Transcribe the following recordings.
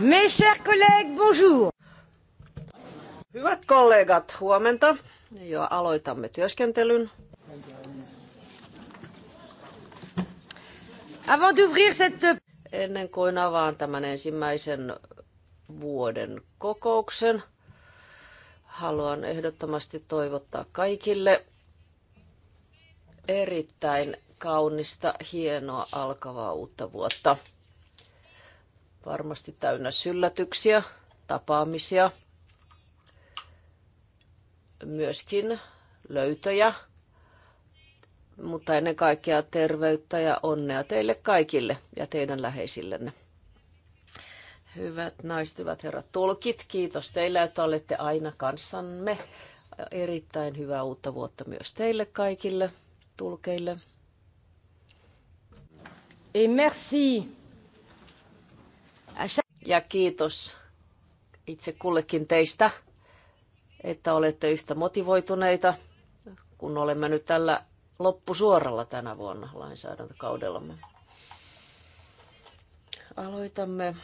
Mes chers collègues, bonjour. Hyvät kollegat, huomenta. Jo aloitamme työskentelyn. Avant d'ouvrir cette... Ennen kuin avaan tämän ensimmäisen vuoden kokouksen, haluan ehdottomasti toivottaa kaikille erittäin kaunista, hienoa alkavaa uutta vuotta varmasti täynnä syllätyksiä, tapaamisia, myöskin löytöjä, mutta ennen kaikkea terveyttä ja onnea teille kaikille ja teidän läheisillenne. Hyvät naiset, hyvät herrat tulkit, kiitos teille, että olette aina kanssamme. Erittäin hyvää uutta vuotta myös teille kaikille tulkeille. Et merci. Ja kiitos itse kullekin teistä, että olette yhtä motivoituneita, kun olemme nyt tällä loppusuoralla tänä vuonna lainsäädäntökaudellamme. Aloitamme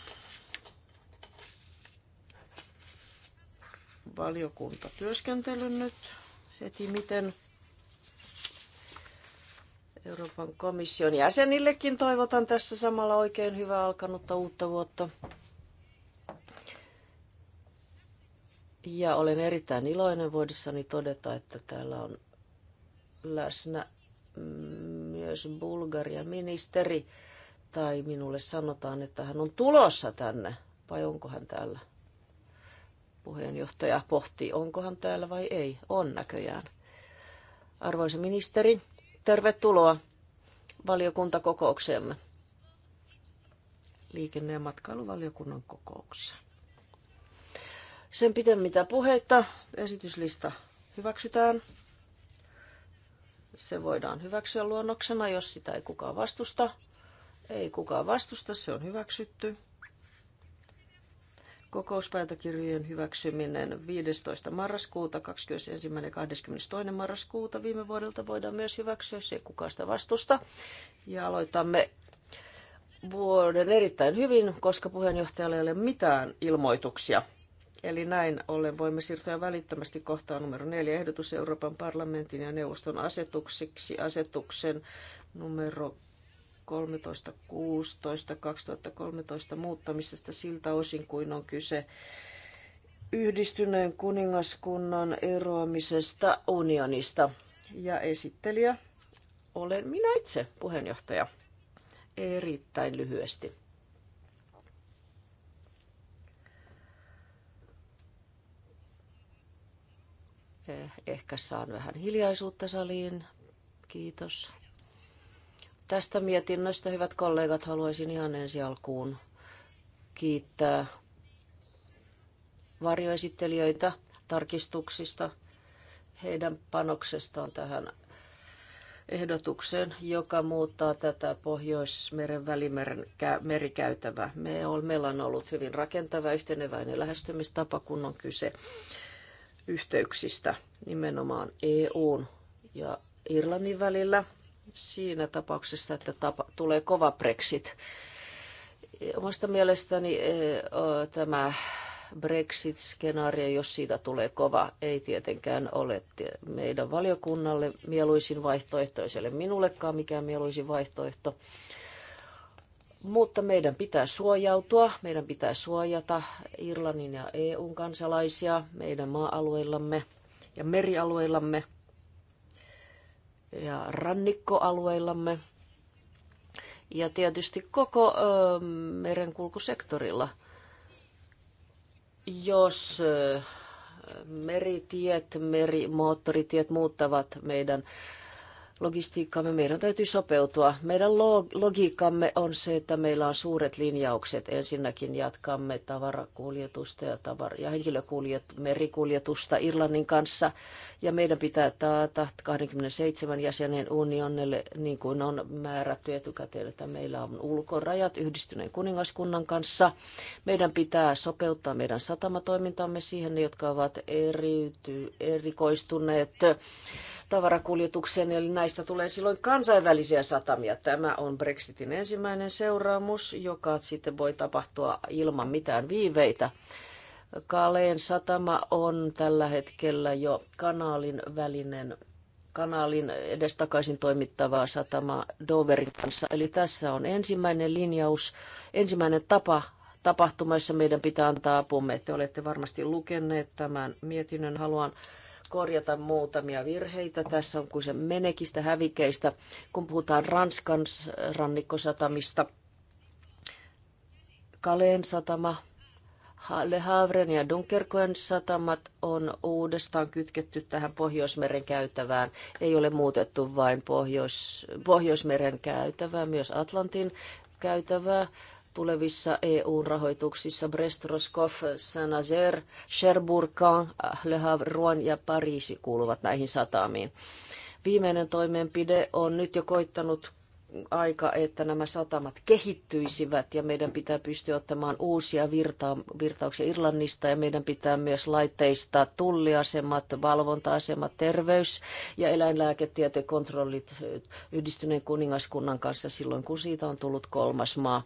valiokuntatyöskentelyn nyt heti miten. Euroopan komission jäsenillekin toivotan tässä samalla oikein hyvää alkanutta uutta vuotta. Ja olen erittäin iloinen voidessani todeta, että täällä on läsnä myös Bulgarian ministeri, tai minulle sanotaan, että hän on tulossa tänne, vai onko hän täällä? Puheenjohtaja pohtii, onko hän täällä vai ei. On näköjään. Arvoisa ministeri, Tervetuloa valiokuntakokoukseemme. Liikenne- ja matkailuvaliokunnan kokoukseen. Sen mitä puheita esityslista hyväksytään. Se voidaan hyväksyä luonnoksena, jos sitä ei kukaan vastusta. Ei kukaan vastusta, se on hyväksytty. Kokouspäätökirjojen hyväksyminen 15. marraskuuta, 21. ja 22. marraskuuta viime vuodelta voidaan myös hyväksyä, se ei kukaan sitä vastusta. Ja aloitamme vuoden erittäin hyvin, koska puheenjohtajalla ei ole mitään ilmoituksia. Eli näin ollen voimme siirtyä välittömästi kohtaan numero neljä ehdotus Euroopan parlamentin ja neuvoston asetuksiksi asetuksen numero 13.16.2013 muuttamisesta siltä osin kuin on kyse yhdistyneen kuningaskunnan eroamisesta unionista. Ja esittelijä olen minä itse puheenjohtaja erittäin lyhyesti. Eh, ehkä saan vähän hiljaisuutta saliin. Kiitos. Tästä mietinnöstä, hyvät kollegat, haluaisin ihan ensi alkuun kiittää varjoesittelijöitä tarkistuksista, heidän panoksestaan tähän ehdotukseen, joka muuttaa tätä Pohjoismeren välimeren merikäytävää. Me on, meillä on ollut hyvin rakentava yhteneväinen lähestymistapa, kun on kyse yhteyksistä nimenomaan EUn ja Irlannin välillä – siinä tapauksessa, että tapa, tulee kova Brexit. Omasta mielestäni eh, tämä Brexit-skenaario, jos siitä tulee kova, ei tietenkään ole meidän valiokunnalle mieluisin vaihtoehto, ei ole minullekaan mikään mieluisin vaihtoehto. Mutta meidän pitää suojautua, meidän pitää suojata Irlannin ja EUn kansalaisia meidän maa-alueillamme ja merialueillamme – ja rannikkoalueillamme ja tietysti koko ö, merenkulkusektorilla. Jos ö, meritiet, merimoottoritiet muuttavat meidän logistiikkaamme, meidän täytyy sopeutua. Meidän logiikkamme on se, että meillä on suuret linjaukset. Ensinnäkin jatkamme tavarakuljetusta ja, tavar- ja merikuljetusta Irlannin kanssa. Ja meidän pitää taata 27 jäsenen unionille, niin kuin on määrätty etukäteen, että meillä on ulkorajat yhdistyneen kuningaskunnan kanssa. Meidän pitää sopeuttaa meidän satamatoimintamme siihen, jotka ovat eriyty, erikoistuneet tavarakuljetukseen, eli näistä tulee silloin kansainvälisiä satamia. Tämä on Brexitin ensimmäinen seuraamus, joka sitten voi tapahtua ilman mitään viiveitä. Kaleen satama on tällä hetkellä jo kanaalin välinen kanaalin edestakaisin toimittavaa satama Doverin kanssa. Eli tässä on ensimmäinen linjaus, ensimmäinen tapa tapahtumassa meidän pitää antaa apumme. Te olette varmasti lukeneet tämän mietinnön. Haluan korjata muutamia virheitä. Tässä on se menekistä, hävikeistä, kun puhutaan Ranskan rannikkosatamista. Kaleen satama, Le Havren ja Dunkerkoen satamat on uudestaan kytketty tähän Pohjoismeren käytävään. Ei ole muutettu vain Pohjois, Pohjoismeren käytävää, myös Atlantin käytävää tulevissa EU-rahoituksissa Brest, Roscoff, Saint-Nazaire, Cherbourg, Le Havre, Rouen ja Pariisi kuuluvat näihin satamiin. Viimeinen toimenpide on nyt jo koittanut aika, että nämä satamat kehittyisivät ja meidän pitää pystyä ottamaan uusia virta, virtauksia Irlannista ja meidän pitää myös laitteista tulliasemat, valvonta-asemat, terveys- ja eläinlääketietekontrollit yhdistyneen kuningaskunnan kanssa silloin, kun siitä on tullut kolmas maa.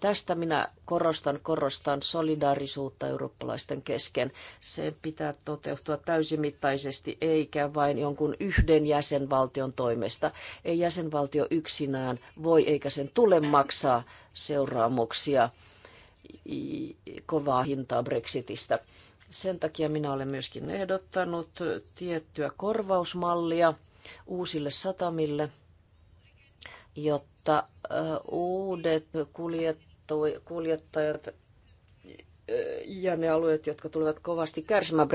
Tästä minä korostan, korostan solidaarisuutta eurooppalaisten kesken. Se pitää toteutua täysimittaisesti, eikä vain jonkun yhden jäsenvaltion toimesta. Ei jäsenvaltio yksinään voi eikä sen tule maksaa seuraamuksia kovaa hintaa Brexitistä. Sen takia minä olen myöskin ehdottanut tiettyä korvausmallia uusille satamille, jotta mutta uudet kuljettajat ja ne alueet, jotka tulevat kovasti kärsimään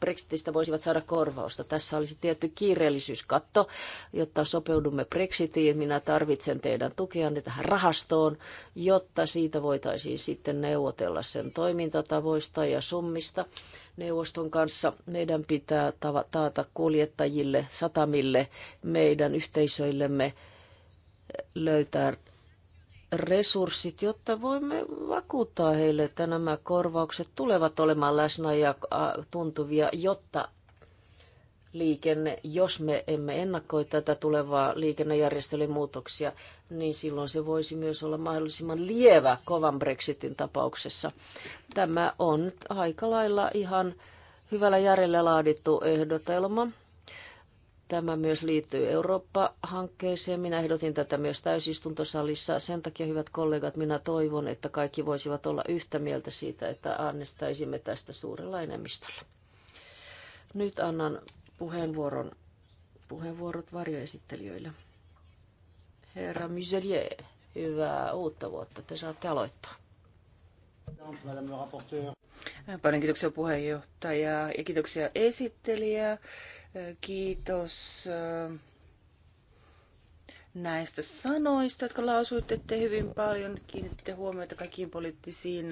Brexitistä, voisivat saada korvausta. Tässä olisi tietty kiireellisyyskatto, jotta sopeudumme Brexitiin. Minä tarvitsen teidän tukeanne tähän rahastoon, jotta siitä voitaisiin sitten neuvotella sen toimintatavoista ja summista neuvoston kanssa. Meidän pitää taata kuljettajille, satamille, meidän yhteisöillemme – löytää resurssit, jotta voimme vakuuttaa heille, että nämä korvaukset tulevat olemaan läsnä ja tuntuvia, jotta liikenne, jos me emme ennakoi tätä tulevaa liikennejärjestelyn muutoksia, niin silloin se voisi myös olla mahdollisimman lievä kovan Brexitin tapauksessa. Tämä on aika lailla ihan hyvällä järjellä laadittu ehdotelma Tämä myös liittyy Eurooppa-hankkeeseen. Minä ehdotin tätä myös täysistuntosalissa. Sen takia, hyvät kollegat, minä toivon, että kaikki voisivat olla yhtä mieltä siitä, että äänestäisimme tästä suurella enemmistöllä. Nyt annan puheenvuoron, puheenvuorot varjoesittelijöille. Herra Muselier, hyvää uutta vuotta. Te saatte aloittaa. Paljon kiitoksia puheenjohtaja ja kiitoksia esittelijä. Kiitos näistä sanoista, jotka lausuitte te hyvin paljon. Kiinnitte huomiota kaikkiin poliittisiin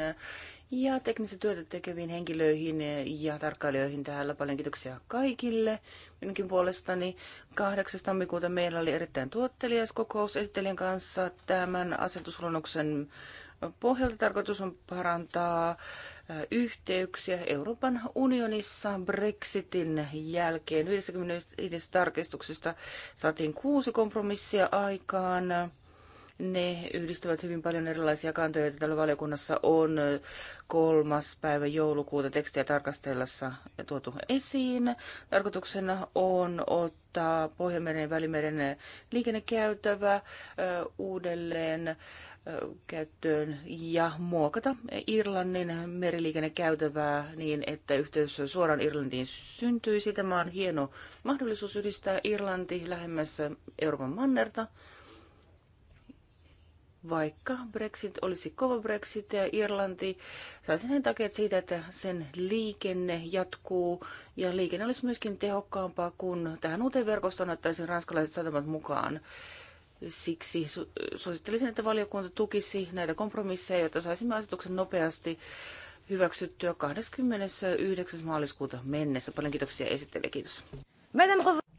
ja teknistä työtä tekeviin henkilöihin ja tarkkailijoihin täällä. Paljon kiitoksia kaikille. Minunkin puolestani 8. tammikuuta meillä oli erittäin tuottelias kokous esittelijän kanssa tämän asetusluonnoksen pohjalta. Tarkoitus on parantaa yhteyksiä Euroopan unionissa Brexitin jälkeen. 51 tarkistuksesta saatiin kuusi kompromissia aikaan. Ne yhdistävät hyvin paljon erilaisia kantoja, joita täällä valiokunnassa on kolmas päivä joulukuuta tekstiä tarkastellessa tuotu esiin. Tarkoituksena on ottaa Pohjanmeren ja Välimeren liikennekäytävä uudelleen käyttöön ja muokata Irlannin meriliikennekäytävää niin, että yhteys suoraan Irlantiin syntyisi. Tämä on hieno mahdollisuus yhdistää Irlanti lähemmässä Euroopan mannerta. Vaikka Brexit olisi kova Brexit ja Irlanti saisi sen takia siitä, että sen liikenne jatkuu ja liikenne olisi myöskin tehokkaampaa, kun tähän uuteen verkostoon ottaisiin ranskalaiset satamat mukaan. Siksi suosittelisin, että valiokunta tukisi näitä kompromisseja, jotta saisimme asetuksen nopeasti hyväksyttyä 29. maaliskuuta mennessä. Paljon kiitoksia esittelijä. Kiitos.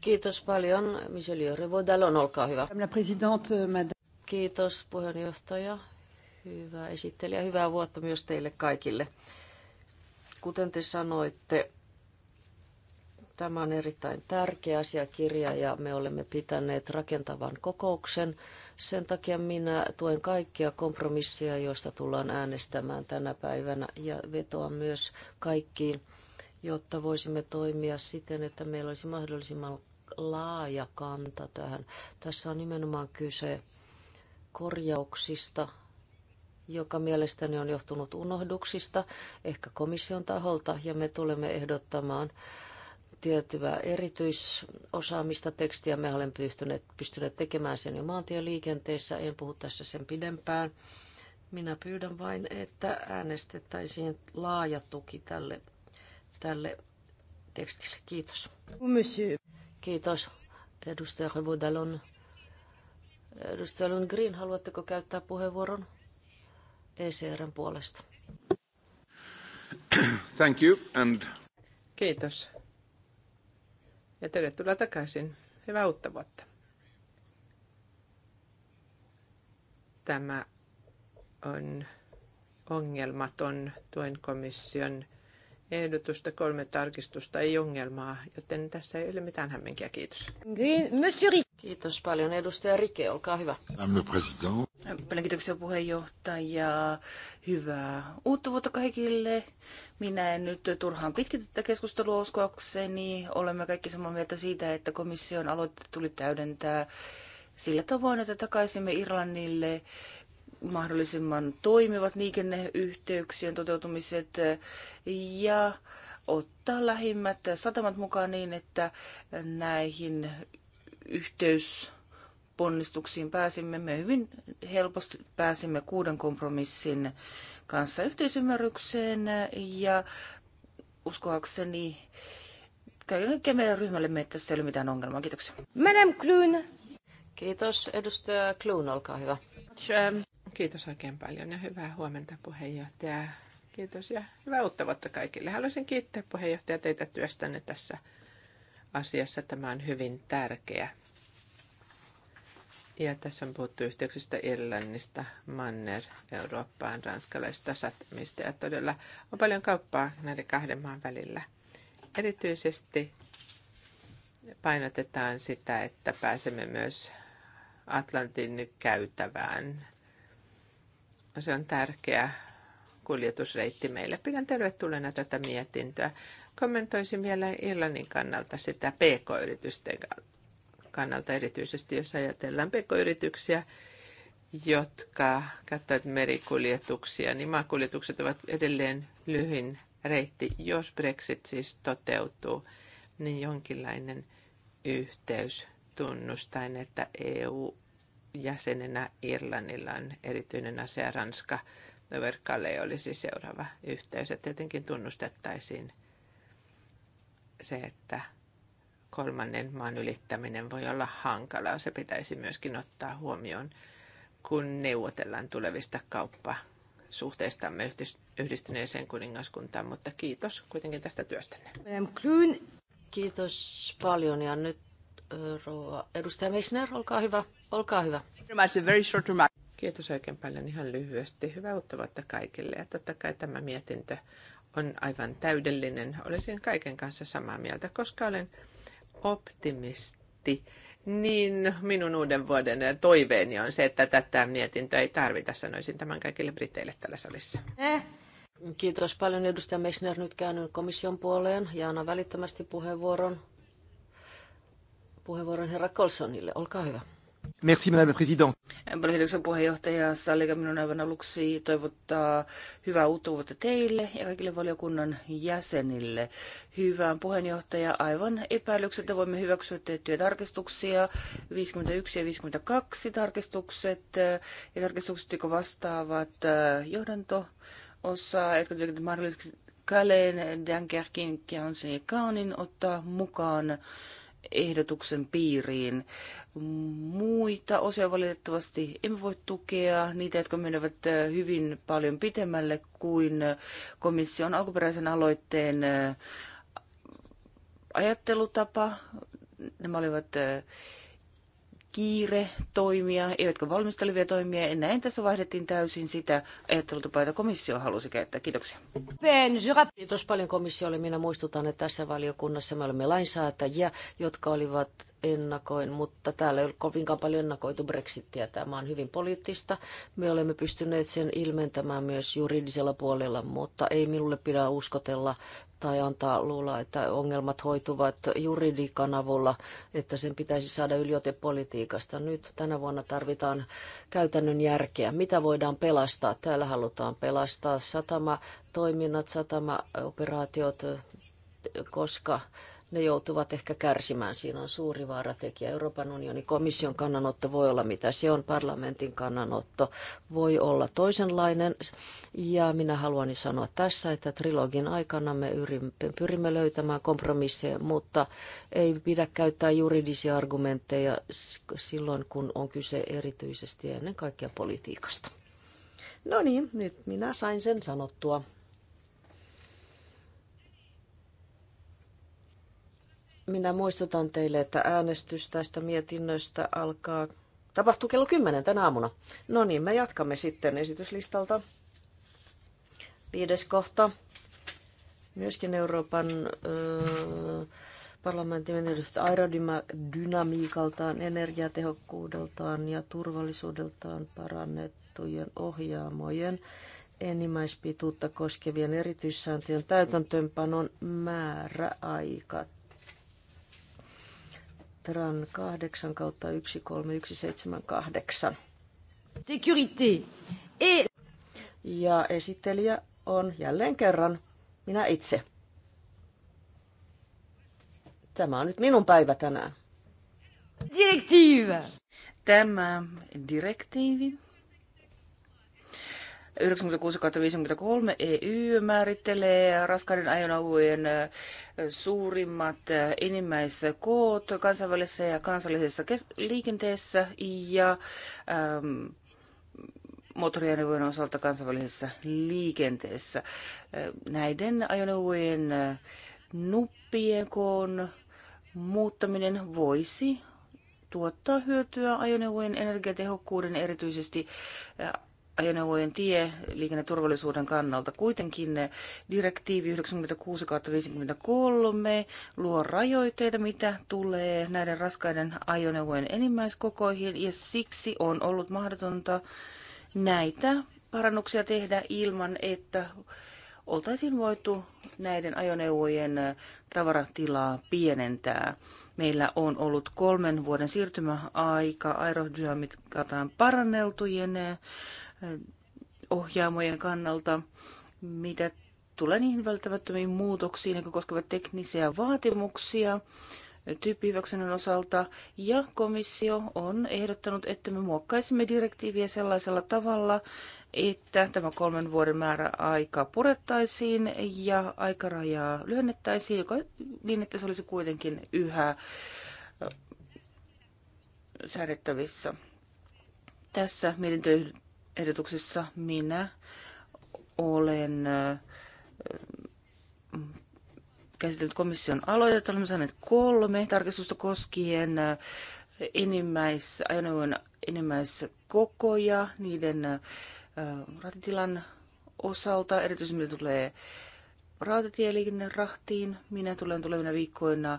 Kiitos paljon. Michel Revaudalon, olkaa hyvä. Kiitos puheenjohtaja. Hyvä esittelijä. Hyvää vuotta myös teille kaikille. Kuten te sanoitte, Tämä on erittäin tärkeä asiakirja ja me olemme pitäneet rakentavan kokouksen. Sen takia minä tuen kaikkia kompromisseja, joista tullaan äänestämään tänä päivänä ja vetoan myös kaikkiin, jotta voisimme toimia siten, että meillä olisi mahdollisimman laaja kanta tähän. Tässä on nimenomaan kyse korjauksista, joka mielestäni on johtunut unohduksista, ehkä komission taholta, ja me tulemme ehdottamaan tiettyä erityisosaamista tekstiä. Me olen pystyneet, pystyneet tekemään sen jo maantieliikenteessä. En puhu tässä sen pidempään. Minä pyydän vain, että äänestettäisiin laaja tuki tälle, tälle tekstille. Kiitos. Kiitos. Edustaja Revudalon. Edustaja Lundgren, haluatteko käyttää puheenvuoron ECRn puolesta? Thank you and... Kiitos. Ja tervetuloa takaisin. Hyvää uutta vuotta. Tämä on ongelmaton tuen komission ehdotusta, kolme tarkistusta, ei ongelmaa, joten tässä ei ole mitään hämminkiä, kiitos. Monsieur Kiitos paljon. Edustaja Rike, olkaa hyvä. Paljon kiitoksia puheenjohtaja. Hyvää uutta vuotta kaikille. Minä en nyt turhaan pitkitä tätä keskustelua uskoakseni. Olemme kaikki samaa mieltä siitä, että komission aloitetta tuli täydentää sillä tavoin, että takaisimme Irlannille mahdollisimman toimivat liikenneyhteyksien toteutumiset ja ottaa lähimmät satamat mukaan niin, että näihin yhteysponnistuksiin pääsimme. Me hyvin helposti pääsimme kuuden kompromissin kanssa yhteisymmärrykseen ja uskoakseni kaiken meidän ryhmälle me tässä ei ole mitään ongelmaa. Kiitoksia. Madame Kluun. Kiitos. Edustaja Kluun, olkaa hyvä. Kiitos oikein paljon ja hyvää huomenta puheenjohtaja. Kiitos ja hyvää uutta vuotta kaikille. Haluaisin kiittää puheenjohtaja teitä työstänne tässä asiassa tämä on hyvin tärkeä. Ja tässä on puhuttu yhteyksistä Irlannista, Manner, Eurooppaan, ranskalaisista satamista ja todella on paljon kauppaa näiden kahden maan välillä. Erityisesti painotetaan sitä, että pääsemme myös Atlantin käytävään. Se on tärkeä kuljetusreitti meille. Pidän tervetulleena tätä mietintöä. Kommentoisin vielä Irlannin kannalta sitä pk-yritysten kannalta erityisesti, jos ajatellaan pk-yrityksiä, jotka käyttävät merikuljetuksia, niin maakuljetukset ovat edelleen lyhin reitti. Jos Brexit siis toteutuu, niin jonkinlainen yhteys tunnustain, että EU-jäsenenä Irlannilla on erityinen asia Ranska. Verkkalle olisi seuraava yhteys. että tietenkin tunnustettaisiin se, että kolmannen maan ylittäminen voi olla hankalaa. Se pitäisi myöskin ottaa huomioon, kun neuvotellaan tulevista kauppasuhteistamme yhdistyneeseen kuningaskuntaan. Mutta kiitos kuitenkin tästä työstänne. Kiitos paljon ja nyt rouva edustaja Meissner, olkaa hyvä. Olkaa hyvä. Kiitos oikein paljon ihan lyhyesti. Hyvää uutta vuotta kaikille ja totta kai tämä mietintö on aivan täydellinen. Olisin kaiken kanssa samaa mieltä, koska olen optimisti. Niin minun uuden vuoden toiveeni on se, että tätä mietintöä ei tarvita. Sanoisin tämän kaikille briteille tällä salissa. Eh. Kiitos paljon edustaja Messner Nyt käännyn komission puoleen ja annan välittömästi puheenvuoron, puheenvuoron herra Colsonille. Olkaa hyvä. Merci, Madame la Présidente. Kiitoksen puheenjohtaja Sallika. Minun aivan aluksi toivottaa hyvää uutta vuotta teille ja kaikille valiokunnan jäsenille. Hyvää puheenjohtaja. Aivan että voimme hyväksyä tehtyjä tarkistuksia. 51 ja 52 tarkistukset ja tarkistukset, jotka vastaavat äh, johdanto osaa, jotka tekevät mahdollisesti Kaleen, Dunkerkin, Kiansin ja Kaunin ottaa mukaan ehdotuksen piiriin. Muita osia valitettavasti emme voi tukea, niitä, jotka menevät hyvin paljon pitemmälle kuin komission alkuperäisen aloitteen ajattelutapa. Nämä olivat kiire toimia, eivätkä valmistelevia toimia. Ja näin tässä vaihdettiin täysin sitä ajattelutapaa, jota komissio halusi käyttää. Kiitoksia. Kiitos paljon komissiolle. Minä muistutan, että tässä valiokunnassa me olemme lainsäätäjiä, jotka olivat ennakoin, mutta täällä ei ole kovinkaan paljon ennakoitu Brexittiä. Tämä on hyvin poliittista. Me olemme pystyneet sen ilmentämään myös juridisella puolella, mutta ei minulle pidä uskotella tai antaa luulla, että ongelmat hoituvat juridiikan avulla, että sen pitäisi saada yliotepolitiikasta. Nyt tänä vuonna tarvitaan käytännön järkeä. Mitä voidaan pelastaa? Täällä halutaan pelastaa satama, toiminnat, satama, operaatiot, koska ne joutuvat ehkä kärsimään. Siinä on suuri vaaratekijä. Euroopan unionin komission kannanotto voi olla mitä se on, parlamentin kannanotto voi olla toisenlainen. Ja minä haluan sanoa tässä, että trilogin aikana me pyrimme löytämään kompromisseja, mutta ei pidä käyttää juridisia argumentteja silloin, kun on kyse erityisesti ennen kaikkea politiikasta. No niin, nyt minä sain sen sanottua. Minä muistutan teille, että äänestys tästä mietinnöstä alkaa Tapahtuu kello 10 tänä aamuna. No niin, me jatkamme sitten esityslistalta. Viides kohta. Myöskin Euroopan äh, parlamentin menetykset aerodynamiikaltaan, energiatehokkuudeltaan ja turvallisuudeltaan parannettujen ohjaamojen enimmäispituutta koskevien erityissääntöjen täytäntöönpanon määräaikat. Tran 8 kautta 13178. Security. ja esittelijä on jälleen kerran minä itse. Tämä on nyt minun päivä tänään. Direktiivi. Tämä direktiivi 96-53 EY määrittelee raskaiden ajoneuvojen suurimmat enimmäiskoot kansainvälisessä ja kansallisessa liikenteessä ja ähm, moottoriajoneuvojen osalta kansainvälisessä liikenteessä. Näiden ajoneuvojen nuppien koon muuttaminen voisi tuottaa hyötyä ajoneuvojen energiatehokkuuden erityisesti ajoneuvojen tie liikenneturvallisuuden kannalta. Kuitenkin direktiivi 96-53 luo rajoitteita, mitä tulee näiden raskaiden ajoneuvojen enimmäiskokoihin, ja siksi on ollut mahdotonta näitä parannuksia tehdä ilman, että oltaisiin voitu näiden ajoneuvojen tavaratilaa pienentää. Meillä on ollut kolmen vuoden siirtymäaika aerodynamiikaltaan paranneltujen ohjaamojen kannalta, mitä tulee niihin välttämättömiin muutoksiin, jotka koskevat teknisiä vaatimuksia tyyppihyväksynnän osalta, ja komissio on ehdottanut, että me muokkaisimme direktiiviä sellaisella tavalla, että tämä kolmen vuoden määräaika purettaisiin ja aikarajaa lyhennettäisiin, joka, niin että se olisi kuitenkin yhä säädettävissä. Tässä mietintö ehdotuksessa minä olen käsitellyt komission aloitetta. Olemme saaneet kolme tarkistusta koskien enimmäis, ajoneuvojen enimmäiskokoja niiden ratitilan osalta, erityisesti mitä tulee rahtiin. Minä tulen tulevina viikkoina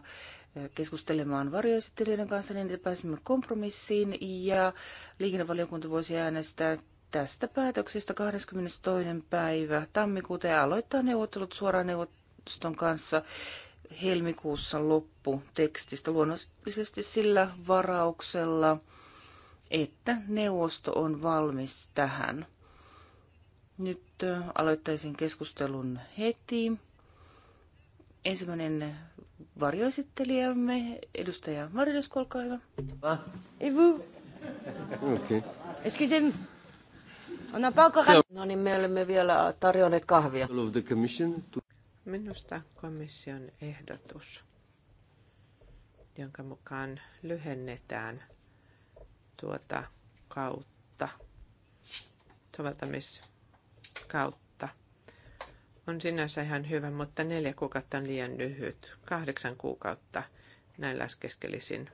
keskustelemaan varjoesittelijöiden kanssa niin, että pääsemme kompromissiin ja liikennevaliokunta voisi äänestää tästä päätöksestä 22. päivä tammikuuta ja aloittaa neuvottelut suoraan neuvoston kanssa helmikuussa loppu tekstistä luonnollisesti sillä varauksella, että neuvosto on valmis tähän. Nyt aloittaisin keskustelun heti. Ensimmäinen varjoesittelijämme, edustaja Maridus, olkaa hyvä. Ah. Et vous? Okay. Excusez-moi. No niin, me olemme vielä tarjonneet kahvia. Minusta komission ehdotus, jonka mukaan lyhennetään tuota kautta, soveltamiskautta, on sinänsä ihan hyvä, mutta neljä kuukautta on liian lyhyt. Kahdeksan kuukautta näin laskeskelisin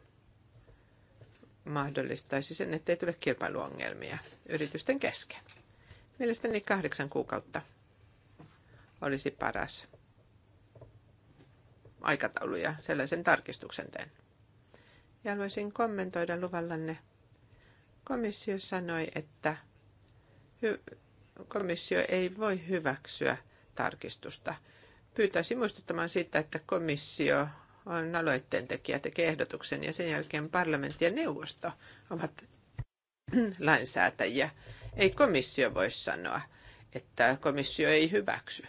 mahdollistaisi sen, ettei tule kilpailuongelmia yritysten kesken. Mielestäni kahdeksan kuukautta olisi paras aikataulu ja sellaisen tarkistuksen teen. Ja haluaisin kommentoida luvallanne. Komissio sanoi, että komissio ei voi hyväksyä tarkistusta. Pyytäisin muistuttamaan siitä, että komissio on aloitteen tekijä, tekee ehdotuksen ja sen jälkeen parlamentti ja neuvosto ovat lainsäätäjiä. Ei komissio voi sanoa, että komissio ei hyväksy.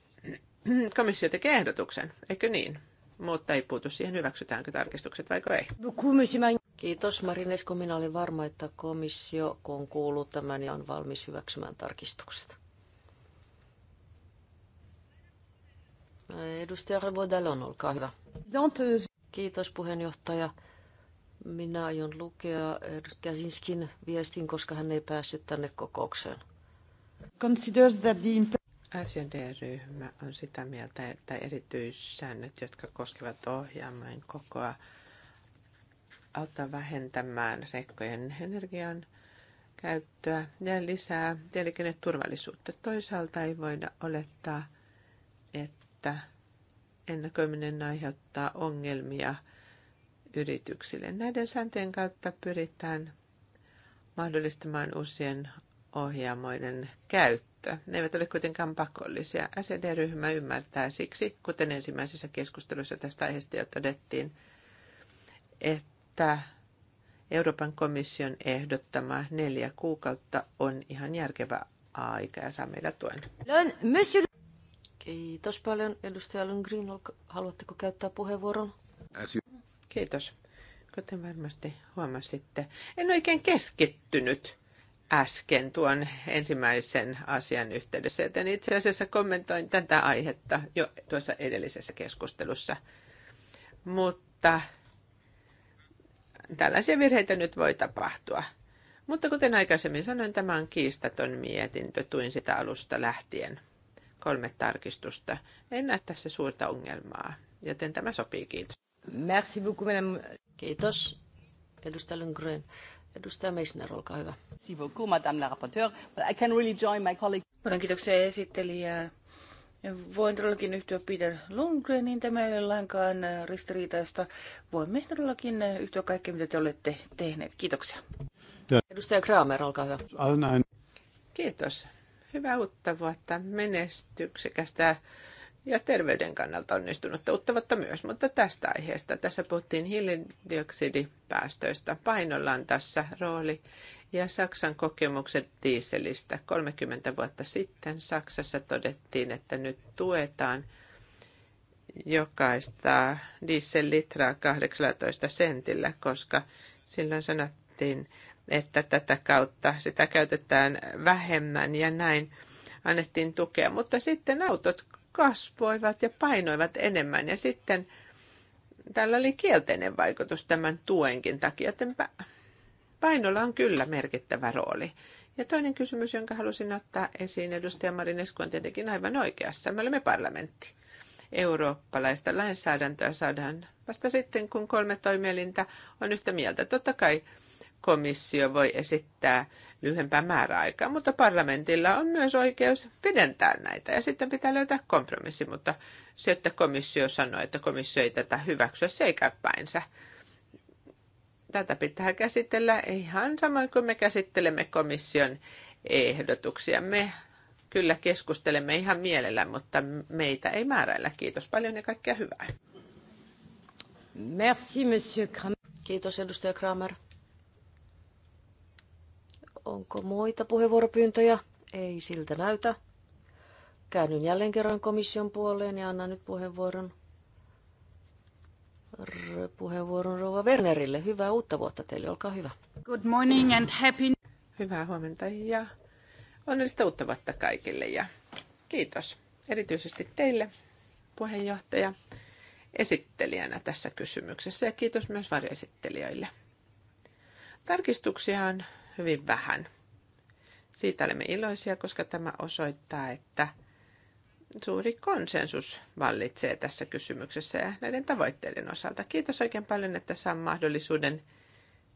Komissio tekee ehdotuksen, eikö niin? Mutta ei puutu siihen, hyväksytäänkö tarkistukset vai ei. Kiitos Marinesko. Minä olin varma, että komissio, kun on kuullut tämän, niin on valmis hyväksymään tarkistukset. Edustaja Dallon, olkaa hyvä. Kiitos puheenjohtaja. Minä aion lukea Käsinskin viestin, koska hän ei päässyt tänne kokoukseen. SND-ryhmä on sitä mieltä, että erityissäännöt, jotka koskevat ohjaamaan kokoa, auttaa vähentämään rekkojen energian käyttöä ja lisää tieliikenneturvallisuutta. Toisaalta ei voida olettaa, että ennakoiminen aiheuttaa ongelmia yrityksille. Näiden sääntöjen kautta pyritään mahdollistamaan uusien ohjaamoiden käyttö. Ne eivät ole kuitenkaan pakollisia. SED-ryhmä ymmärtää siksi, kuten ensimmäisessä keskustelussa tästä aiheesta jo todettiin, että Euroopan komission ehdottama neljä kuukautta on ihan järkevä aika ja saa meidän tuen. Kiitos paljon. Edustaja Lundgren, haluatteko käyttää puheenvuoron? Kiitos. Kuten varmasti huomasitte, en oikein keskittynyt äsken tuon ensimmäisen asian yhteydessä, joten itse asiassa kommentoin tätä aihetta jo tuossa edellisessä keskustelussa. Mutta tällaisia virheitä nyt voi tapahtua. Mutta kuten aikaisemmin sanoin, tämä on kiistaton mietintö, tuin sitä alusta lähtien kolme tarkistusta. En näe tässä suurta ongelmaa, joten tämä sopii. Kiitos. Merci beaucoup, madame. Kiitos. Edustaja Lundgren. Edustaja Meissner, olkaa hyvä. Merci beaucoup, madame la rapporteur. But I can really join my colleague. Paljon kiitoksia esittelijää. Voin todellakin yhtyä Peter Lundgrenin, tämä ei ole lainkaan ristiriitaista. Voimme todellakin yhtyä kaikkeen, mitä te olette tehneet. Kiitoksia. Ja. Edustaja Kramer, olkaa hyvä. Kiitos hyvää uutta vuotta, menestyksekästä ja terveyden kannalta onnistunutta uutta vuotta myös. Mutta tästä aiheesta, tässä puhuttiin hiilidioksidipäästöistä. Painolla on tässä rooli ja Saksan kokemukset dieselistä. 30 vuotta sitten Saksassa todettiin, että nyt tuetaan jokaista diesel-litraa 18 sentillä, koska silloin sanottiin, että tätä kautta sitä käytetään vähemmän ja näin annettiin tukea. Mutta sitten autot kasvoivat ja painoivat enemmän ja sitten tällä oli kielteinen vaikutus tämän tuenkin takia, joten painolla on kyllä merkittävä rooli. Ja toinen kysymys, jonka halusin ottaa esiin, edustaja Marin Esko on tietenkin aivan oikeassa. Me olemme parlamentti. Eurooppalaista lainsäädäntöä saadaan vasta sitten, kun kolme toimielintä on yhtä mieltä. Totta kai komissio voi esittää lyhyempää määräaikaa, mutta parlamentilla on myös oikeus pidentää näitä ja sitten pitää löytää kompromissi, mutta se, että komissio sanoo, että komissio ei tätä hyväksyä, se ei käy päinsä. Tätä pitää käsitellä ihan samoin kuin me käsittelemme komission ehdotuksia. Me kyllä keskustelemme ihan mielellä, mutta meitä ei määräillä. Kiitos paljon ja kaikkea hyvää. Merci, monsieur Kramer. Kiitos, edustaja Kramer. Onko muita puheenvuoropyyntöjä? Ei siltä näytä. Käännyn jälleen kerran komission puoleen ja annan nyt puheenvuoron, R- puheenvuoron Rouva Wernerille. Hyvää uutta vuotta teille, olkaa hyvä. Good morning and happy... Hyvää huomenta ja onnellista uutta vuotta kaikille ja kiitos erityisesti teille puheenjohtaja esittelijänä tässä kysymyksessä ja kiitos myös varjoesittelijöille. Tarkistuksia on hyvin vähän. Siitä olemme iloisia, koska tämä osoittaa, että suuri konsensus vallitsee tässä kysymyksessä ja näiden tavoitteiden osalta. Kiitos oikein paljon, että saan mahdollisuuden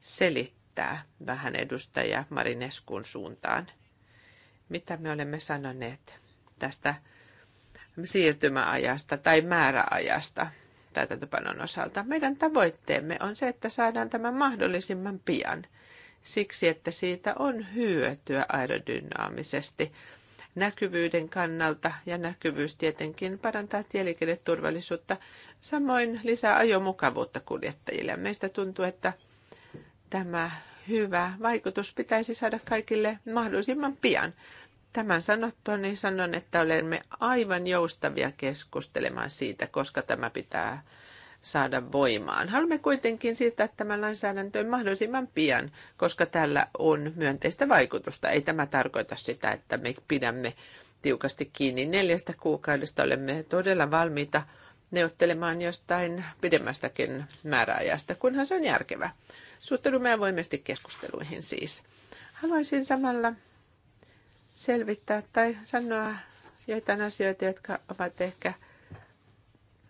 selittää vähän edustaja Marineskun suuntaan, mitä me olemme sanoneet tästä siirtymäajasta tai määräajasta täytäntöpanon osalta. Meidän tavoitteemme on se, että saadaan tämä mahdollisimman pian – siksi, että siitä on hyötyä aerodynaamisesti näkyvyyden kannalta ja näkyvyys tietenkin parantaa tieliikenneturvallisuutta, samoin lisää ajomukavuutta kuljettajille. Meistä tuntuu, että tämä hyvä vaikutus pitäisi saada kaikille mahdollisimman pian. Tämän sanottua niin sanon, että olemme aivan joustavia keskustelemaan siitä, koska tämä pitää saada voimaan. Haluamme kuitenkin siirtää tämän lainsäädäntöön mahdollisimman pian, koska tällä on myönteistä vaikutusta. Ei tämä tarkoita sitä, että me pidämme tiukasti kiinni neljästä kuukaudesta. Olemme todella valmiita neuvottelemaan jostain pidemmästäkin määräajasta, kunhan se on järkevä. Suhtaudumme avoimesti keskusteluihin siis. Haluaisin samalla selvittää tai sanoa joitain asioita, jotka ovat ehkä –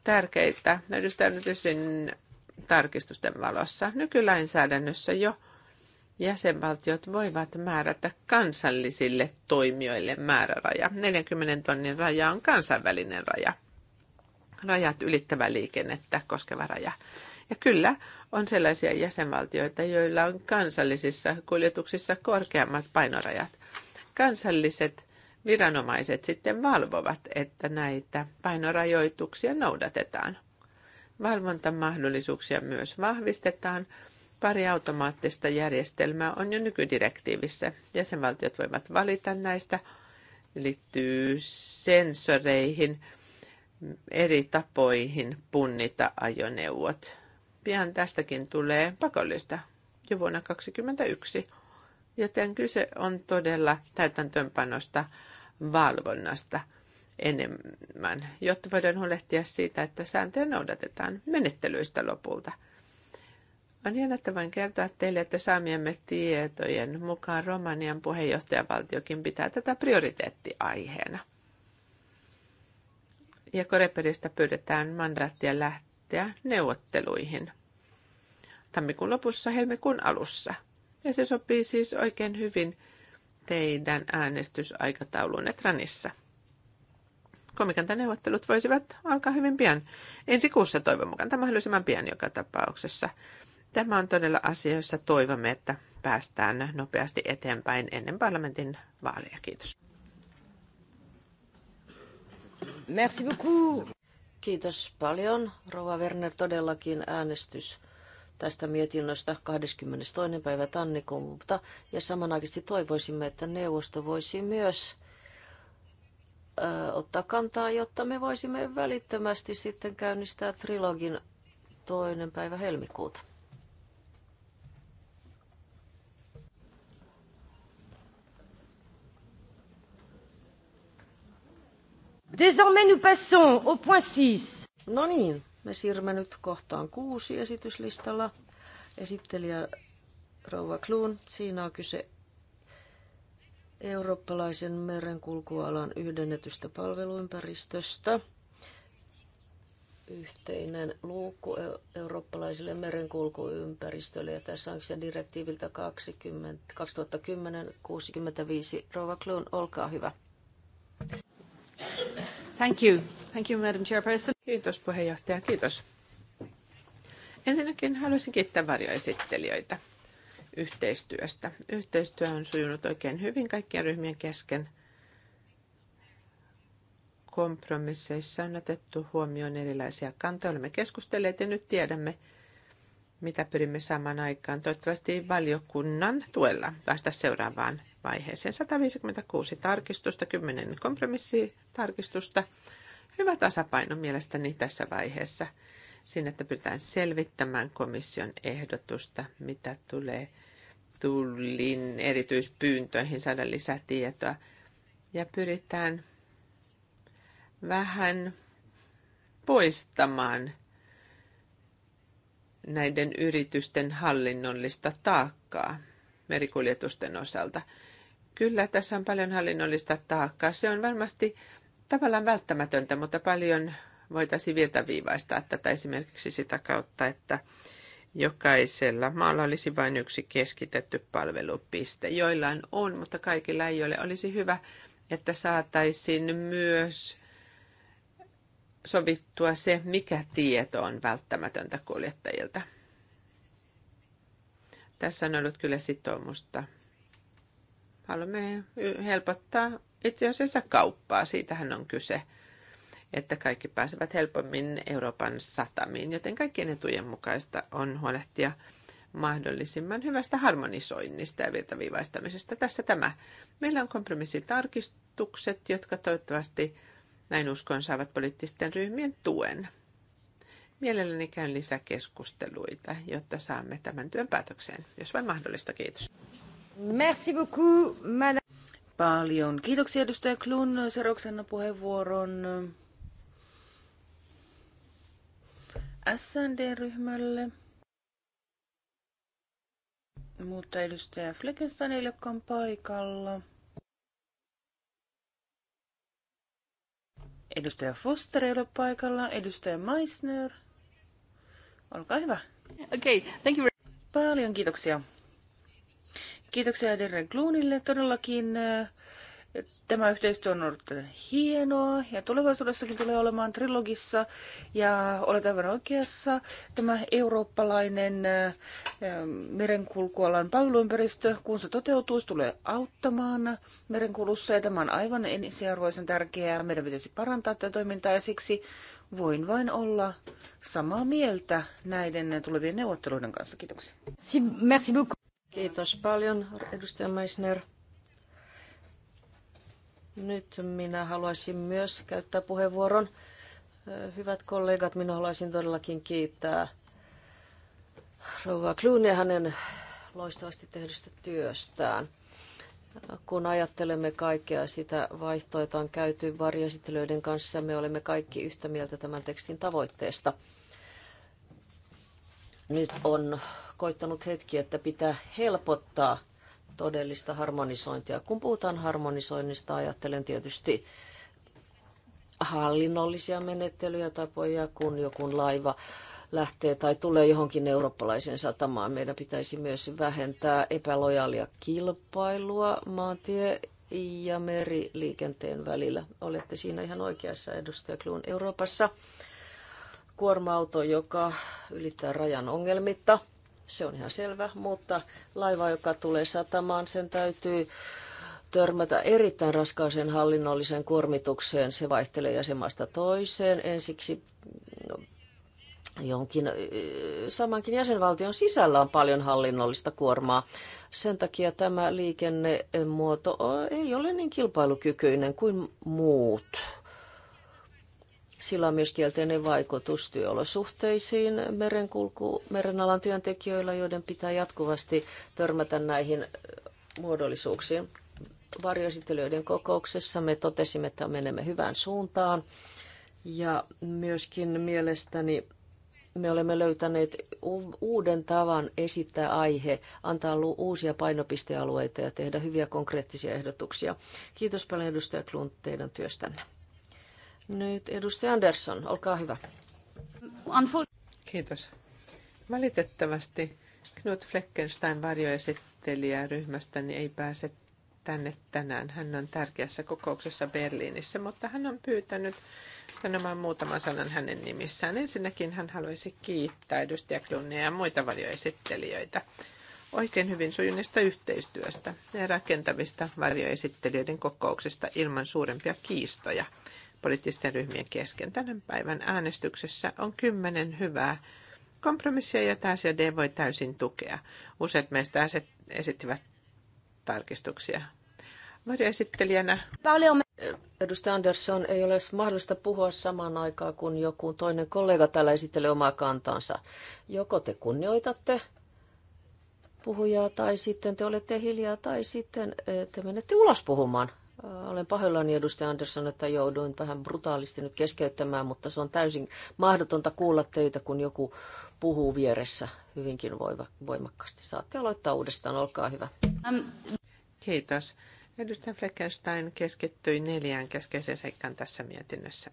tärkeitä yhdistäydytysin tarkistusten valossa. Nykylainsäädännössä jo jäsenvaltiot voivat määrätä kansallisille toimijoille määräraja. 40 tonnin raja on kansainvälinen raja. Rajat ylittävä liikennettä koskeva raja. Ja kyllä, on sellaisia jäsenvaltioita, joilla on kansallisissa kuljetuksissa korkeammat painorajat. Kansalliset viranomaiset sitten valvovat, että näitä painorajoituksia noudatetaan. Valvontamahdollisuuksia myös vahvistetaan. Pari automaattista järjestelmää on jo nykydirektiivissä. Jäsenvaltiot voivat valita näistä. liittyy sensoreihin, eri tapoihin punnita ajoneuvot. Pian tästäkin tulee pakollista jo vuonna 2021, joten kyse on todella täytäntöönpanosta valvonnasta enemmän, jotta voidaan huolehtia siitä, että sääntöjä noudatetaan menettelyistä lopulta. On hienoa, että voin kertoa teille, että saamiemme tietojen mukaan Romanian puheenjohtajavaltiokin pitää tätä prioriteettiaiheena. Ja Koreperistä pyydetään mandaattia lähteä neuvotteluihin tammikuun lopussa helmikuun alussa. Ja se sopii siis oikein hyvin – teidän äänestysaikataulun Etranissa. neuvottelut voisivat alkaa hyvin pian. Ensi kuussa toivon mukaan, tämä mahdollisimman pian joka tapauksessa. Tämä on todella asia, jossa toivomme, että päästään nopeasti eteenpäin ennen parlamentin vaaleja. Kiitos. Merci beaucoup. Kiitos paljon, Rova Werner. Todellakin äänestys tästä mietinnöstä 22. päivä tammikuuta. Ja samanaikaisesti toivoisimme, että neuvosto voisi myös ö, ottaa kantaa, jotta me voisimme välittömästi sitten käynnistää trilogin toinen päivä helmikuuta. Désormais, nous passons au point 6. Non, non. Me siirrymme nyt kohtaan kuusi esityslistalla. Esittelijä Rouva Kluun. Siinä on kyse eurooppalaisen merenkulkualan yhdennetystä palveluympäristöstä. Yhteinen luukku e- eurooppalaiselle merenkulkuympäristölle. Ja tässä on se direktiiviltä 2010-65. Rouva Kluun, olkaa hyvä. Thank you. Thank you, Madam Chairperson. Kiitos puheenjohtaja, kiitos. Ensinnäkin haluaisin kiittää varjoesittelijöitä yhteistyöstä. Yhteistyö on sujunut oikein hyvin kaikkien ryhmien kesken. Kompromisseissa on otettu huomioon erilaisia kantoja. Olemme keskustelleet ja nyt tiedämme, mitä pyrimme saamaan aikaan. Toivottavasti valiokunnan tuella päästä seuraavaan vaiheeseen. 156 tarkistusta, 10 kompromissitarkistusta. tarkistusta hyvä tasapaino mielestäni tässä vaiheessa siinä, että pyritään selvittämään komission ehdotusta, mitä tulee tullin erityispyyntöihin saada lisätietoa. Ja pyritään vähän poistamaan näiden yritysten hallinnollista taakkaa merikuljetusten osalta. Kyllä tässä on paljon hallinnollista taakkaa. Se on varmasti tavallaan välttämätöntä, mutta paljon voitaisiin virtaviivaistaa tätä esimerkiksi sitä kautta, että jokaisella maalla olisi vain yksi keskitetty palvelupiste. Joillain on, mutta kaikilla ei ole. Olisi hyvä, että saataisiin myös sovittua se, mikä tieto on välttämätöntä kuljettajilta. Tässä on ollut kyllä sitoumusta. Haluamme helpottaa itse asiassa kauppaa. Siitähän on kyse, että kaikki pääsevät helpommin Euroopan satamiin, joten kaikkien etujen mukaista on huolehtia mahdollisimman hyvästä harmonisoinnista ja virtaviivaistamisesta. Tässä tämä. Meillä on kompromissitarkistukset, jotka toivottavasti näin uskon saavat poliittisten ryhmien tuen. Mielelläni käyn lisäkeskusteluita, jotta saamme tämän työn päätökseen, jos vain mahdollista. Kiitos. Merci beaucoup, madame. Paljon. Kiitoksia edustaja Klun. Seroksen puheenvuoron SND-ryhmälle. Mutta edustaja Fleckenstein ei olekaan paikalla. Edustaja Foster ei ole paikalla. Edustaja Meissner. Olkaa hyvä. okay, thank you very- Paljon kiitoksia. Kiitoksia Derren Kluunille. Todellakin äh, tämä yhteistyö on ollut hienoa ja tulevaisuudessakin tulee olemaan trilogissa ja olet aivan oikeassa. Tämä eurooppalainen äh, merenkulkualan palveluympäristö, kun se toteutuu, se tulee auttamaan merenkulussa ja tämä on aivan ensiarvoisen tärkeää. Meidän pitäisi parantaa tätä toimintaa ja siksi voin vain olla samaa mieltä näiden tulevien neuvotteluiden kanssa. Kiitoksia. Merci beaucoup. Kiitos paljon, edustaja Meisner. Nyt minä haluaisin myös käyttää puheenvuoron. Hyvät kollegat, minä haluaisin todellakin kiittää rouva Kluun ja hänen loistavasti tehdystä työstään. Kun ajattelemme kaikkea sitä vaihtoehtoa on käyty varjoesittelyiden kanssa, me olemme kaikki yhtä mieltä tämän tekstin tavoitteesta. Nyt on koittanut hetki, että pitää helpottaa todellista harmonisointia. Kun puhutaan harmonisoinnista, ajattelen tietysti hallinnollisia menettelyjä, tapoja, kun joku laiva lähtee tai tulee johonkin eurooppalaiseen satamaan. Meidän pitäisi myös vähentää epälojaalia kilpailua maantie- ja meriliikenteen välillä. Olette siinä ihan oikeassa, edustaja Kluun. Euroopassa kuorma-auto, joka ylittää rajan ongelmitta – se on ihan selvä, mutta laiva, joka tulee satamaan, sen täytyy törmätä erittäin raskaaseen hallinnolliseen kuormitukseen. Se vaihtelee jäsenmaasta toiseen. Ensiksi no, jonkin samankin jäsenvaltion sisällä on paljon hallinnollista kuormaa. Sen takia tämä liikennemuoto ei ole niin kilpailukykyinen kuin muut sillä on myös kielteinen vaikutus työolosuhteisiin merenkulku, merenalan työntekijöillä, joiden pitää jatkuvasti törmätä näihin muodollisuuksiin. Varjoesittelyiden kokouksessa me totesimme, että menemme hyvään suuntaan. Ja myöskin mielestäni me olemme löytäneet uuden tavan esittää aihe, antaa uusia painopistealueita ja tehdä hyviä konkreettisia ehdotuksia. Kiitos paljon edustaja Klunt teidän työstänne. Nyt edustaja Andersson, olkaa hyvä. Kiitos. Valitettavasti Knut Fleckenstein varjoesittelijä ryhmästäni ei pääse tänne tänään. Hän on tärkeässä kokouksessa Berliinissä, mutta hän on pyytänyt sanomaan muutaman sanan hänen nimissään. Ensinnäkin hän haluaisi kiittää edustaja Klunia ja muita varjoesittelijöitä oikein hyvin sujuneesta yhteistyöstä ja rakentavista varjoesittelijöiden kokouksista ilman suurempia kiistoja poliittisten ryhmien kesken. Tänä päivän äänestyksessä on kymmenen hyvää kompromissia, jota SD voi täysin tukea. Useat meistä esittivät tarkistuksia. esittelijänä. Edustaja Andersson, ei ole mahdollista puhua samaan aikaan, kun joku toinen kollega täällä esittelee omaa kantansa. Joko te kunnioitatte puhujaa tai sitten te olette hiljaa tai sitten eh, te menette ulos puhumaan. Olen pahoillani edustaja Andersson, että jouduin vähän brutaalisti nyt keskeyttämään, mutta se on täysin mahdotonta kuulla teitä, kun joku puhuu vieressä hyvinkin voimakkaasti. Saatte aloittaa uudestaan, olkaa hyvä. Kiitos. Edustaja Fleckenstein keskittyi neljään keskeiseen seikkaan tässä mietinnössä.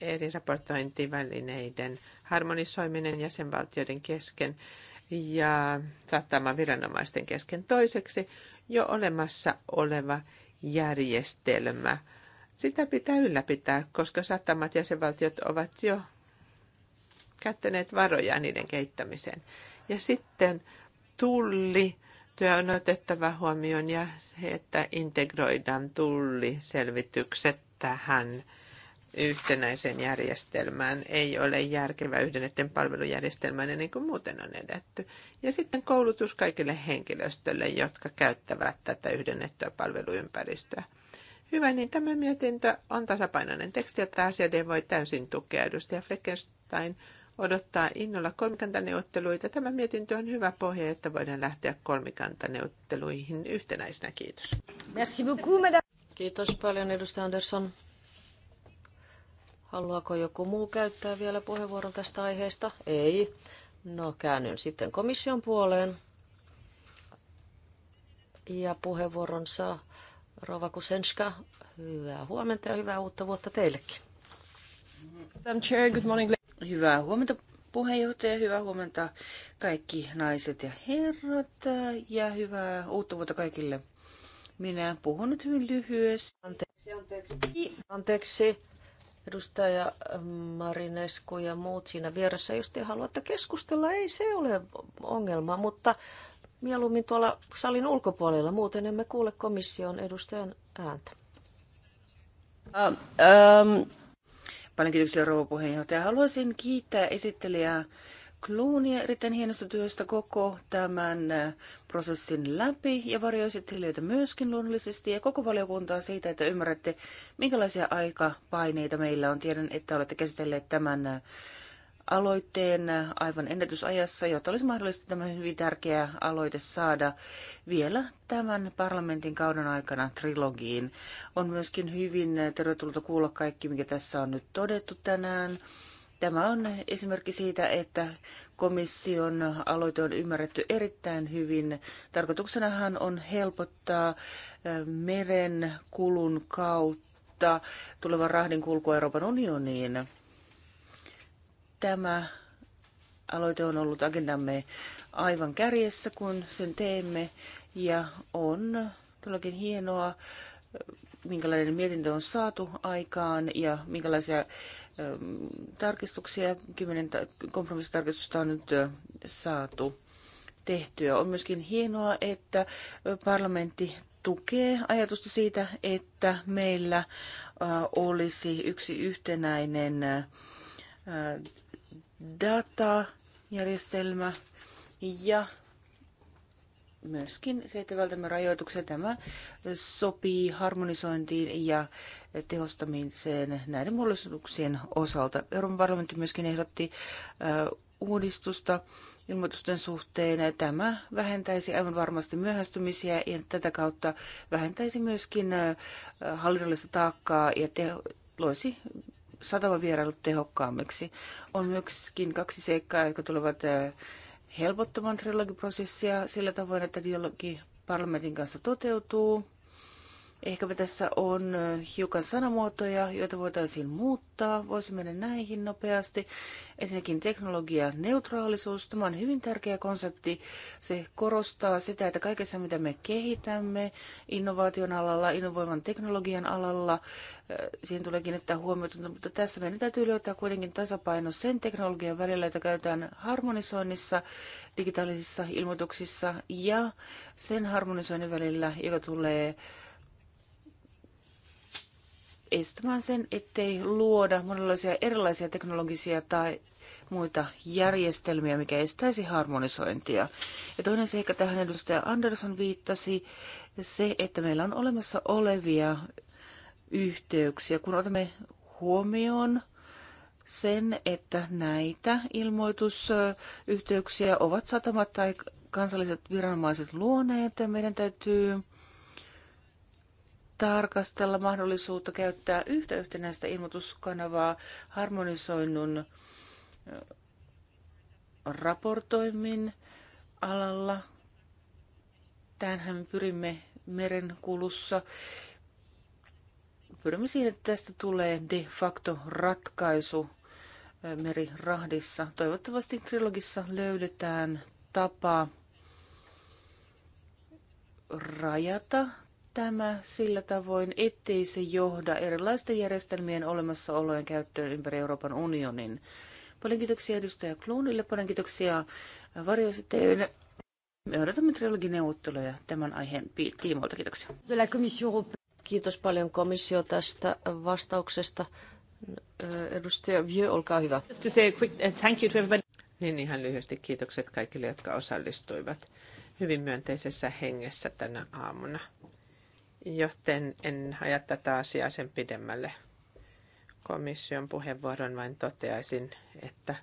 Eri raportointivälineiden harmonisoiminen jäsenvaltioiden kesken ja saattamaan viranomaisten kesken toiseksi jo olemassa oleva järjestelmä. Sitä pitää ylläpitää, koska satamat jäsenvaltiot ovat jo käyttäneet varoja niiden kehittämiseen. Ja sitten tulli, työ on otettava huomioon ja se, että integroidaan tulliselvitykset tähän yhtenäiseen järjestelmään ei ole järkevä yhdennetyn palvelujärjestelmään ennen kuin muuten on edetty. Ja sitten koulutus kaikille henkilöstölle, jotka käyttävät tätä yhdennettyä palveluympäristöä. Hyvä, niin tämä mietintö on tasapainoinen teksti, jota asioiden voi täysin tukea. Edustaja Fleckenstein odottaa innolla kolmikantaneuvotteluita. Tämä mietintö on hyvä pohja, että voidaan lähteä kolmikantaneuvotteluihin yhtenäisenä. Kiitos. Merci beaucoup, madame. Kiitos paljon, edustaja Andersson. Haluaako joku muu käyttää vielä puheenvuoron tästä aiheesta? Ei. No käännyn sitten komission puoleen. Ja saa Rova Kusenska, hyvää huomenta ja hyvää uutta vuotta teillekin. good morning. Hyvää huomenta puheenjohtaja, hyvää huomenta kaikki naiset ja herrat ja hyvää uutta vuotta kaikille. Minä puhun nyt hyvin lyhyesti. Anteeksi, anteeksi. anteeksi edustaja Marinesku ja muut siinä vieressä, jos te haluatte keskustella, ei se ole ongelma, mutta mieluummin tuolla salin ulkopuolella, muuten emme kuule komission edustajan ääntä. Um, um. Paljon kiitoksia rouva puheenjohtaja. Haluaisin kiittää esittelijää Kluunia erittäin hienosta työstä koko tämän äh, prosessin läpi ja varjoesittelijöitä myöskin luonnollisesti ja koko valiokuntaa siitä, että ymmärrätte, minkälaisia aikapaineita meillä on. Tiedän, että olette käsitelleet tämän äh, aloitteen äh, aivan ennätysajassa, jotta olisi mahdollista tämä hyvin tärkeä aloite saada vielä tämän parlamentin kauden aikana trilogiin. On myöskin hyvin tervetullut kuulla kaikki, mikä tässä on nyt todettu tänään. Tämä on esimerkki siitä, että komission aloite on ymmärretty erittäin hyvin. Tarkoituksenahan on helpottaa meren kulun kautta tulevan rahdin kulkua Euroopan unioniin. Tämä aloite on ollut agendamme aivan kärjessä, kun sen teemme, ja on todellakin hienoa, minkälainen mietintö on saatu aikaan ja minkälaisia tarkistuksia. Kymmenen kompromissitarkistusta on nyt saatu tehtyä. On myöskin hienoa, että parlamentti tukee ajatusta siitä, että meillä olisi yksi yhtenäinen datajärjestelmä ja myöskin se, että vältämme rajoituksia. Tämä sopii harmonisointiin ja tehostamiseen näiden mahdollisuuksien osalta. Euroopan parlamentti myöskin ehdotti äh, uudistusta ilmoitusten suhteen. Tämä vähentäisi aivan varmasti myöhästymisiä ja tätä kautta vähentäisi myöskin äh, hallinnollista taakkaa ja teho, loisi vierailut tehokkaammiksi. On myöskin kaksi seikkaa, jotka tulevat äh, helpottamaan trilogiprosessia sillä tavoin, että dialogi parlamentin kanssa toteutuu. Ehkäpä tässä on hiukan sanamuotoja, joita voitaisiin muuttaa. Voisi mennä näihin nopeasti. Ensinnäkin neutraalisuus. Tämä on hyvin tärkeä konsepti. Se korostaa sitä, että kaikessa mitä me kehitämme innovaation alalla, innovoivan teknologian alalla, siihen tulee kiinnittää huomiota, mutta tässä meidän täytyy löytää kuitenkin tasapaino sen teknologian välillä, jota käytetään harmonisoinnissa, digitaalisissa ilmoituksissa ja sen harmonisoinnin välillä, joka tulee estämään sen, ettei luoda monenlaisia erilaisia teknologisia tai muita järjestelmiä, mikä estäisi harmonisointia. Ja toinen seikka tähän edustaja Anderson viittasi, se, että meillä on olemassa olevia yhteyksiä. Kun otamme huomioon sen, että näitä ilmoitusyhteyksiä ovat satamat tai kansalliset viranomaiset luoneet, meidän täytyy tarkastella mahdollisuutta käyttää yhtä yhtenäistä ilmoituskanavaa harmonisoinnun raportoimin alalla. Tähän pyrimme merenkulussa. Pyrimme siihen, että tästä tulee de facto ratkaisu merirahdissa. Toivottavasti trilogissa löydetään tapa rajata tämä sillä tavoin, ettei se johda erilaisten järjestelmien olemassaolojen käyttöön ympäri Euroopan unionin. Paljon kiitoksia edustaja Kluunille, paljon kiitoksia varjoisitteille. Me odotamme trilogineuvotteluja tämän aiheen tiimoilta. Kiitoksia. Kiitos paljon komissio tästä vastauksesta. Edustaja Vieux, olkaa hyvä. Uh, niin ihan lyhyesti kiitokset kaikille, jotka osallistuivat hyvin myönteisessä hengessä tänä aamuna joten en aja tätä asiaa sen pidemmälle. Komission puheenvuoron vain toteaisin, että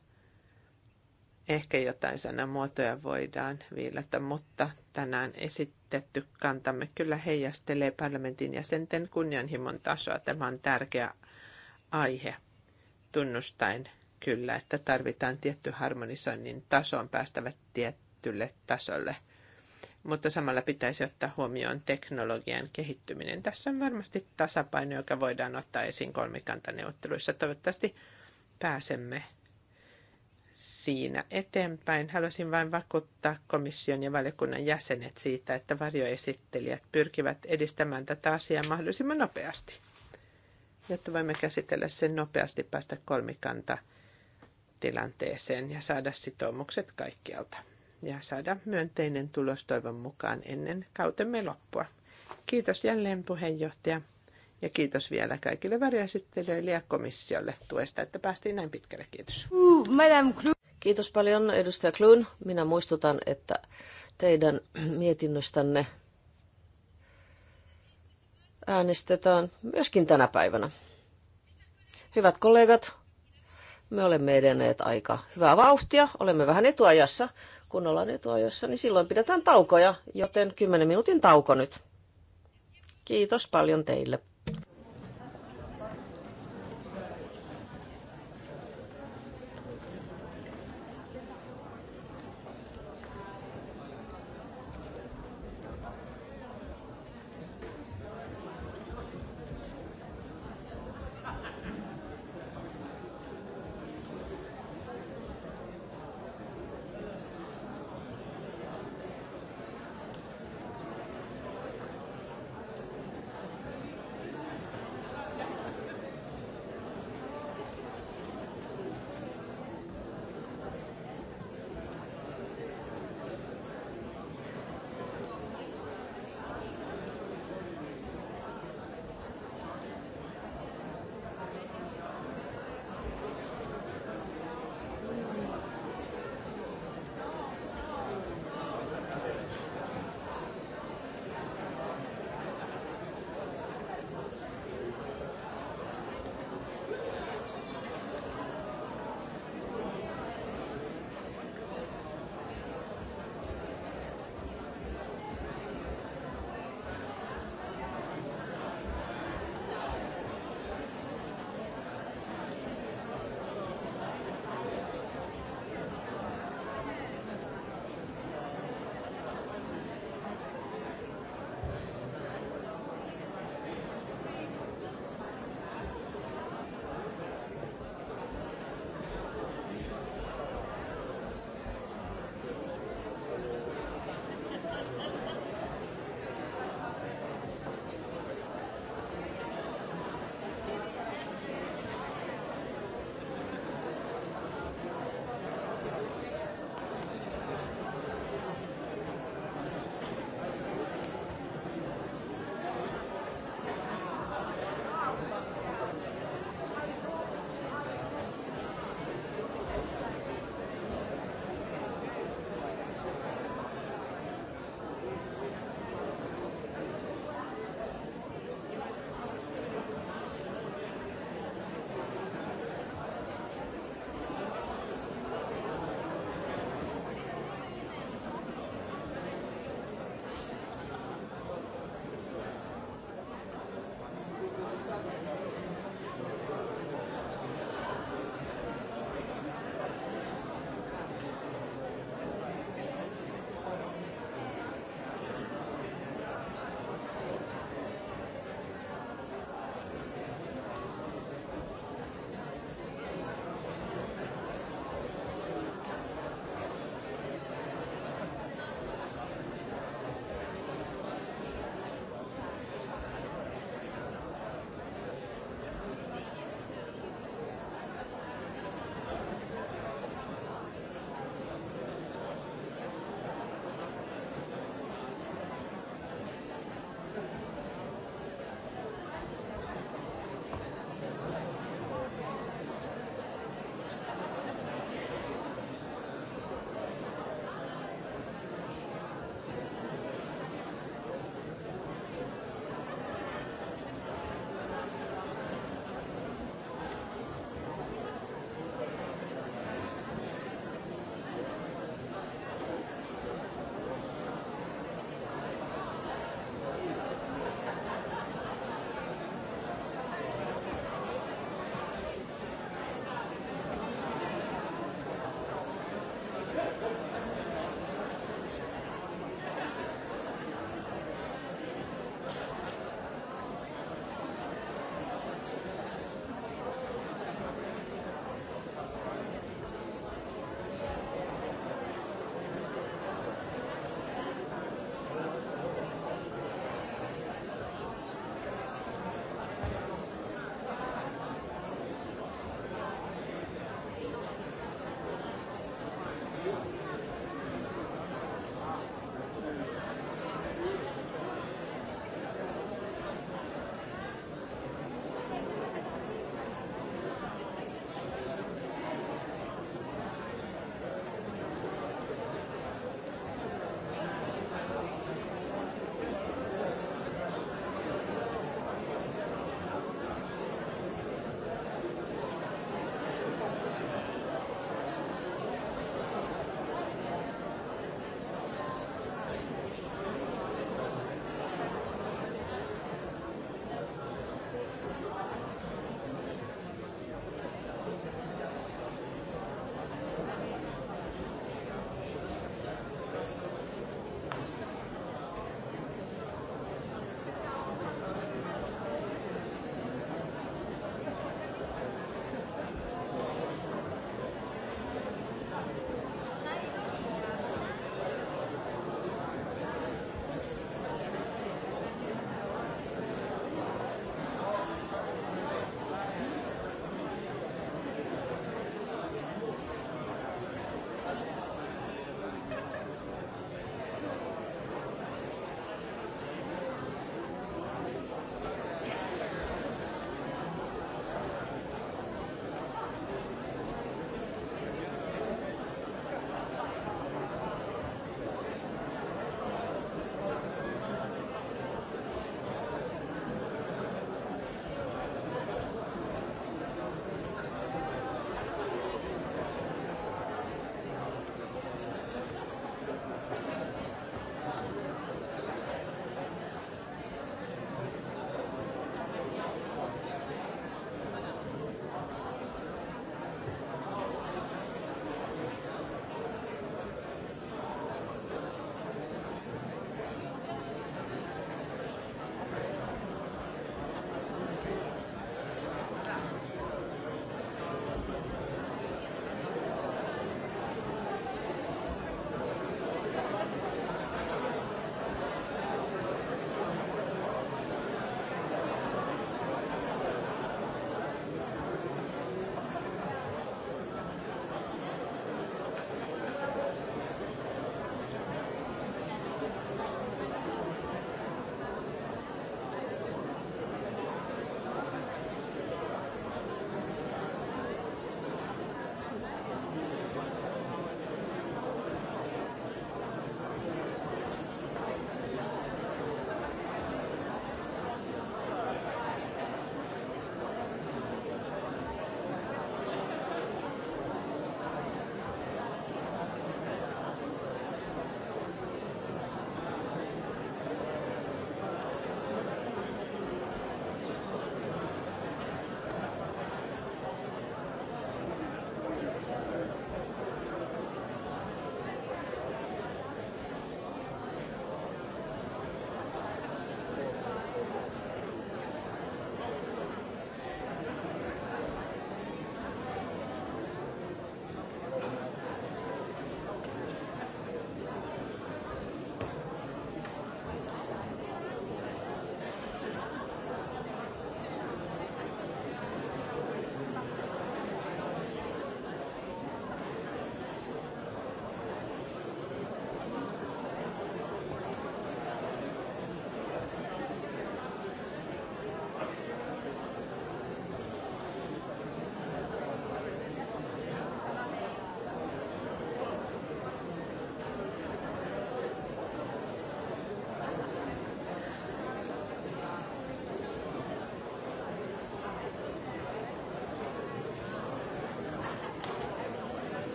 ehkä jotain sanamuotoja voidaan viilata, mutta tänään esitetty kantamme kyllä heijastelee parlamentin jäsenten kunnianhimon tasoa. Tämä on tärkeä aihe, tunnustaen kyllä, että tarvitaan tietty harmonisoinnin tasoon päästävät tiettylle tasolle – mutta samalla pitäisi ottaa huomioon teknologian kehittyminen. Tässä on varmasti tasapaino, joka voidaan ottaa esiin kolmikantaneuvotteluissa. Toivottavasti pääsemme siinä eteenpäin. Haluaisin vain vakuuttaa komission ja valiokunnan jäsenet siitä, että varjoesittelijät pyrkivät edistämään tätä asiaa mahdollisimman nopeasti, jotta voimme käsitellä sen nopeasti päästä kolmikanta tilanteeseen ja saada sitoumukset kaikkialta ja saada myönteinen tulos toivon mukaan ennen kautemme loppua. Kiitos jälleen puheenjohtaja ja kiitos vielä kaikille väriesittelijöille ja komissiolle tuesta, että päästiin näin pitkälle. Kiitos. Kiitos paljon edustaja Kluun. Minä muistutan, että teidän mietinnöstänne äänestetään myöskin tänä päivänä. Hyvät kollegat, me olemme edenneet aika hyvää vauhtia, olemme vähän etuajassa, kun ollaan etuajossa, niin silloin pidetään taukoja, joten 10 minuutin tauko nyt. Kiitos paljon teille.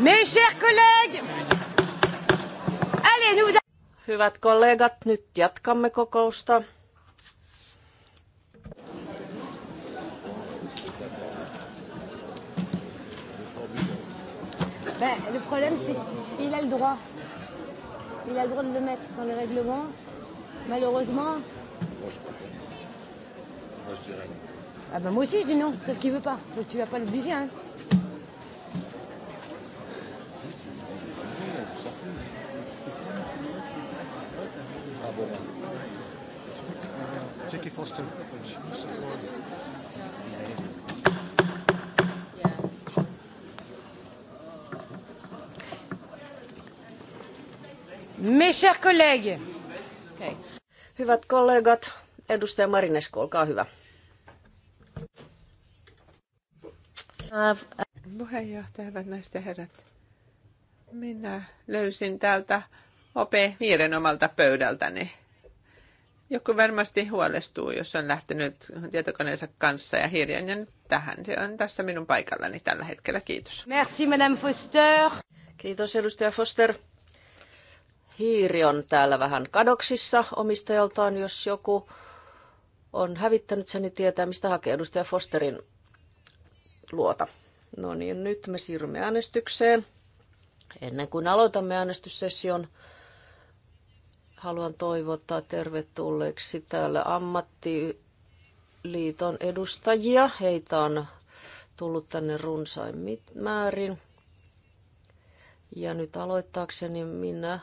Mes chers collègues! Allez, nous... Hyvät kollegat, nyt jatkamme kokousta. Ben, le problème, c'est qu'il a le droit. Il a le droit de le mettre dans le règlement. Malheureusement. Moi, je, comprends. Moi, je dirais non. Ah ben, moi aussi, je dis non, sauf qu'il veut pas. Donc, tu vas pas l'obliger, hein. Jackie Foster. Mes chers collègues. Hyvät kollegat, edustaja Marinesko, olkaa hyvä. Puheenjohtaja, hyvät naiset ja herrat. Minä löysin täältä Ope Viiren omalta pöydältäni joku varmasti huolestuu, jos on lähtenyt tietokoneensa kanssa ja hirjan tähän. Se on tässä minun paikallani tällä hetkellä. Kiitos. Merci, Madame Foster. Kiitos, edustaja Foster. Hiiri on täällä vähän kadoksissa omistajaltaan. Jos joku on hävittänyt sen, niin tietää, mistä hakee edustaja Fosterin luota. No niin, nyt me siirrymme äänestykseen. Ennen kuin aloitamme äänestyssession, haluan toivottaa tervetulleeksi täällä ammattiliiton edustajia. Heitä on tullut tänne runsain määrin. Ja nyt aloittaakseni minä,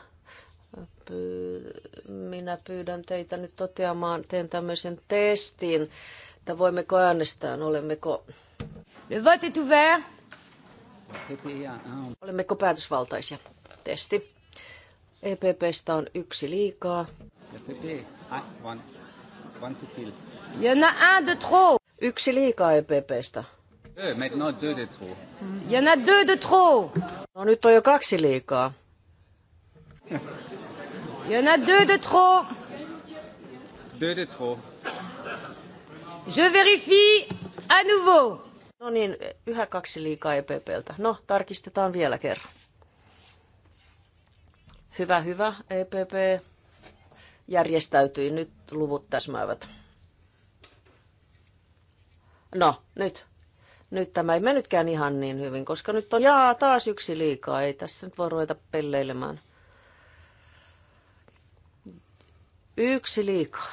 minä pyydän teitä nyt toteamaan, teen tämmöisen testin, että voimmeko äänestää, olemmeko... Le vote est ouvert. Olemmeko päätösvaltaisia? Testi. EPPstä on yksi liikaa. E Il y un de trop. Yksi liikaa EPPstä. No, deux de trop. No nyt on jo kaksi liikaa. Il y deux de trop. Deux de trop. Je vérifie à nouveau. No niin, yhä kaksi liikaa EPPltä. No, tarkistetaan vielä kerran. Hyvä, hyvä, EPP järjestäytyi. Nyt luvut täsmäävät. No, nyt. Nyt tämä ei mennytkään ihan niin hyvin, koska nyt on jaa taas yksi liikaa. Ei tässä nyt voi ruveta pelleilemään. Yksi liikaa.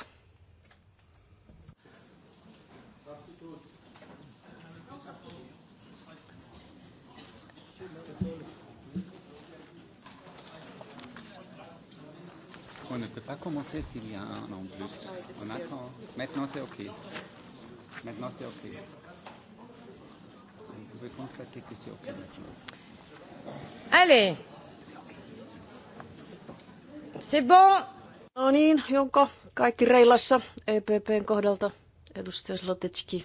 On ne peut pas commencer s'il y a un en plus. On attend. Maintenant, c'est OK. Maintenant, c'est OK. Vous pouvez constater que c'est OK maintenant. Allez. C'est bon. No niin, jonko kaikki reilassa EPPn kohdalta. Edustaja Slotecki.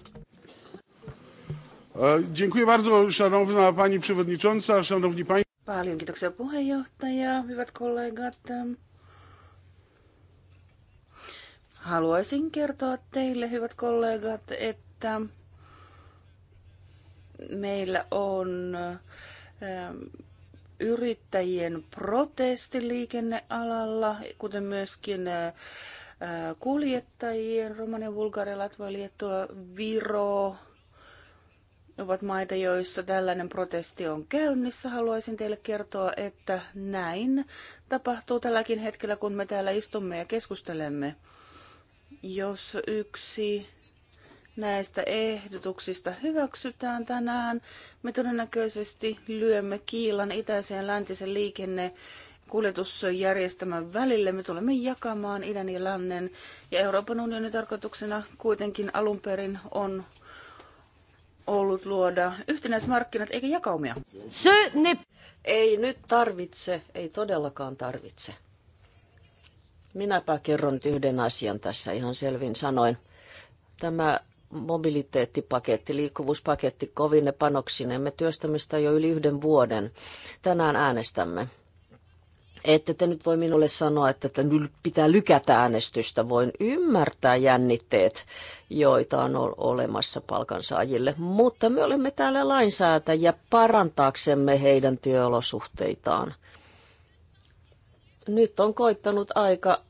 E, dziękuję bardzo, szanowna pani przewodnicząca, szanowni państwo. Paljon kiitoksia puheenjohtaja, hyvät kollegat. Haluaisin kertoa teille, hyvät kollegat, että meillä on ähm, yrittäjien protesti liikennealalla, kuten myöskin äh, kuljettajien, Romania, Bulgaria, Latva, Liettua, Viro, ovat maita, joissa tällainen protesti on käynnissä. Haluaisin teille kertoa, että näin tapahtuu tälläkin hetkellä, kun me täällä istumme ja keskustelemme. Jos yksi näistä ehdotuksista hyväksytään tänään, me todennäköisesti lyömme kiilan itäisen ja läntisen liikenne kuljetusjärjestelmän välille. Me tulemme jakamaan idän ja lännen. Ja Euroopan unionin tarkoituksena kuitenkin alun perin on ollut luoda yhtenäismarkkinat eikä jakaumia. Se ne... Ei nyt tarvitse, ei todellakaan tarvitse. Minäpä kerron yhden asian tässä ihan selvin sanoin. Tämä mobiliteettipaketti, liikkuvuuspaketti ne panoksine Me työstämme sitä jo yli yhden vuoden. Tänään äänestämme. Ette te nyt voi minulle sanoa, että nyt pitää lykätä äänestystä. Voin ymmärtää jännitteet, joita on olemassa palkansaajille. Mutta me olemme täällä lainsäätäjä parantaaksemme heidän työolosuhteitaan. Nyt on koittanut aika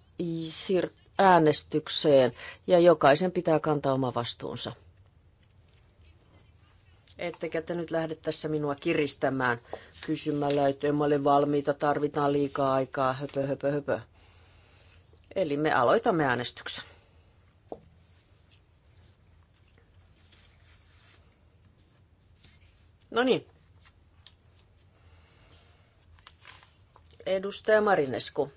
äänestykseen ja jokaisen pitää kantaa oma vastuunsa. Ettekä te nyt lähde tässä minua kiristämään kysymällä, että en ole valmiita, tarvitaan liikaa aikaa, höpö, höpö, höpö. Eli me aloitamme äänestyksen. No niin. Edustaja Marinesku.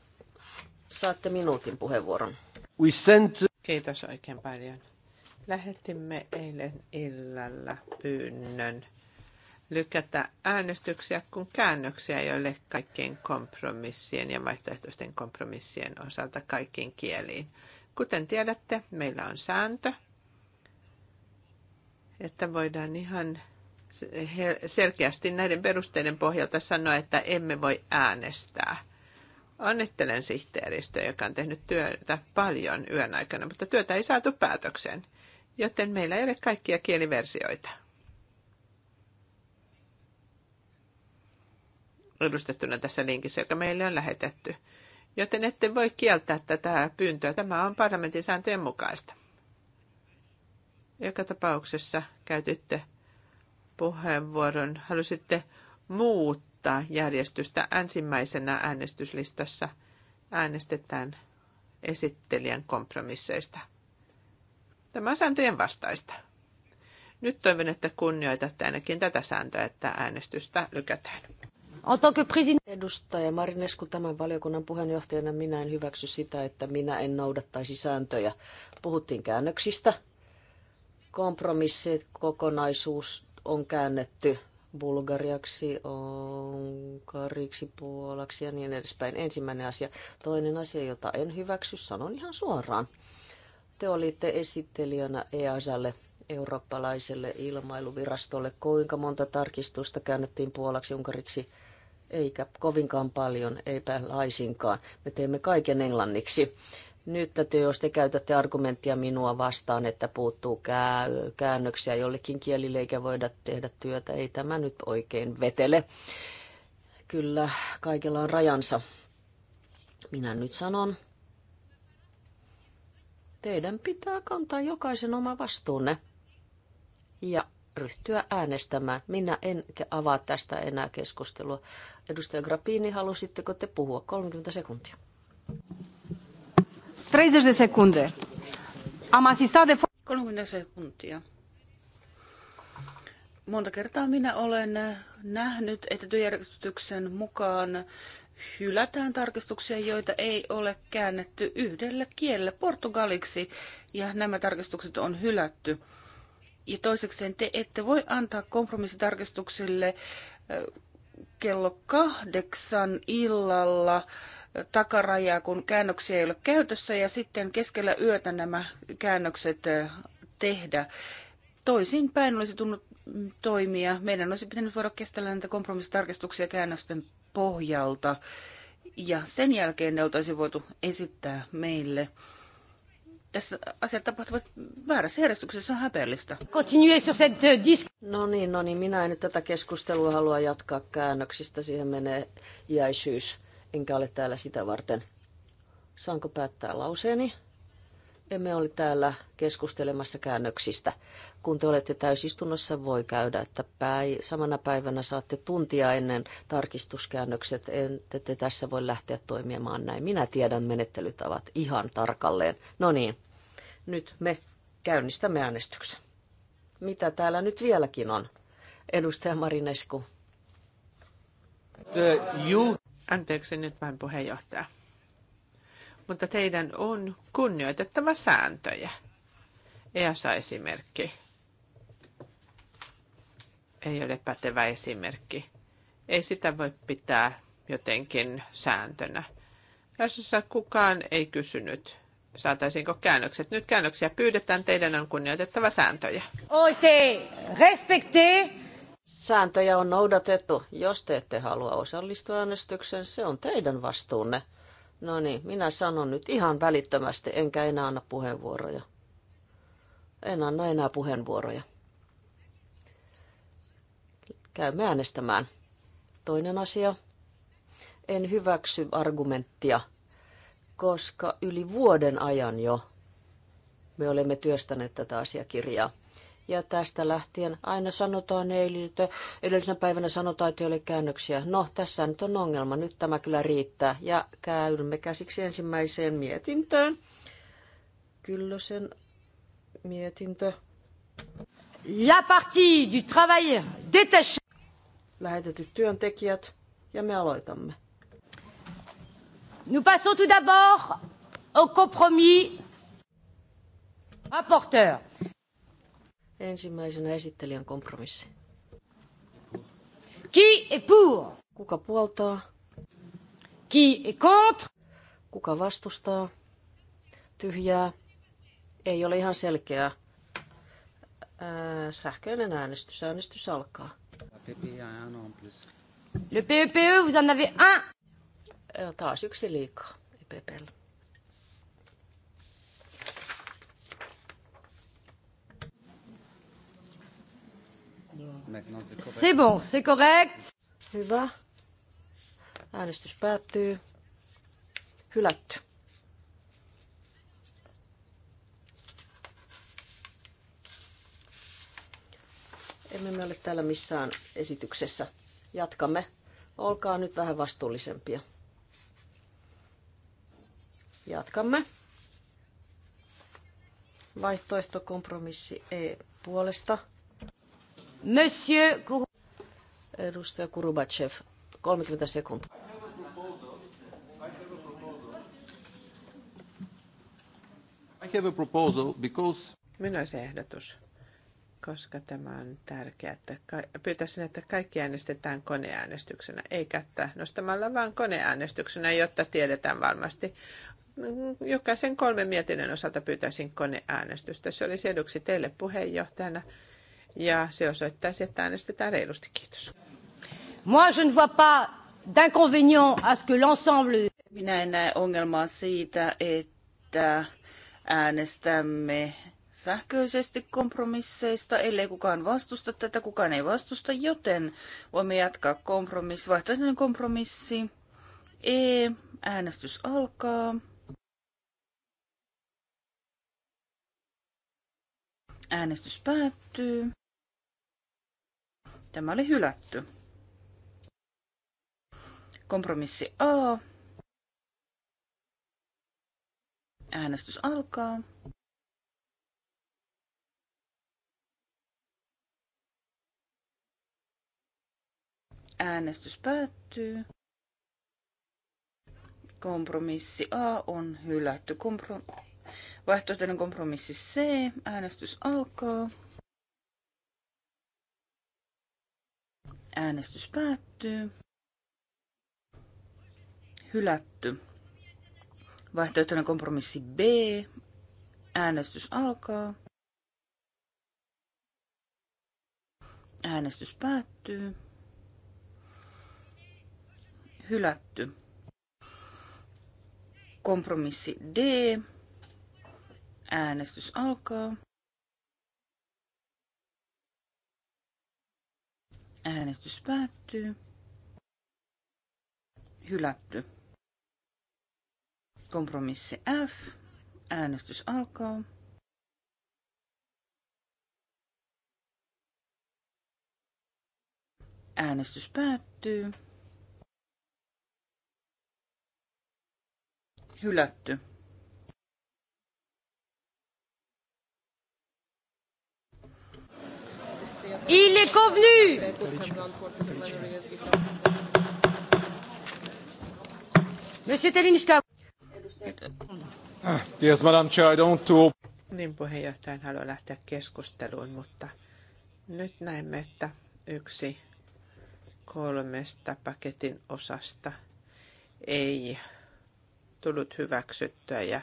Saatte minuutin puheenvuoron. We sent... Kiitos oikein paljon. Lähetimme eilen illalla pyynnön lykätä äänestyksiä kuin käännöksiä, joille kaikkien kompromissien ja vaihtoehtoisten kompromissien osalta kaikkiin kieliin. Kuten tiedätte, meillä on sääntö, että voidaan ihan selkeästi näiden perusteiden pohjalta sanoa, että emme voi äänestää – Onnittelen sihteeristöä, joka on tehnyt työtä paljon yön aikana, mutta työtä ei saatu päätökseen, joten meillä ei ole kaikkia kieliversioita. edustettuna tässä linkissä, joka meille on lähetetty. Joten ette voi kieltää tätä pyyntöä. Tämä on parlamentin sääntöjen mukaista. Joka tapauksessa käytitte puheenvuoron, halusitte muuttaa muuttaa järjestystä. Ensimmäisenä äänestyslistassa äänestetään esittelijän kompromisseista. Tämä on sääntöjen vastaista. Nyt toivon, että kunnioitatte ainakin tätä sääntöä, että äänestystä lykätään. edustaja Marinesku tämän valiokunnan puheenjohtajana minä en hyväksy sitä, että minä en noudattaisi sääntöjä. Puhuttiin käännöksistä. Kompromissit, kokonaisuus on käännetty bulgariaksi, unkariksi, puolaksi ja niin edespäin. Ensimmäinen asia. Toinen asia, jota en hyväksy, sanon ihan suoraan. Te olitte esittelijänä EASalle, eurooppalaiselle ilmailuvirastolle. Kuinka monta tarkistusta käännettiin puolaksi, unkariksi, eikä kovinkaan paljon, eipä laisinkaan. Me teemme kaiken englanniksi. Nyt te, jos te käytätte argumenttia minua vastaan, että puuttuu käännöksiä jollekin kielille eikä voida tehdä työtä, ei tämä nyt oikein vetele. Kyllä, kaikella on rajansa. Minä nyt sanon, teidän pitää kantaa jokaisen oma vastuunne ja ryhtyä äänestämään. Minä en avaa tästä enää keskustelua. Edustaja Grappini, halusitteko te puhua 30 sekuntia? 30 de secunde. Am asistat de... 30 sekuntia. Monta kertaa minä olen nähnyt, että työjärjestyksen mukaan hylätään tarkistuksia, joita ei ole käännetty yhdellä kielellä portugaliksi, ja nämä tarkistukset on hylätty. Ja toisekseen te ette voi antaa kompromissitarkistuksille kello kahdeksan illalla takarajaa, kun käännöksiä ei ole käytössä ja sitten keskellä yötä nämä käännökset tehdä. Toisinpäin olisi tullut toimia. Meidän olisi pitänyt voida kestellä näitä kompromissitarkistuksia käännösten pohjalta ja sen jälkeen ne oltaisiin voitu esittää meille. Tässä asiat tapahtuvat väärässä järjestyksessä, on häpeällistä. Euh, no niin, no niin, minä en nyt tätä keskustelua halua jatkaa käännöksistä, siihen menee jäisyys enkä ole täällä sitä varten. Saanko päättää lauseeni? Emme ole täällä keskustelemassa käännöksistä. Kun te olette täysistunnossa, voi käydä, että päi, samana päivänä saatte tuntia ennen tarkistuskäännökset. En, te tässä voi lähteä toimimaan näin. Minä tiedän menettelytavat ihan tarkalleen. No niin, nyt me käynnistämme äänestyksen. Mitä täällä nyt vieläkin on? Edustaja Marinesku. You... Anteeksi nyt vain puheenjohtaja. Mutta teidän on kunnioitettava sääntöjä. EASA-esimerkki ei ole pätevä esimerkki. Ei sitä voi pitää jotenkin sääntönä. Tässä kukaan ei kysynyt, saataisiinko käännökset. Nyt käännöksiä pyydetään, teidän on kunnioitettava sääntöjä. Oite respekte, Sääntöjä on noudatettu. Jos te ette halua osallistua äänestykseen, se on teidän vastuunne. No niin, minä sanon nyt ihan välittömästi, enkä enää anna puheenvuoroja. En anna enää puheenvuoroja. Käymme äänestämään. Toinen asia. En hyväksy argumenttia, koska yli vuoden ajan jo me olemme työstäneet tätä asiakirjaa. Ja tästä lähtien aina sanotaan että edellisenä päivänä sanotaan, että ei ole käännöksiä. No, tässä nyt on ongelma, nyt tämä kyllä riittää. Ja käydymme käsiksi ensimmäiseen mietintöön. sen mietintö. La partie du travail, détaché. Lähetetyt työntekijät ja me aloitamme. Nous passons tout d'abord au compromis rapporteur. Ensimmäisenä esittelijän kompromissi. Qui est pour? Kuka puoltaa? Qui est contre? Kuka vastustaa? Tyhjää. Ei ole ihan selkeää. Ää, sähköinen äänestys. Äänestys alkaa. Le PEPE, e, vous en avez un. Taas yksi liikaa EPPllä. Maintenant c'est correct. C'est bon, c'est correct. Hyvä. Äänestys päättyy. Hylätty. Emme me ole täällä missään esityksessä. Jatkamme. Olkaa nyt vähän vastuullisempia. Jatkamme. Vaihtoehtokompromissi E puolesta Monsieur Kuru... Edustaja Kurubachev, 30 sekuntia. Minä ehdotus, koska tämä on tärkeää. Että pyytäisin, että kaikki äänestetään koneäänestyksenä, ei kättä nostamalla, vaan koneäänestyksenä, jotta tiedetään varmasti. Jokaisen kolmen mietinnön osalta pyytäisin koneäänestystä. Se olisi eduksi teille puheenjohtajana ja se osoittaisi, että äänestetään reilusti. Kiitos. Moi, je ne vois pas d'inconvénient à ce que l'ensemble... Minä en näe ongelmaa siitä, että äänestämme sähköisesti kompromisseista, ellei kukaan vastusta tätä, kukaan ei vastusta, joten voimme jatkaa kompromissi, vaihtoehtoinen kompromissi. E, äänestys alkaa. Äänestys päättyy. Tämä oli hylätty. Kompromissi A. Äänestys alkaa. Äänestys päättyy. Kompromissi A on hylätty. Kompro... Vaihtoehtoinen kompromissi C. Äänestys alkaa. Äänestys päättyy. Hylätty. Vaihtoehtoinen kompromissi B. Äänestys alkaa. Äänestys päättyy. Hylätty. Kompromissi D. Äänestys alkaa. Äänestys päättyy. Hylätty. Kompromissi F. Äänestys alkaa. Äänestys päättyy. Hylätty. Il est convenu. Monsieur Telinska. Yes, Madam Chair, I don't do... Niin puheenjohtajan haluaa lähteä keskusteluun, mutta nyt näemme, että yksi kolmesta paketin osasta ei tullut hyväksyttyä ja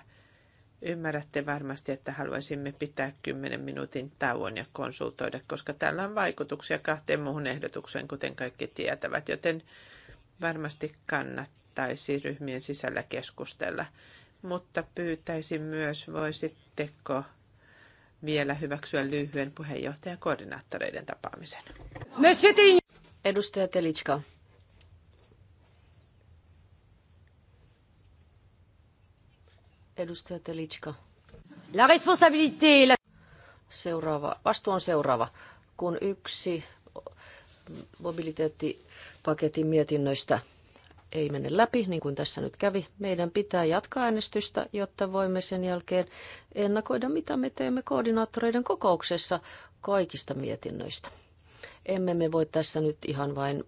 Ymmärrätte varmasti, että haluaisimme pitää 10 minuutin tauon ja konsultoida, koska tällä on vaikutuksia kahteen muuhun ehdotukseen, kuten kaikki tietävät, joten varmasti kannattaisi ryhmien sisällä keskustella. Mutta pyytäisin myös, voisitteko vielä hyväksyä lyhyen koordinaattoreiden tapaamisen. Edustaja Telitska. Edustaja Telitska. La responsabilité, la... Seuraava. Vastuu on seuraava. Kun yksi mobiliteettipaketin mietinnöistä ei mene läpi, niin kuin tässä nyt kävi. Meidän pitää jatkaa äänestystä, jotta voimme sen jälkeen ennakoida, mitä me teemme koordinaattoreiden kokouksessa kaikista mietinnöistä. Emme me voi tässä nyt ihan vain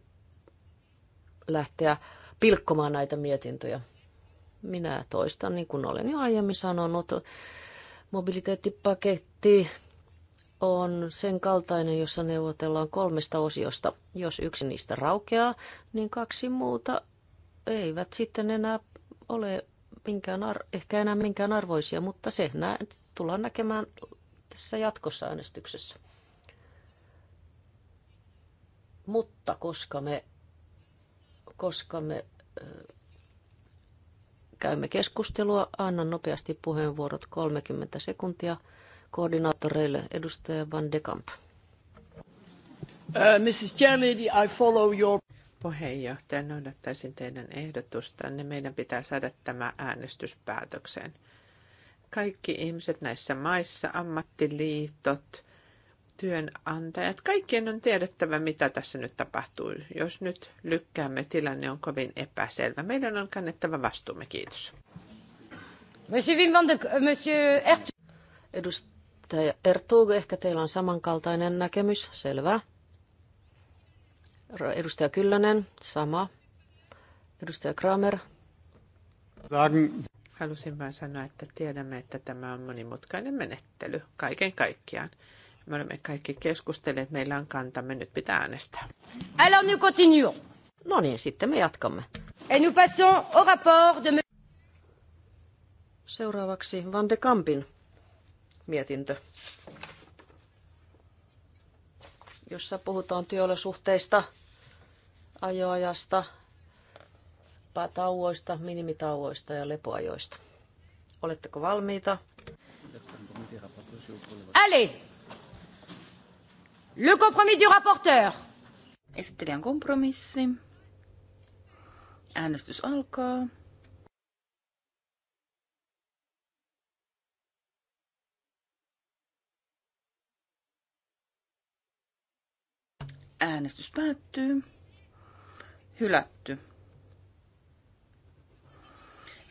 lähteä pilkkomaan näitä mietintöjä. Minä toistan, niin kuin olen jo aiemmin sanonut, mobiliteettipaketti on sen kaltainen, jossa neuvotellaan kolmesta osiosta. Jos yksi niistä raukeaa, niin kaksi muuta eivät sitten enää ole minkään ar- ehkä enää minkään arvoisia, mutta se nä- tullaan näkemään tässä jatkossa äänestyksessä. Mutta koska me, koska me käymme keskustelua. Annan nopeasti puheenvuorot 30 sekuntia koordinaattoreille. Edustaja Van de Kamp. Uh, Mrs. Chairlady, I follow your... Puheenjohtaja, noudattaisin teidän ehdotustanne. Meidän pitää saada tämä äänestyspäätökseen. Kaikki ihmiset näissä maissa, ammattiliitot, työnantajat. Kaikkien on tiedettävä, mitä tässä nyt tapahtuu. Jos nyt lykkäämme, tilanne niin on kovin epäselvä. Meidän on kannettava vastuumme. Kiitos. Monsieur äh, Monsieur Edustaja Ertug, ehkä teillä on samankaltainen näkemys. Selvä. Edustaja Kyllönen, sama. Edustaja Kramer. Halusin vain sanoa, että tiedämme, että tämä on monimutkainen menettely kaiken kaikkiaan. Me olemme kaikki keskustelleet, meillä on kantamme, nyt pitää äänestää. Alors nous continuons. No niin, sitten me jatkamme. Et nous passons au rapport de... Seuraavaksi Van de Kampin mietintö, jossa puhutaan työolosuhteista, ajoajasta, tauoista, minimitauoista ja lepoajoista. Oletteko valmiita? Allez! Le compromis du rapporteur. Esittelijän kompromissi. Äänestys alkaa. Äänestys päättyy. Hylätty.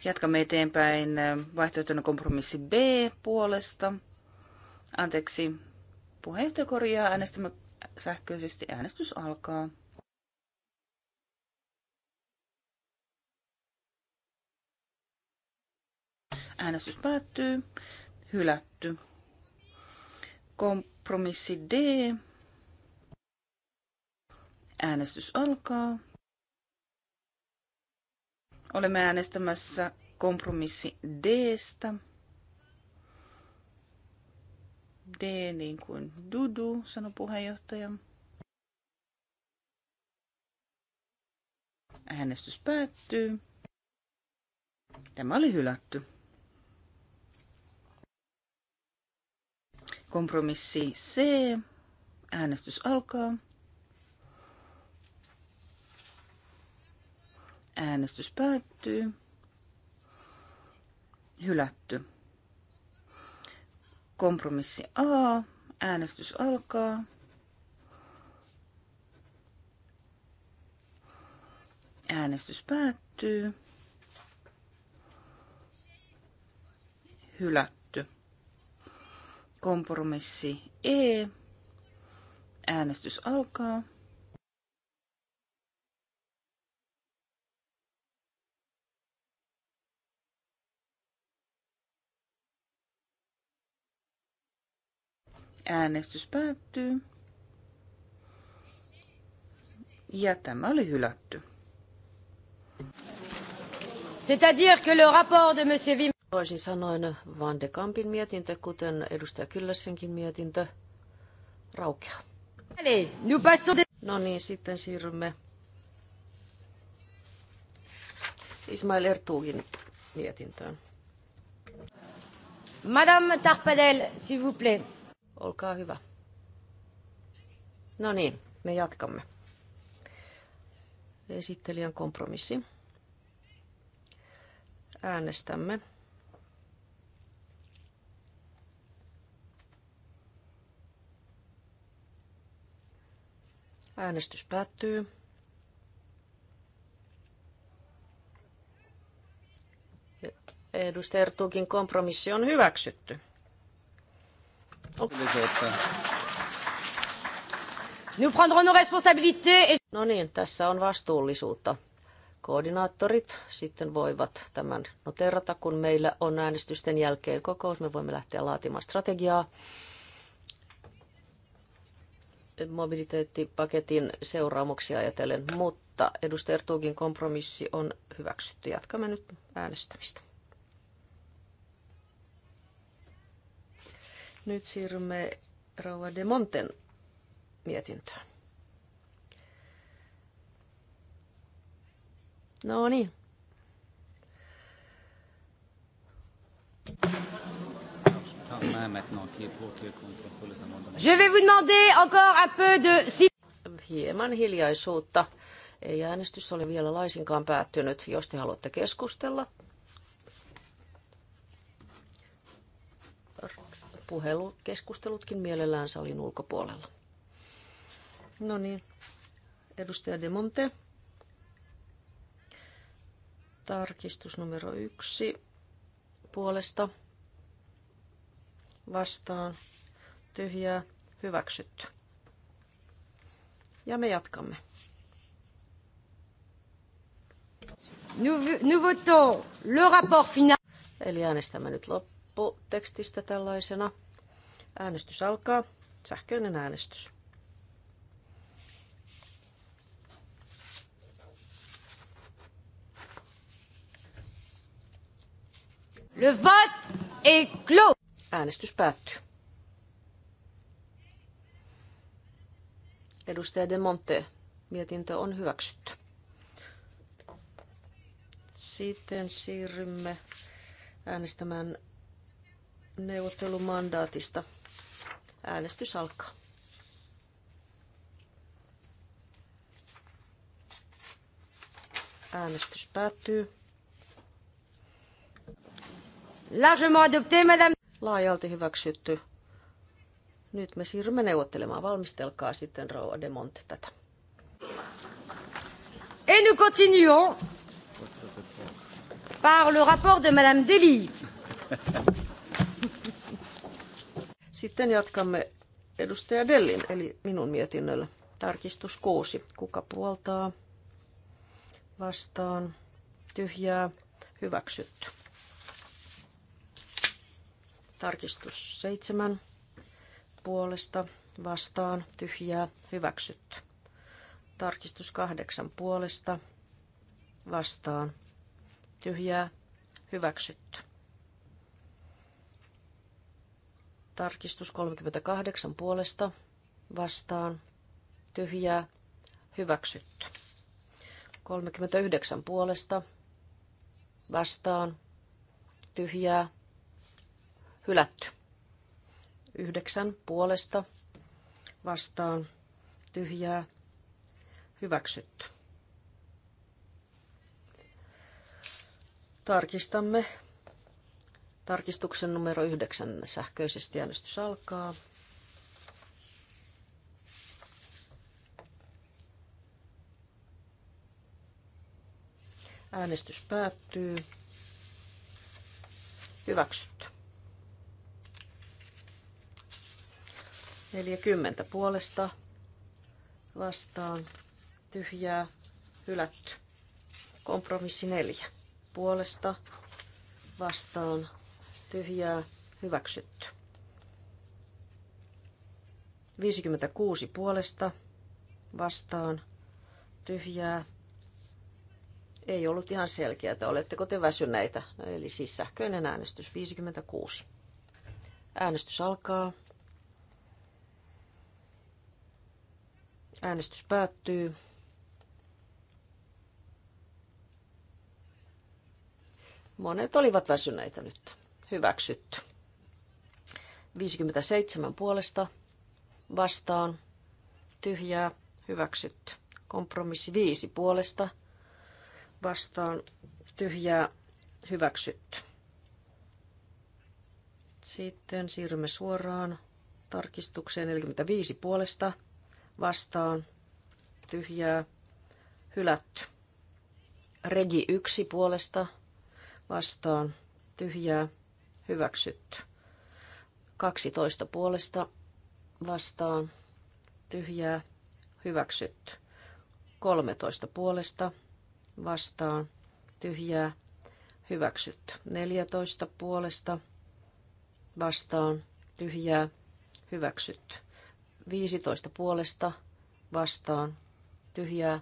Jatkamme eteenpäin vaihtoehtoinen kompromissi B puolesta. Anteeksi, Puheenjohtaja korjaa äänestämä sähköisesti. Äänestys alkaa. Äänestys päättyy. Hylätty. Kompromissi D. Äänestys alkaa. Olemme äänestämässä kompromissi -stä. D niin kuin Dudu, sanoi puheenjohtaja. Äänestys päättyy. Tämä oli hylätty. Kompromissi C. Äänestys alkaa. Äänestys päättyy. Hylätty. Kompromissi A. Äänestys alkaa. Äänestys päättyy. Hylätty. Kompromissi E. Äänestys alkaa. Äänestys päättyy. Ja tämä oli hylätty. C'est-à-dire que le rapport de monsieur Wim... Toisin sanoen Van de Kampin mietintö, kuten edustaja Kyllässenkin mietintö, raukeaa. No niin, sitten siirrymme Ismail Ertugin mietintöön. Madame Tarpadel, s'il vous plaît. Olkaa hyvä. No niin, me jatkamme. Esittelijän kompromissi. Äänestämme. Äänestys päättyy. Edustaja Ertuukin kompromissi on hyväksytty. No niin, tässä on vastuullisuutta. Koordinaattorit sitten voivat tämän noterata, kun meillä on äänestysten jälkeen kokous. Me voimme lähteä laatimaan strategiaa mobiliteettipaketin seuraamuksia ajatellen, mutta edustaja Ertugin kompromissi on hyväksytty. Jatkamme nyt äänestämistä. Nyt siirrymme Rauha de Monten mietintöön. No niin. Je vais vous demander encore un peu de... Hieman hiljaisuutta. Ei äänestys ole vielä laisinkaan päättynyt. Jos te haluatte keskustella puhelu, keskustelutkin mielellään salin ulkopuolella. No niin, edustaja De Monte. Tarkistus numero yksi puolesta vastaan tyhjää hyväksytty. Ja me jatkamme. Nous, nous votons le rapport final. Eli äänestämme nyt loppuun lopputekstistä tällaisena. Äänestys alkaa. Sähköinen äänestys. Le vote est clos. Äänestys päättyy. Edustaja De Monte, mietintö on hyväksytty. Sitten siirrymme äänestämään neuvottelumandaatista. Äänestys alkaa. Äänestys päättyy. Largement adopté, madame. Laajalti hyväksytty. Nyt me siirrymme neuvottelemaan. Valmistelkaa sitten Rouva de Monte tätä. Et nous continuons par le rapport de madame Deli. Sitten jatkamme edustaja Dellin, eli minun mietinnöllä. Tarkistus kuusi, Kuka puoltaa? Vastaan. Tyhjää. Hyväksytty. Tarkistus seitsemän Puolesta. Vastaan. Tyhjää. Hyväksytty. Tarkistus kahdeksan Puolesta. Vastaan. Tyhjää. Hyväksytty. Tarkistus 38 puolesta vastaan tyhjää hyväksytty. 39 puolesta vastaan tyhjää hylätty. 9 puolesta vastaan tyhjää hyväksytty. Tarkistamme Tarkistuksen numero yhdeksän sähköisesti äänestys alkaa. Äänestys päättyy. Hyväksytty. 40 puolesta vastaan tyhjää hylätty. Kompromissi 4 puolesta vastaan tyhjää, hyväksytty. 56 puolesta vastaan, tyhjää. Ei ollut ihan selkeää, että oletteko te väsyneitä, eli siis sähköinen äänestys 56. Äänestys alkaa. Äänestys päättyy. Monet olivat väsyneitä nyt hyväksytty. 57 puolesta vastaan tyhjää hyväksytty. Kompromissi 5 puolesta vastaan tyhjää hyväksytty. Sitten siirrymme suoraan tarkistukseen 45 puolesta vastaan tyhjää hylätty. Regi 1 puolesta vastaan tyhjää hyväksytty. 12 puolesta vastaan tyhjää hyväksytty. 13 puolesta vastaan tyhjää hyväksytty. 14 puolesta vastaan tyhjää hyväksytty. 15 puolesta vastaan tyhjää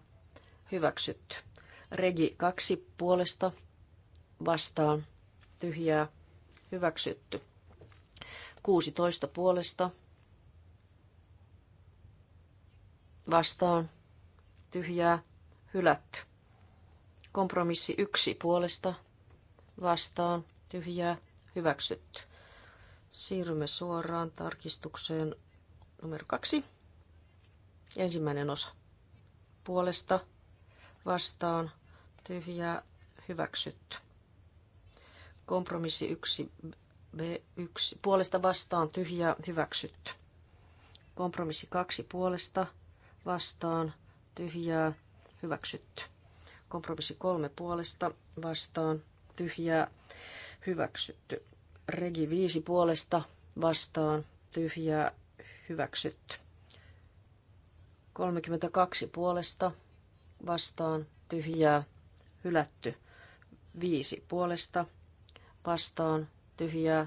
hyväksytty. Regi 2 puolesta vastaan tyhjää Hyväksytty. 16 puolesta. Vastaan. Tyhjää. Hylätty. Kompromissi 1 puolesta. Vastaan. Tyhjää. Hyväksytty. Siirrymme suoraan tarkistukseen numero kaksi. Ensimmäinen osa. Puolesta, vastaan, tyhjää, hyväksytty. Kompromissi 1, B1, puolesta vastaan tyhjä, hyväksytty. Kompromissi 2, puolesta vastaan tyhjää hyväksytty. Kompromissi 3, puolesta vastaan tyhjää hyväksytty. Regi 5, puolesta vastaan tyhjää hyväksytty. 32 puolesta vastaan tyhjää hylätty. 5 puolesta vastaan vastaan tyhjää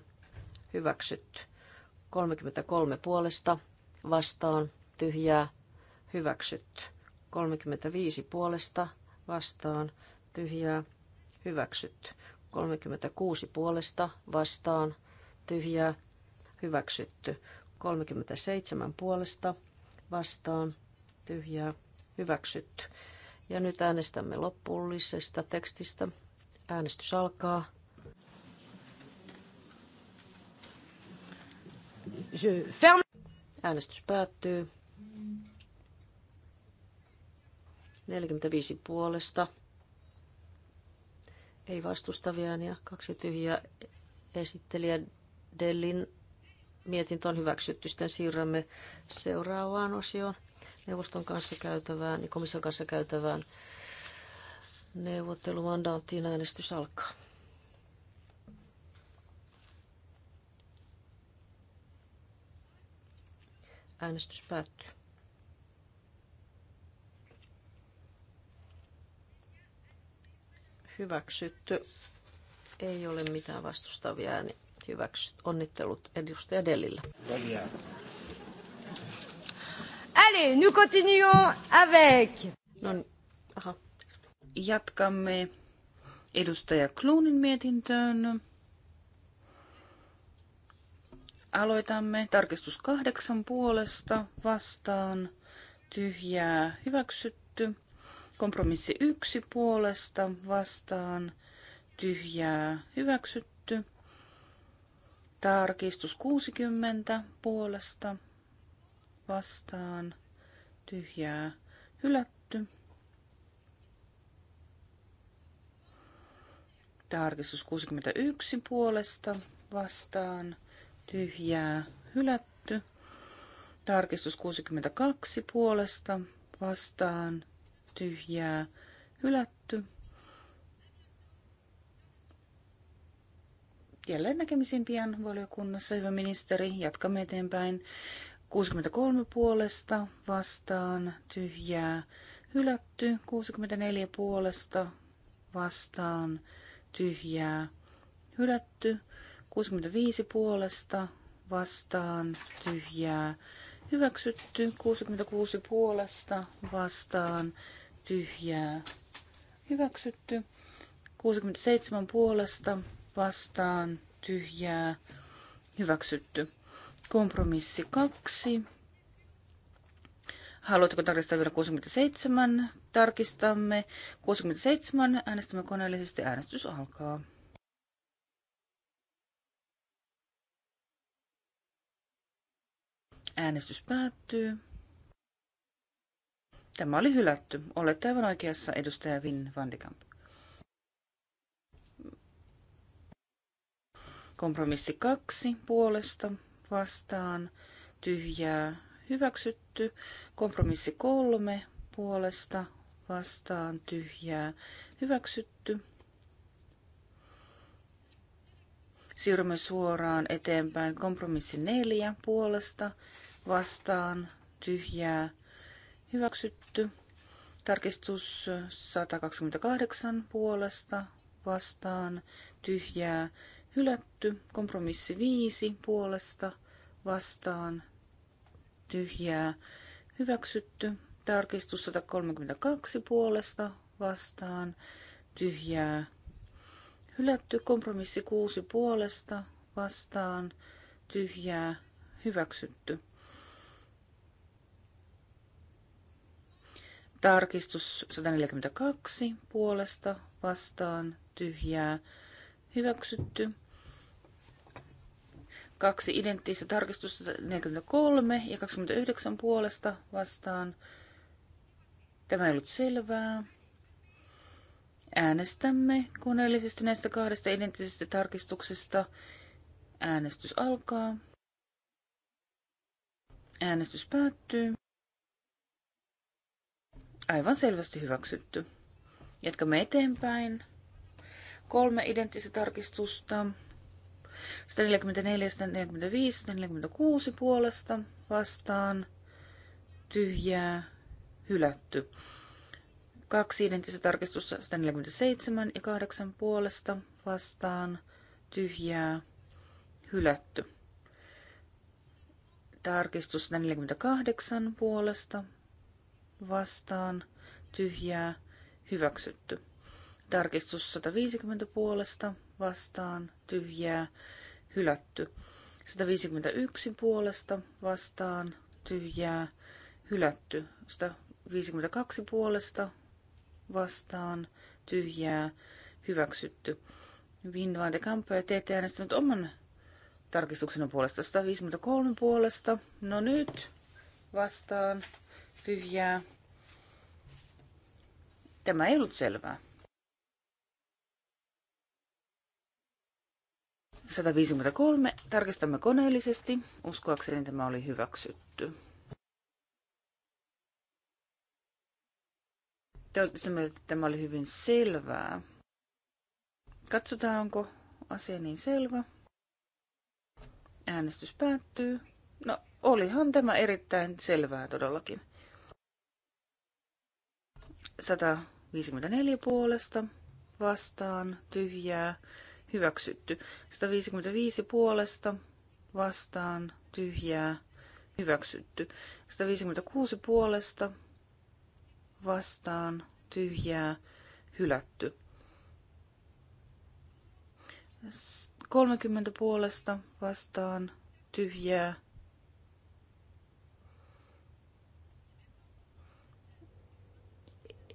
hyväksytty. 33 puolesta vastaan tyhjää hyväksytty. 35 puolesta vastaan tyhjää hyväksytty. 36 puolesta vastaan tyhjää hyväksytty. 37 puolesta vastaan tyhjää hyväksytty. Ja nyt äänestämme lopullisesta tekstistä. Äänestys alkaa. je ferme. Äänestys päättyy. 45 puolesta. Ei vastustavia ja Kaksi tyhjää. Esittelijä Dellin mietintö on hyväksytty. Sitten siirrämme seuraavaan osioon. Neuvoston kanssa käytävään ja niin komission kanssa käytävään neuvottelumandaattiin äänestys alkaa. Äänestys päättyy. Hyväksytty. Ei ole mitään vastustavia ääniä. Hyväksytty. Onnittelut edustaja Delillä. Allez, nous continuons avec. No, niin, aha. Jatkamme edustaja Kluunin mietintöön. Aloitamme tarkistus kahdeksan puolesta vastaan tyhjää hyväksytty. Kompromissi yksi puolesta vastaan tyhjää hyväksytty. Tarkistus 60 puolesta vastaan tyhjää hylätty. Tarkistus 61 puolesta vastaan tyhjää hylätty. Tarkistus 62 puolesta vastaan tyhjää hylätty. Jälleen näkemisiin pian valiokunnassa, hyvä ministeri. Jatkamme eteenpäin. 63 puolesta vastaan tyhjää hylätty. 64 puolesta vastaan tyhjää hylätty. 65 puolesta vastaan tyhjää hyväksytty. 66 puolesta vastaan tyhjää hyväksytty. 67 puolesta vastaan tyhjää hyväksytty. Kompromissi 2. Haluatteko tarkistaa vielä 67? Tarkistamme. 67 äänestämme koneellisesti. Äänestys alkaa. Äänestys päättyy. Tämä oli hylätty. Olette aivan oikeassa, edustaja Vin Vandikamp. Kompromissi kaksi puolesta vastaan tyhjää hyväksytty. Kompromissi kolme puolesta vastaan tyhjää hyväksytty. Siirrymme suoraan eteenpäin kompromissi neljä puolesta vastaan tyhjää hyväksytty. Tarkistus 128 puolesta vastaan tyhjää hylätty. Kompromissi 5 puolesta vastaan tyhjää hyväksytty. Tarkistus 132 puolesta vastaan tyhjää hylätty. Kompromissi 6 puolesta vastaan tyhjää hyväksytty. Tarkistus 142 puolesta vastaan tyhjää hyväksytty. Kaksi identtistä tarkistusta 43 ja 29 puolesta vastaan. Tämä ei ollut selvää. Äänestämme koneellisesti näistä kahdesta identtisestä tarkistuksesta. Äänestys alkaa. Äänestys päättyy. Aivan selvästi hyväksytty. Jatkamme eteenpäin. Kolme identtistä tarkistusta. 144, 145, 146 puolesta vastaan. Tyhjää. Hylätty. Kaksi identtistä tarkistusta 147 ja 8 puolesta vastaan. Tyhjää. Hylätty. Tarkistus 148 puolesta vastaan tyhjää hyväksytty. Tarkistus 150 puolesta vastaan tyhjää hylätty. 151 puolesta vastaan tyhjää hylätty. 152 puolesta vastaan tyhjää hyväksytty. Vinvainte Kampo ja teette äänestänyt oman tarkistuksen puolesta 153 puolesta. No nyt vastaan tyhjää. Tämä ei ollut selvää. 153. Tarkistamme koneellisesti. Uskoakseni tämä oli hyväksytty. Te mieltä, että tämä oli hyvin selvää. Katsotaan, onko asia niin selvä. Äänestys päättyy. No, olihan tämä erittäin selvää todellakin. 154 puolesta vastaan tyhjää hyväksytty. 155 puolesta vastaan tyhjää hyväksytty. 156 puolesta vastaan tyhjää hylätty. 30 puolesta vastaan tyhjää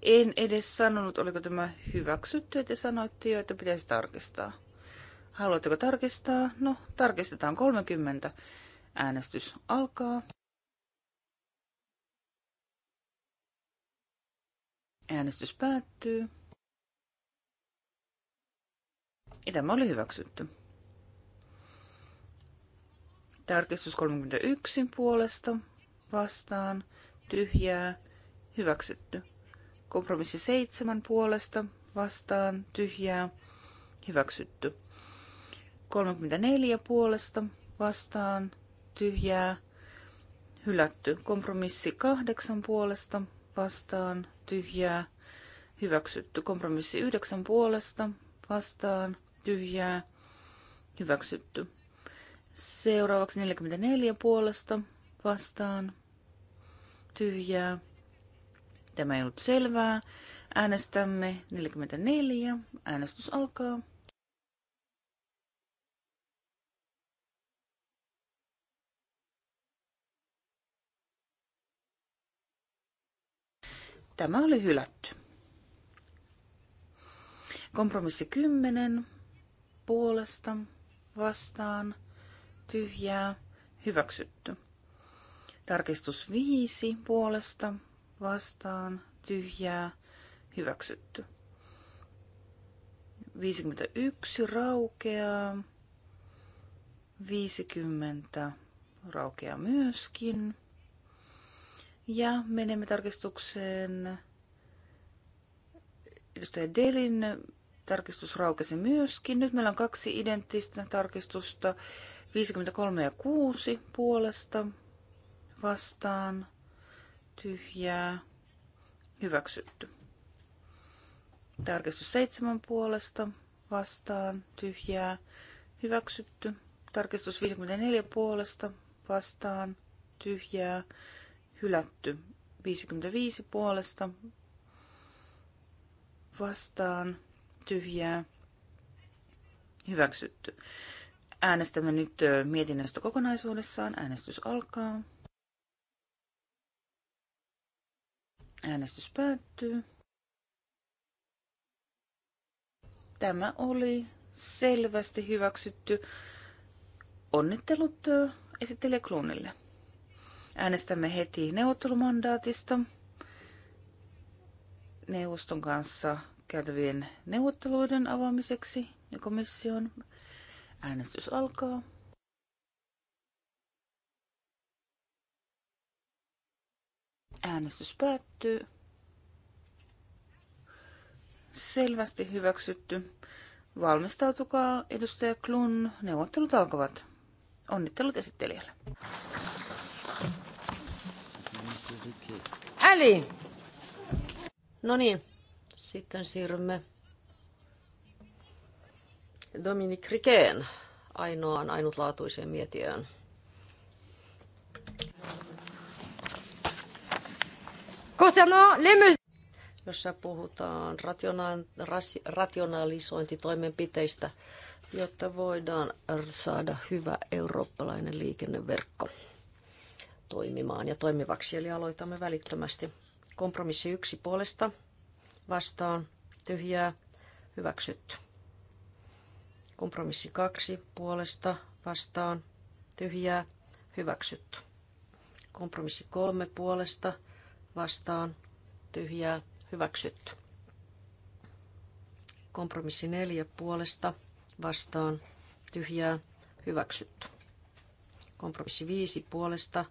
En edes sanonut, oliko tämä hyväksytty, että sanoitte jo, että pitäisi tarkistaa. Haluatteko tarkistaa? No, tarkistetaan 30. Äänestys alkaa. Äänestys päättyy. Ja tämä oli hyväksytty. Tarkistus 31 puolesta vastaan tyhjää hyväksytty. Kompromissi seitsemän puolesta vastaan tyhjää hyväksytty. 34 puolesta vastaan tyhjää hylätty. Kompromissi kahdeksan puolesta vastaan tyhjää hyväksytty. Kompromissi yhdeksän puolesta vastaan tyhjää hyväksytty. Seuraavaksi 44 puolesta vastaan tyhjää Tämä ei ollut selvää. Äänestämme 44. Äänestys alkaa. Tämä oli hylätty. Kompromissi 10. Puolesta, vastaan, tyhjää, hyväksytty. Tarkistus 5. Puolesta, vastaan tyhjää hyväksytty. 51 raukeaa. 50 raukeaa myöskin. Ja menemme tarkistukseen. Edustaja Delin tarkistus raukesi myöskin. Nyt meillä on kaksi identtistä tarkistusta. 53 ja 6 puolesta vastaan tyhjää, hyväksytty. Tarkistus seitsemän puolesta vastaan, tyhjää, hyväksytty. Tarkistus 54 puolesta vastaan, tyhjää, hylätty. 55 puolesta vastaan, tyhjää, hyväksytty. Äänestämme nyt mietinnöstä kokonaisuudessaan. Äänestys alkaa. Äänestys päättyy. Tämä oli selvästi hyväksytty. Onnittelut esittelijä Kloonille. Äänestämme heti neuvottelumandaatista neuvoston kanssa käytävien neuvotteluiden avaamiseksi ja komission äänestys alkaa. Äänestys päättyy. Selvästi hyväksytty. Valmistautukaa, edustaja Klun. Neuvottelut alkavat. Onnittelut esittelijälle. Äli! No niin, sitten siirrymme Dominic Rikeen ainoaan ainutlaatuiseen mietiöön. Concernant les mesures jossa puhutaan rationalisointitoimenpiteistä, jotta voidaan saada hyvä eurooppalainen liikenneverkko toimimaan ja toimivaksi. Eli aloitamme välittömästi. Kompromissi yksi puolesta vastaan tyhjää hyväksytty. Kompromissi kaksi puolesta vastaan tyhjää hyväksytty. Kompromissi kolme puolesta vastaan tyhjää hyväksytty. Kompromissi neljä puolesta vastaan tyhjää hyväksytty. Kompromissi viisi puolesta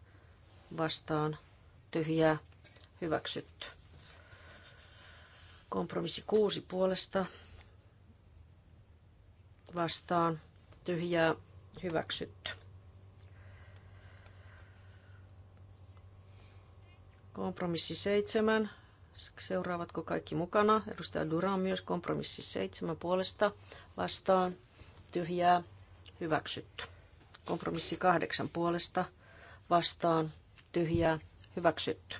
vastaan tyhjää hyväksytty. Kompromissi kuusi puolesta vastaan tyhjää hyväksytty. Kompromissi seitsemän. Seuraavatko kaikki mukana? Edustaja Duran myös kompromissi seitsemän puolesta vastaan. Tyhjää. Hyväksytty. Kompromissi kahdeksan puolesta vastaan. Tyhjää. Hyväksytty.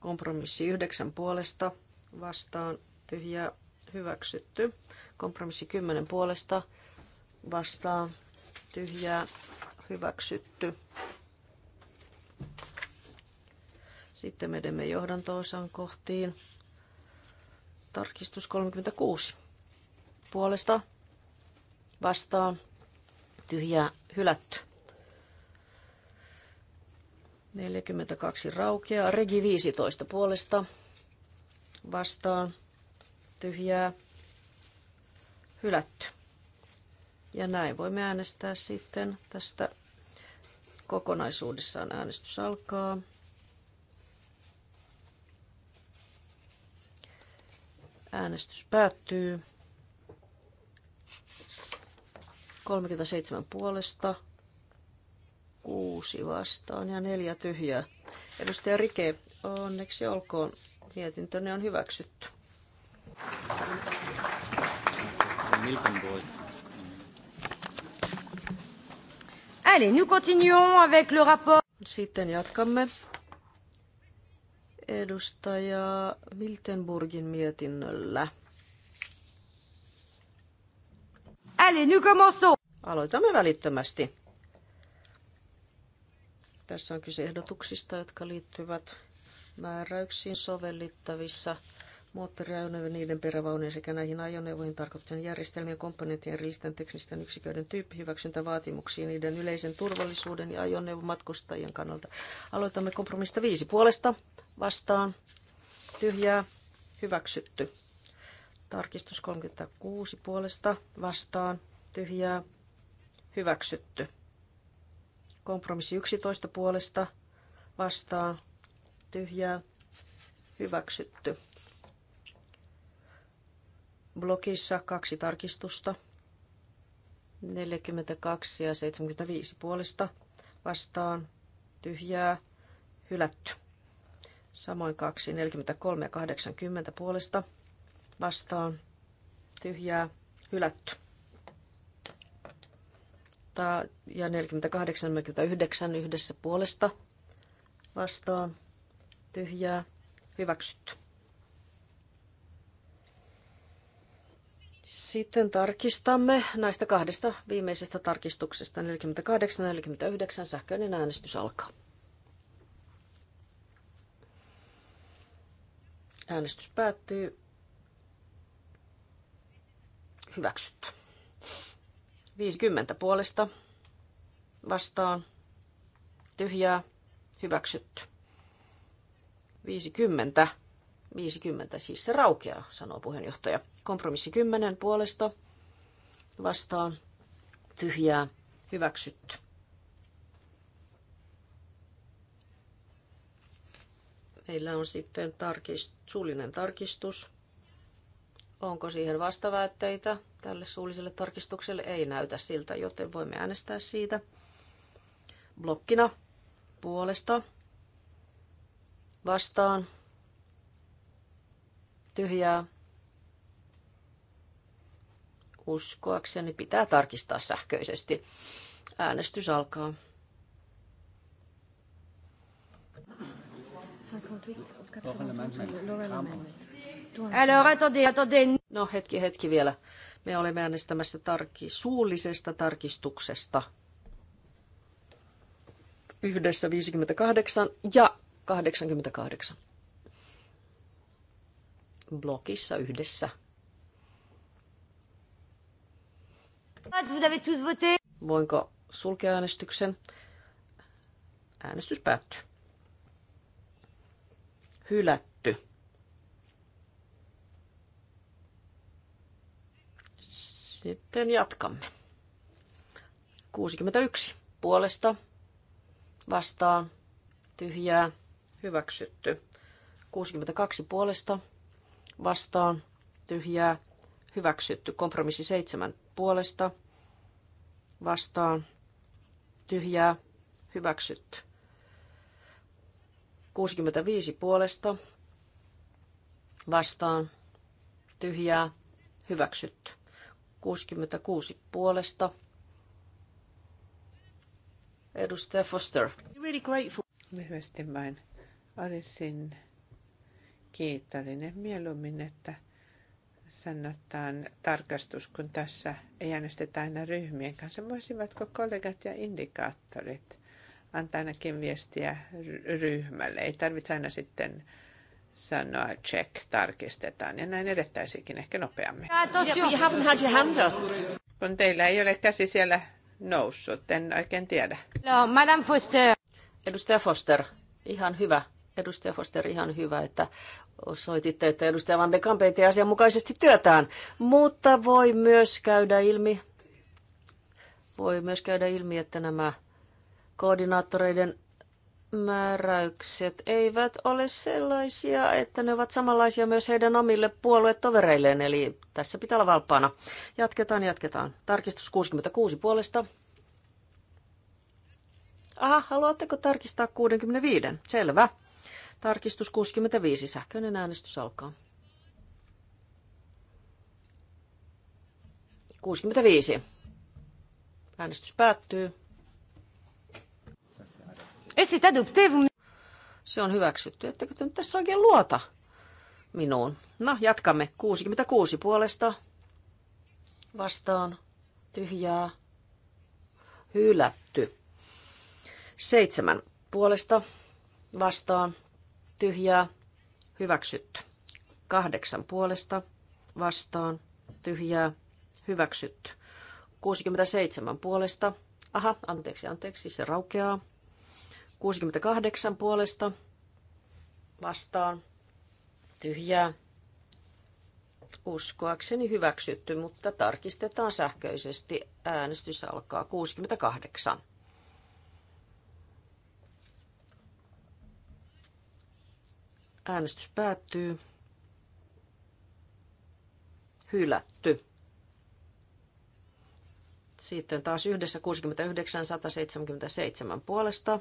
Kompromissi yhdeksän puolesta vastaan. Tyhjää. Hyväksytty. Kompromissi kymmenen puolesta vastaan. Tyhjää. Hyväksytty. Sitten me edemme johdantoosan kohtiin. Tarkistus 36. Puolesta vastaan tyhjää hylätty. 42 raukeaa. Regi 15 puolesta vastaan tyhjää hylätty. Ja näin voimme äänestää sitten tästä kokonaisuudessaan äänestys alkaa. Äänestys päättyy. 37 puolesta, 6 vastaan ja 4 tyhjää. Edustaja Rike, onneksi olkoon. Mietintönne on hyväksytty. Allez, nous continuons avec le rapport. Sitten jatkamme edustaja Miltenburgin mietinnöllä. Allez, nous commençons! Aloitamme välittömästi. Tässä on kyse ehdotuksista, jotka liittyvät määräyksiin sovellittavissa moottoriajoneuvojen, niiden perävaunujen sekä näihin ajoneuvoihin tarkoitettujen järjestelmien, komponenttien ja erillisten teknisten yksiköiden tyyppihyväksyntävaatimuksiin niiden yleisen turvallisuuden ja ajoneuvon matkustajien kannalta. Aloitamme kompromista viisi puolesta vastaan. Tyhjää hyväksytty. Tarkistus 36 puolesta vastaan. Tyhjää hyväksytty. Kompromissi 11 puolesta vastaan. Tyhjää hyväksytty. Blokissa kaksi tarkistusta. 42 ja 75 puolesta vastaan tyhjää hylätty. Samoin kaksi 43 ja 80 puolesta vastaan tyhjää hylätty. Ja 48, 49 yhdessä puolesta vastaan tyhjää hyväksytty. Sitten tarkistamme näistä kahdesta viimeisestä tarkistuksesta 48-49 sähköinen äänestys alkaa. Äänestys päättyy. Hyväksytty. 50 puolesta vastaan. Tyhjää. Hyväksytty. 50 50 siis se raukeaa, sanoo puheenjohtaja. Kompromissi 10 puolesta vastaan tyhjää hyväksytty. Meillä on sitten tarkist, suullinen tarkistus. Onko siihen vastaväitteitä tälle suulliselle tarkistukselle? Ei näytä siltä, joten voimme äänestää siitä blokkina puolesta vastaan tyhjää. Uskoakseni pitää tarkistaa sähköisesti. Äänestys alkaa. No hetki, hetki vielä. Me olemme äänestämässä tarki, suullisesta tarkistuksesta. Yhdessä 58 ja 88 blokissa yhdessä. Voinko sulkea äänestyksen? Äänestys päättyy. Hylätty. Sitten jatkamme. 61. Puolesta vastaan tyhjää hyväksytty. 62 puolesta vastaan tyhjää hyväksytty. Kompromissi seitsemän puolesta vastaan tyhjää hyväksytty. 65 puolesta vastaan tyhjää hyväksytty. 66 puolesta. Edustaja Foster. Lyhyesti vain. Olisin kiitollinen mieluummin, että sanotaan tarkastus, kun tässä ei äänestetä aina ryhmien kanssa. Voisivatko kollegat ja indikaattorit antaa ainakin viestiä ryhmälle? Ei tarvitse aina sitten sanoa check, tarkistetaan ja näin edettäisikin ehkä nopeammin. Kun teillä ei ole käsi siellä noussut, en oikein tiedä. No, Madame Foster. Edustaja Foster, ihan hyvä Edustaja Foster, ihan hyvä, että osoititte, että edustaja Van de Kamp ei tee asianmukaisesti työtään, mutta voi myös käydä ilmi, voi myös käydä ilmi, että nämä koordinaattoreiden määräykset eivät ole sellaisia, että ne ovat samanlaisia myös heidän omille puoluetovereilleen, eli tässä pitää olla valppaana. Jatketaan, jatketaan. Tarkistus 66 puolesta. Aha, haluatteko tarkistaa 65? Selvä. Tarkistus 65. Sähköinen äänestys alkaa. 65. Äänestys päättyy. Se on hyväksytty. Ettekö te nyt tässä oikein luota minuun? No, jatkamme. 66 puolesta. Vastaan. Tyhjää. Hylätty. Seitsemän puolesta. Vastaan tyhjää, hyväksytty. Kahdeksan puolesta, vastaan, tyhjää, hyväksytty. 67 puolesta, aha, anteeksi, anteeksi, se raukeaa. 68 puolesta, vastaan, tyhjää, uskoakseni hyväksytty, mutta tarkistetaan sähköisesti. Äänestys alkaa 68. Äänestys päättyy. Hylätty. Sitten taas yhdessä 69 177 puolesta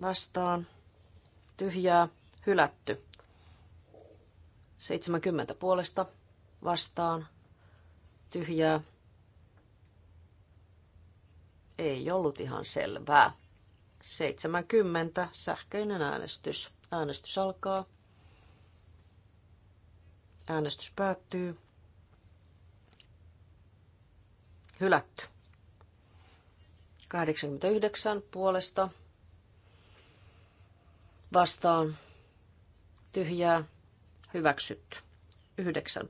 vastaan. Tyhjää, hylätty. 70 puolesta vastaan. Tyhjää. Ei ollut ihan selvää. 70 sähköinen äänestys. Äänestys alkaa. Äänestys päättyy. Hylätty. 89 puolesta vastaan tyhjää hyväksytty. 9.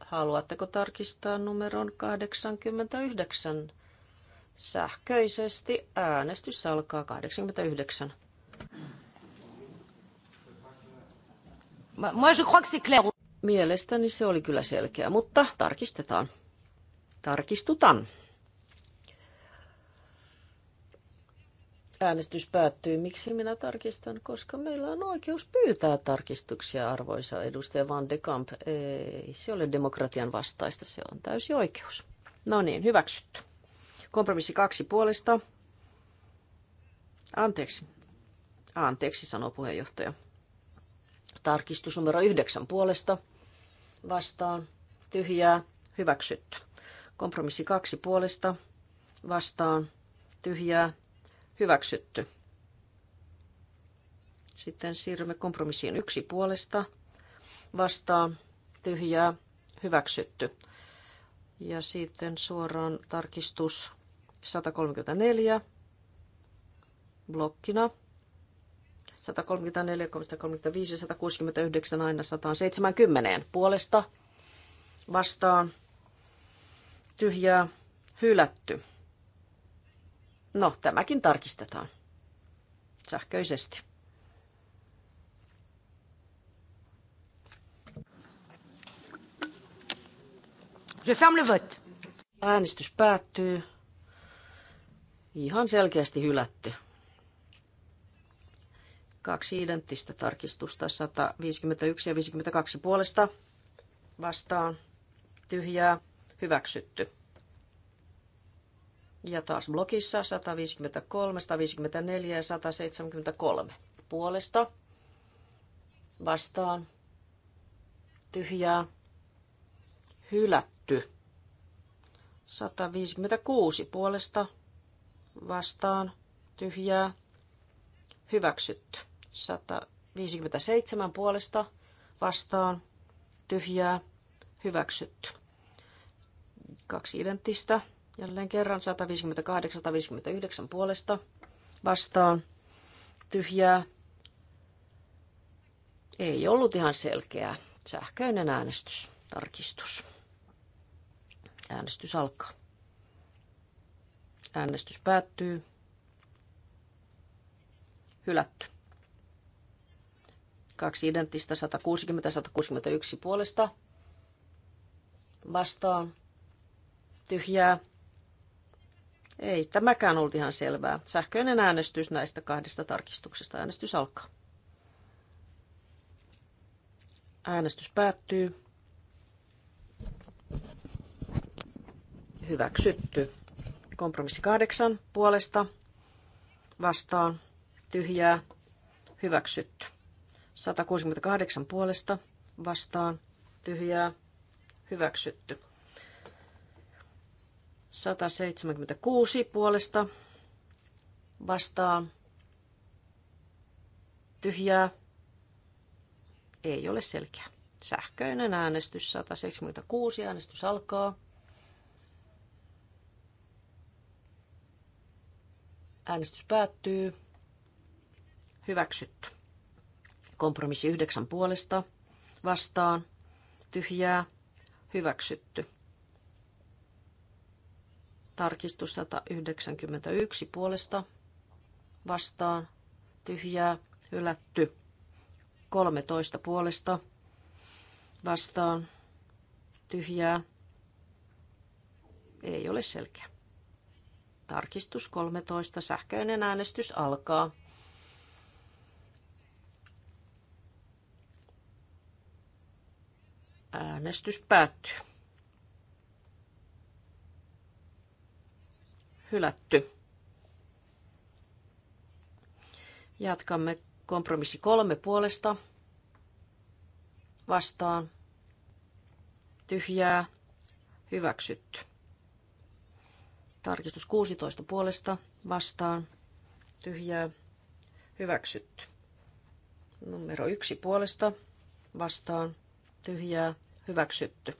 Haluatteko tarkistaa numeron 89? Sähköisesti äänestys alkaa 89. Moi, je crois que c'est clair. Mielestäni se oli kyllä selkeä, mutta tarkistetaan. Tarkistutan. Äänestys päättyy. Miksi minä tarkistan? Koska meillä on oikeus pyytää tarkistuksia, arvoisa edustaja Van de Kamp. Ei se ole demokratian vastaista, se on täysi oikeus. No niin, hyväksytty. Kompromissi kaksi puolesta. Anteeksi. Anteeksi, sanoo puheenjohtaja. Tarkistus numero yhdeksän puolesta vastaan tyhjää hyväksytty. Kompromissi kaksi puolesta vastaan tyhjää hyväksytty. Sitten siirrymme kompromissiin yksi puolesta vastaan tyhjää hyväksytty. Ja sitten suoraan tarkistus 134 blokkina 134, 135, 169 aina 170 puolesta vastaan tyhjää hylätty. No, tämäkin tarkistetaan sähköisesti. Je ferme le vote. Äänestys päättyy. Ihan selkeästi hylätty. Kaksi identtistä tarkistusta, 151 ja 52 puolesta vastaan, tyhjää, hyväksytty. Ja taas blokissa 153, 154 ja 173 puolesta vastaan, tyhjää, hylätty. 156 puolesta vastaan, tyhjää, hyväksytty. 157 puolesta vastaan tyhjää hyväksytty. Kaksi identtistä. Jälleen kerran 158-159 puolesta vastaan tyhjää. Ei ollut ihan selkeää. Sähköinen äänestys, tarkistus. Äänestys alkaa. Äänestys päättyy. Hylätty. Kaksi identtistä 160 161 puolesta. Vastaan. Tyhjää. Ei tämäkään ollut ihan selvää. Sähköinen äänestys näistä kahdesta tarkistuksesta. Äänestys alkaa. Äänestys päättyy. Hyväksytty. Kompromissi kahdeksan puolesta vastaan tyhjää hyväksytty. 168 puolesta vastaan tyhjää hyväksytty. 176 puolesta vastaan tyhjää ei ole selkeä. Sähköinen äänestys 176 äänestys alkaa. Äänestys päättyy. Hyväksytty. Kompromissi yhdeksän puolesta vastaan tyhjää hyväksytty. Tarkistus 191 puolesta vastaan tyhjää hylätty. 13 puolesta vastaan tyhjää ei ole selkeä. Tarkistus 13. Sähköinen äänestys alkaa. Äänestys päättyy. Hylätty. Jatkamme kompromissi kolme puolesta. Vastaan. Tyhjää. Hyväksytty. Tarkistus 16 puolesta. Vastaan. Tyhjää. Hyväksytty. Numero yksi puolesta. Vastaan. Tyhjää hyväksytty.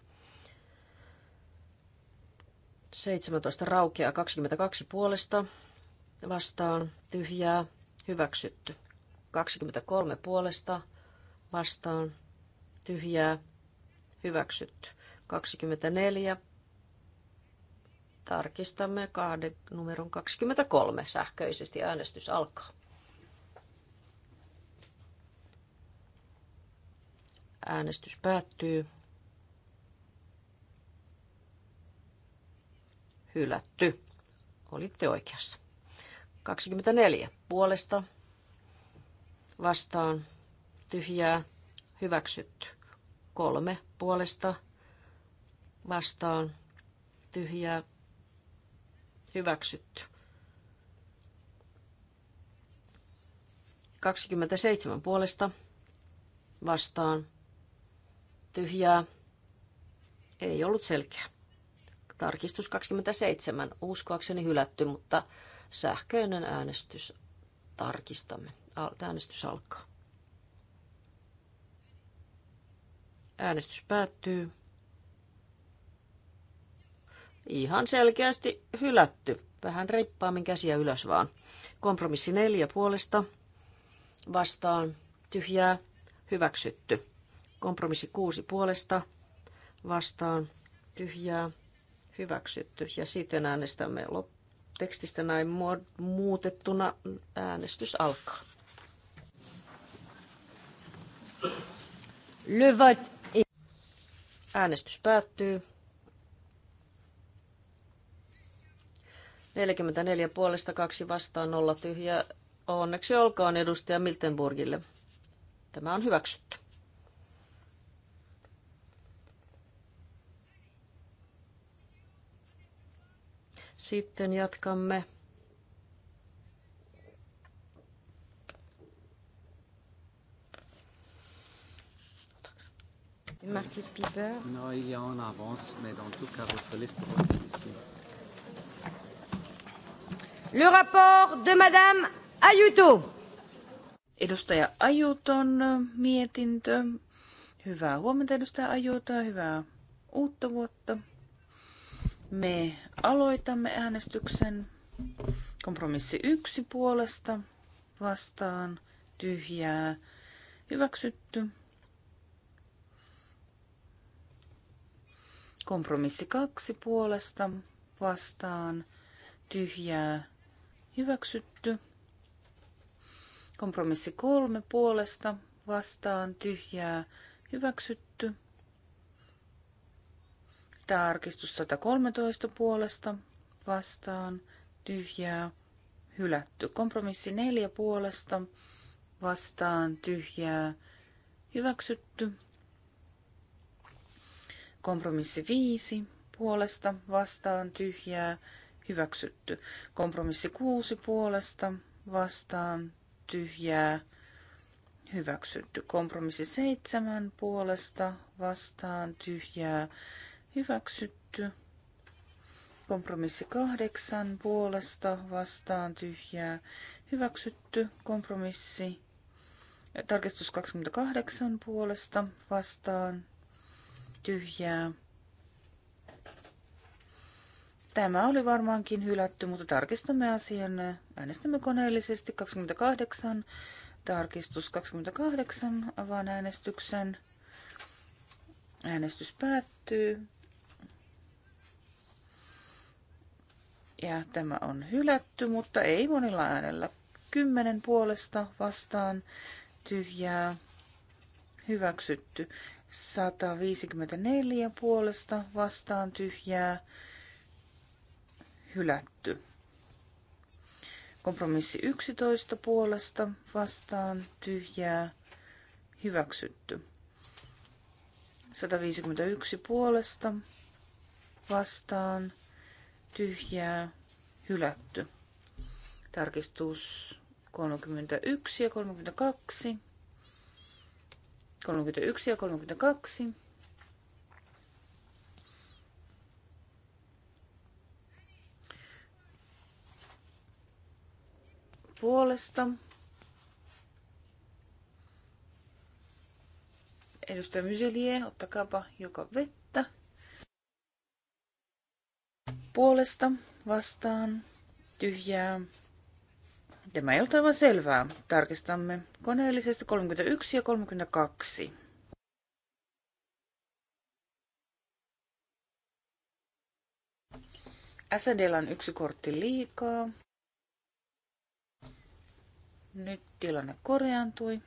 17 raukeaa 22 puolesta vastaan tyhjää hyväksytty. 23 puolesta vastaan tyhjää hyväksytty. 24 tarkistamme kahden, numeron 23 sähköisesti äänestys alkaa. Äänestys päättyy. hylätty. Olitte oikeassa. 24 puolesta vastaan tyhjää hyväksytty. Kolme puolesta vastaan tyhjää hyväksytty. 27 puolesta vastaan tyhjää ei ollut selkeä. Tarkistus 27. Uskoakseni hylätty, mutta sähköinen äänestys tarkistamme. Äänestys alkaa. Äänestys päättyy. Ihan selkeästi hylätty. Vähän reippaammin käsiä ylös vaan. Kompromissi neljä puolesta. Vastaan. Tyhjää. Hyväksytty. Kompromissi kuusi puolesta. Vastaan. Tyhjää hyväksytty. Ja sitten äänestämme tekstistä näin muutettuna. Äänestys alkaa. Le vote est... Äänestys päättyy. 44 puolesta, kaksi vastaan, nolla tyhjä. Onneksi olkaan edustaja Miltenburgille. Tämä on hyväksytty. Sitten jatkamme. Marcus Piper. Non, il y a en avance, mais dans tout cas, votre liste est ici. Le rapport de Madame Ayuto. Edustaja Ayuton mietintö. Hyvää huomenta, edustaja Ayuto. Hyvää uutta vuotta. Me aloitamme äänestyksen. Kompromissi yksi puolesta vastaan tyhjää hyväksytty. Kompromissi kaksi puolesta vastaan tyhjää hyväksytty. Kompromissi kolme puolesta vastaan tyhjää hyväksytty. Tarkistus 113 puolesta vastaan tyhjää hylätty. Kompromissi 4 puolesta vastaan tyhjää hyväksytty. Kompromissi 5 puolesta vastaan tyhjää hyväksytty. Kompromissi 6 puolesta vastaan tyhjää hyväksytty. Kompromissi 7 puolesta vastaan tyhjää Hyväksytty. Kompromissi kahdeksan puolesta vastaan tyhjää. Hyväksytty. Kompromissi. Äh, tarkistus 28 puolesta vastaan tyhjää. Tämä oli varmaankin hylätty, mutta tarkistamme asian. Äänestämme koneellisesti 28. Tarkistus 28. Avaan äänestyksen. Äänestys päättyy. Ja tämä on hylätty, mutta ei monilla äänellä. Kymmenen puolesta vastaan tyhjää hyväksytty. 154 puolesta vastaan tyhjää hylätty. Kompromissi 11 puolesta vastaan tyhjää hyväksytty. 151 puolesta vastaan tyhjää hylätty. Tarkistus 31 ja 32. 31 ja 32. puolesta. Edustaja Myselie, ottakaapa joka vettä. puolesta vastaan tyhjää. Tämä ei ollut aivan selvää. Tarkistamme koneellisesti 31 ja 32. SDllä on yksi kortti liikaa. Nyt tilanne korjaantui.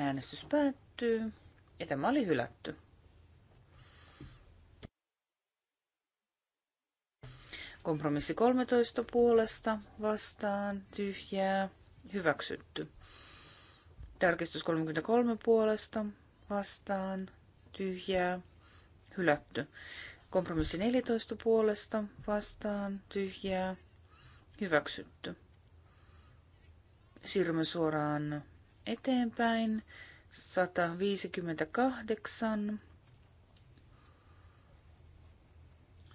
Äänestys päättyy ja tämä oli hylätty. Kompromissi 13 puolesta vastaan tyhjää hyväksytty. Tarkistus 33 puolesta vastaan tyhjää hylätty. Kompromissi 14 puolesta vastaan tyhjää hyväksytty. Siirrymme suoraan eteenpäin. 158.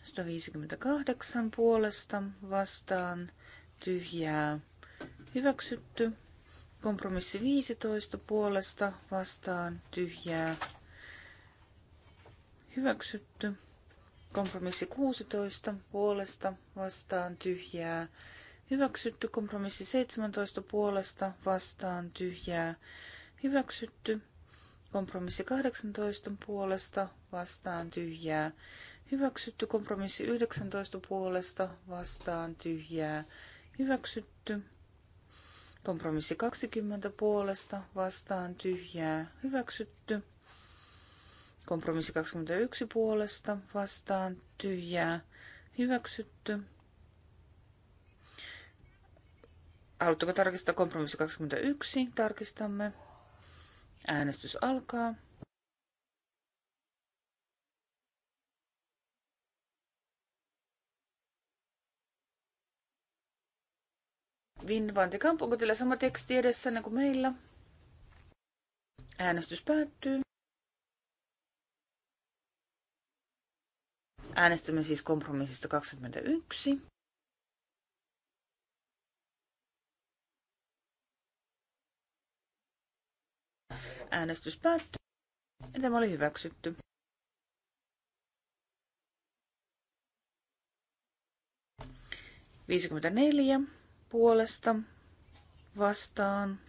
158 puolesta vastaan tyhjää hyväksytty. Kompromissi 15 puolesta vastaan tyhjää hyväksytty. Kompromissi 16 puolesta vastaan tyhjää Hyväksytty kompromissi 17 puolesta vastaan tyhjää. Hyväksytty kompromissi 18 puolesta vastaan tyhjää. Hyväksytty kompromissi 19 puolesta vastaan tyhjää. Hyväksytty kompromissi 20 puolesta vastaan tyhjää. Hyväksytty kompromissi 21 puolesta vastaan tyhjää. Hyväksytty Haluatteko tarkistaa kompromissi 21? Tarkistamme. Äänestys alkaa. Vin Vantikamp, onko teillä sama teksti edessä, kuin meillä? Äänestys päättyy. Äänestämme siis kompromissista 21. Äänestys päättyy. Tämä oli hyväksytty. Viisikymmentäneljä puolesta vastaan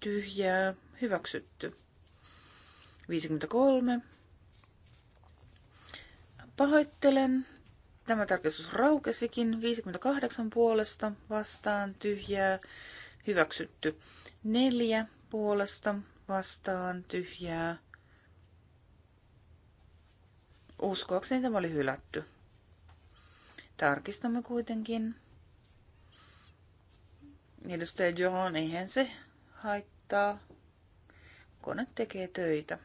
tyhjää hyväksytty. 53. Pahoittelen. Tämä tarkistus raukesikin. 58 puolesta vastaan tyhjää hyväksytty. 4 puolesta vastaan tyhjää. Uskoakseni tämä oli hylätty. Tarkistamme kuitenkin. Edustaja Johan, eihän se haittaa. Kone tekee töitä.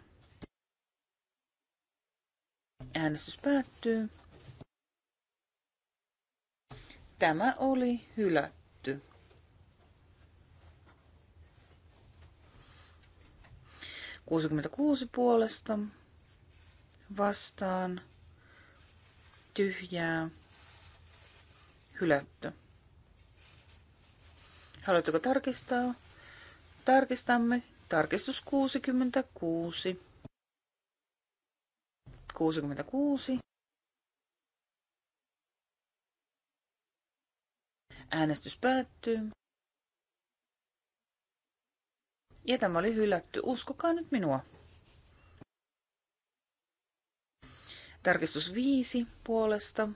Äänestys päättyy. Tämä oli hylätty. 66 puolesta vastaan tyhjää hylätty. Haluatteko tarkistaa? Tarkistamme. Tarkistus 66. 66. Äänestys päättyy. Ja tämä oli hylätty. Uskokaa nyt minua. Tarkistus 5 puolesta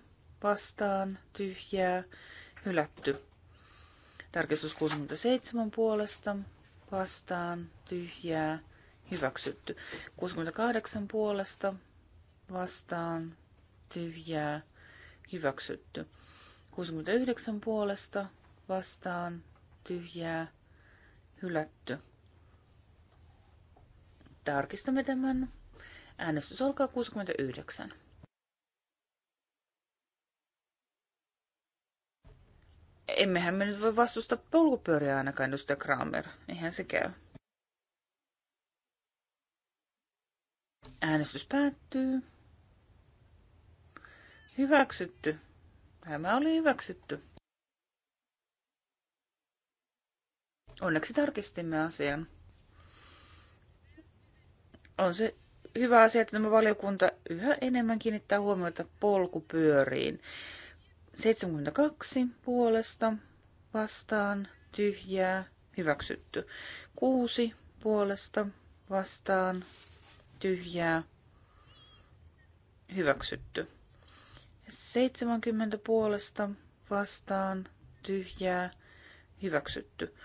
vastaan tyhjää hylätty. Tarkistus 67 puolesta vastaan tyhjää hyväksytty. 68 puolesta vastaan tyhjää hyväksytty. 69 puolesta vastaan tyhjää hylätty. Tarkistamme tämän. Äänestys alkaa 69. Emmehän me nyt voi vastustaa polkupyöriä ainakaan, edustaja Kramer. Eihän se käy. Äänestys päättyy. Hyväksytty. Tämä oli hyväksytty. Onneksi tarkistimme asian on se hyvä asia, että tämä valiokunta yhä enemmän kiinnittää huomiota polkupyöriin. 72 puolesta vastaan tyhjää hyväksytty. 6 puolesta vastaan tyhjää hyväksytty. 70 puolesta vastaan tyhjää hyväksytty.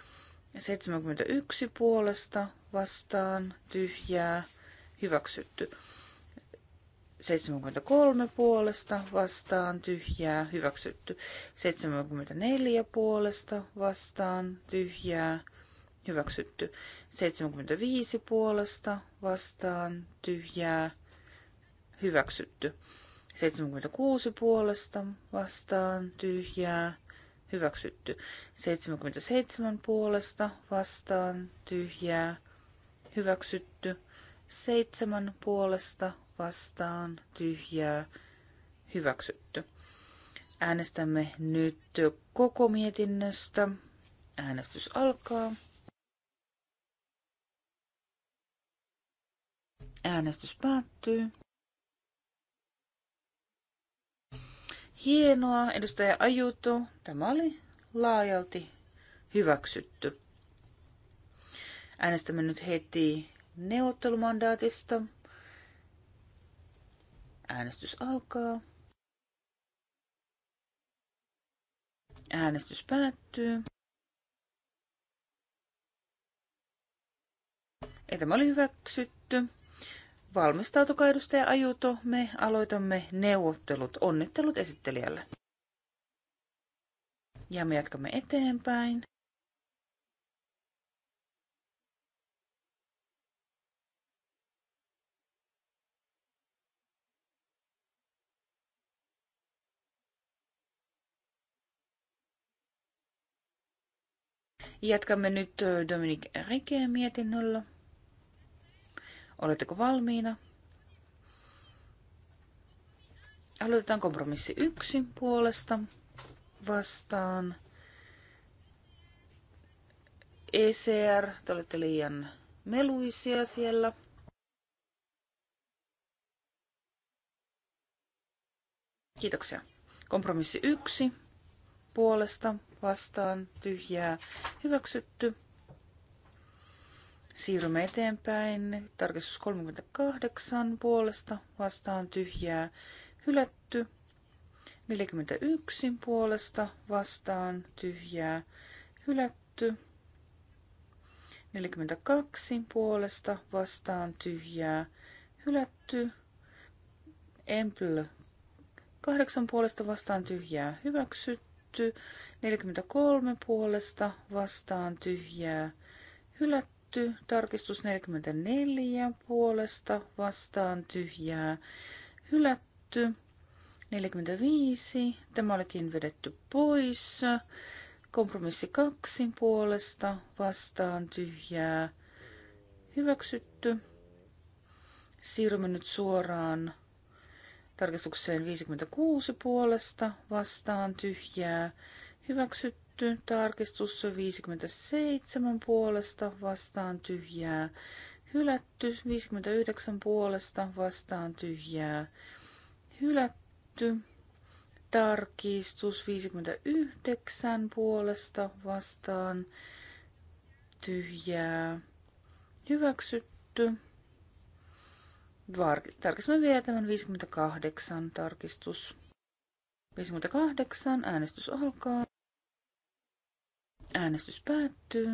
71 puolesta vastaan tyhjää hyväksytty hyväksytty. 73 puolesta vastaan tyhjää hyväksytty. 74 puolesta vastaan tyhjää hyväksytty. 75 puolesta vastaan tyhjää hyväksytty. 76 puolesta vastaan tyhjää hyväksytty. 77 puolesta vastaan tyhjää hyväksytty seitsemän puolesta vastaan tyhjää hyväksytty. Äänestämme nyt koko mietinnöstä. Äänestys alkaa. Äänestys päättyy. Hienoa, edustaja Ajuto. Tämä oli laajalti hyväksytty. Äänestämme nyt heti neuvottelumandaatista. Äänestys alkaa. Äänestys päättyy. Ja tämä oli hyväksytty. Valmistautukaa edustaja Ajuto, me aloitamme neuvottelut. Onnittelut esittelijälle. Ja me jatkamme eteenpäin. Jatkamme nyt Dominik Rikeen mietinnöllä. Oletteko valmiina? Aloitetaan kompromissi yksi puolesta vastaan. ECR, te olette liian meluisia siellä. Kiitoksia. Kompromissi yksi puolesta vastaan tyhjää hyväksytty. Siirrymme eteenpäin. Tarkistus 38 puolesta vastaan tyhjää hylätty. 41 puolesta vastaan tyhjää hylätty. 42 puolesta vastaan tyhjää hylätty. Empl 8 puolesta vastaan tyhjää hyväksytty hylätty. 43 puolesta vastaan tyhjää hylätty. Tarkistus 44 puolesta vastaan tyhjää hylätty. 45. Tämä olikin vedetty pois. Kompromissi 2 puolesta vastaan tyhjää hyväksytty. Siirrymme nyt suoraan Tarkistukseen 56 puolesta vastaan tyhjää. Hyväksytty. Tarkistus 57 puolesta vastaan tyhjää. Hylätty. 59 puolesta vastaan tyhjää. Hylätty. Tarkistus 59 puolesta vastaan tyhjää. Hyväksytty. Var- tarkistamme vielä tämän 58 tarkistus. 58, äänestys alkaa. Äänestys päättyy.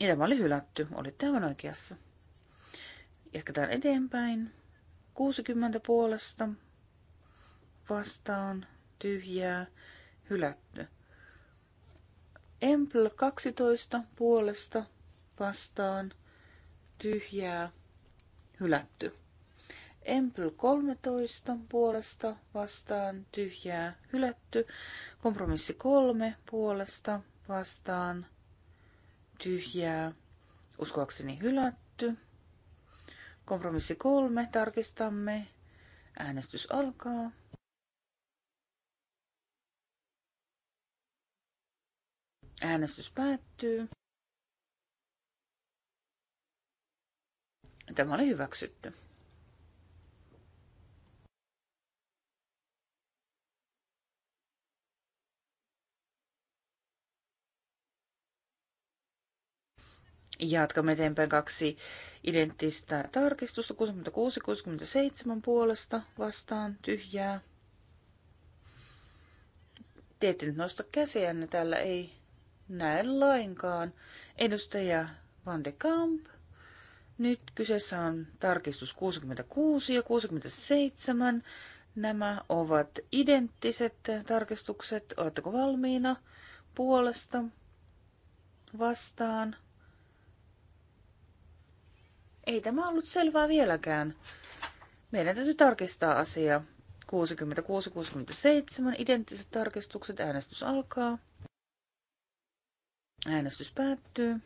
Ja tämä oli hylätty, olitte aivan oikeassa. Jatketaan eteenpäin. 60 puolesta vastaan tyhjää hylätty. Empl 12 puolesta vastaan tyhjää hylätty. Empl 13 puolesta vastaan tyhjää hylätty. Kompromissi 3 puolesta vastaan tyhjää uskoakseni hylätty. Kompromissi 3 tarkistamme. Äänestys alkaa. Äänestys päättyy. Tämä oli hyväksytty. Jatkamme eteenpäin kaksi identtistä tarkistusta 66-67 puolesta vastaan tyhjää. Te ette nyt nosta käsiänne, täällä ei näe lainkaan. Edustaja Van de Kamp nyt kyseessä on tarkistus 66 ja 67. Nämä ovat identtiset tarkistukset. Oletteko valmiina? Puolesta? Vastaan? Ei tämä ollut selvää vieläkään. Meidän täytyy tarkistaa asia. 66-67 identtiset tarkistukset. Äänestys alkaa. Äänestys päättyy.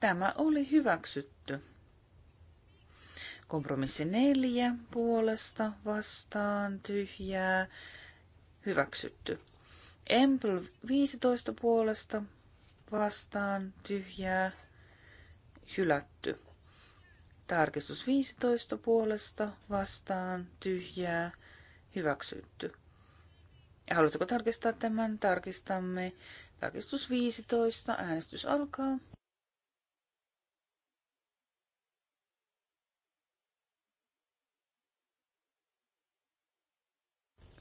Tämä oli hyväksytty. Kompromissi neljä puolesta vastaan tyhjää hyväksytty. Empl 15 puolesta vastaan tyhjää hylätty. Tarkistus 15 puolesta vastaan tyhjää hyväksytty. haluatteko tarkistaa tämän? Tarkistamme. Tarkistus 15. Äänestys alkaa.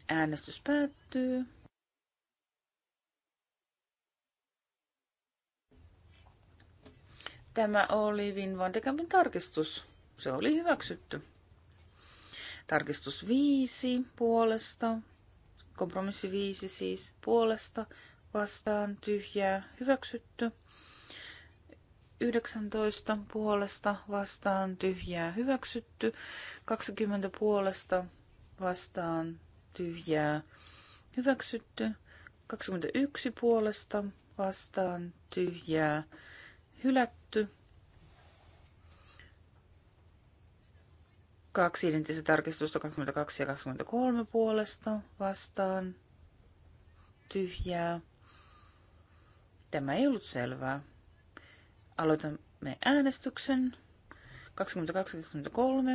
Äänestys päättyy. Tämä oli Vin van tarkistus. Se oli hyväksytty. Tarkistus 5 puolesta. Kompromissi 5 siis puolesta. Vastaan tyhjää hyväksytty. 19 puolesta vastaan tyhjää hyväksytty. 20 puolesta vastaan tyhjää hyväksytty. 21 puolesta vastaan tyhjää hylätty. Kaksi identtistä tarkistusta 22 ja 23 puolesta vastaan tyhjää. Tämä ei ollut selvää. Aloitamme äänestyksen.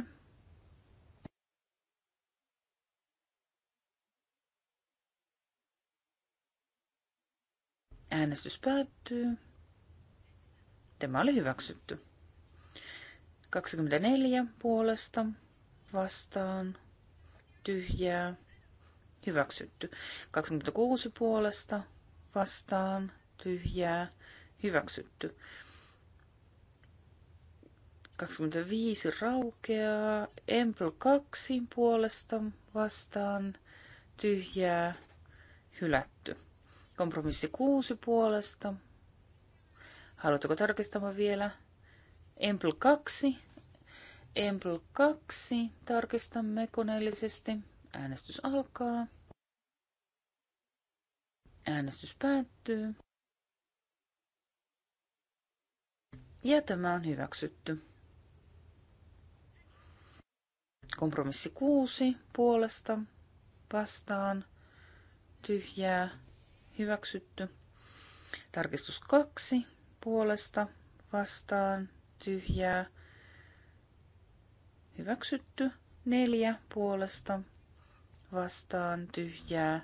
22-23 Äänestys päättyy. Tämä oli hyväksytty. 24 puolesta vastaan tyhjää hyväksytty. 26 puolesta vastaan tyhjää hyväksytty. 25 raukeaa. Empl 2 puolesta vastaan tyhjää hylätty. Kompromissi kuusi puolesta. Haluatteko tarkistaa vielä? Empl 2. Empl 2. Tarkistamme koneellisesti. Äänestys alkaa. Äänestys päättyy. Ja tämä on hyväksytty. Kompromissi 6 puolesta vastaan tyhjää hyväksytty. Tarkistus kaksi puolesta vastaan tyhjää hyväksytty. Neljä puolesta vastaan tyhjää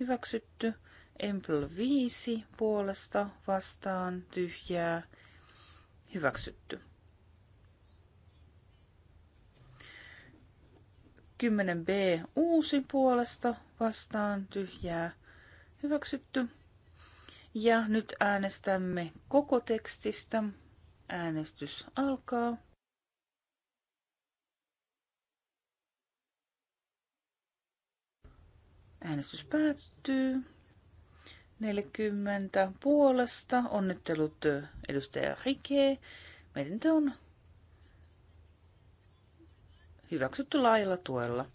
hyväksytty. Empl 5 puolesta vastaan tyhjää hyväksytty. 10b uusi puolesta vastaan tyhjää Hyväksytty. Ja nyt äänestämme koko tekstistä. Äänestys alkaa. Äänestys päättyy. 40 puolesta. Onnittelut edustaja Rike. Mietintö on hyväksytty lailla tuella.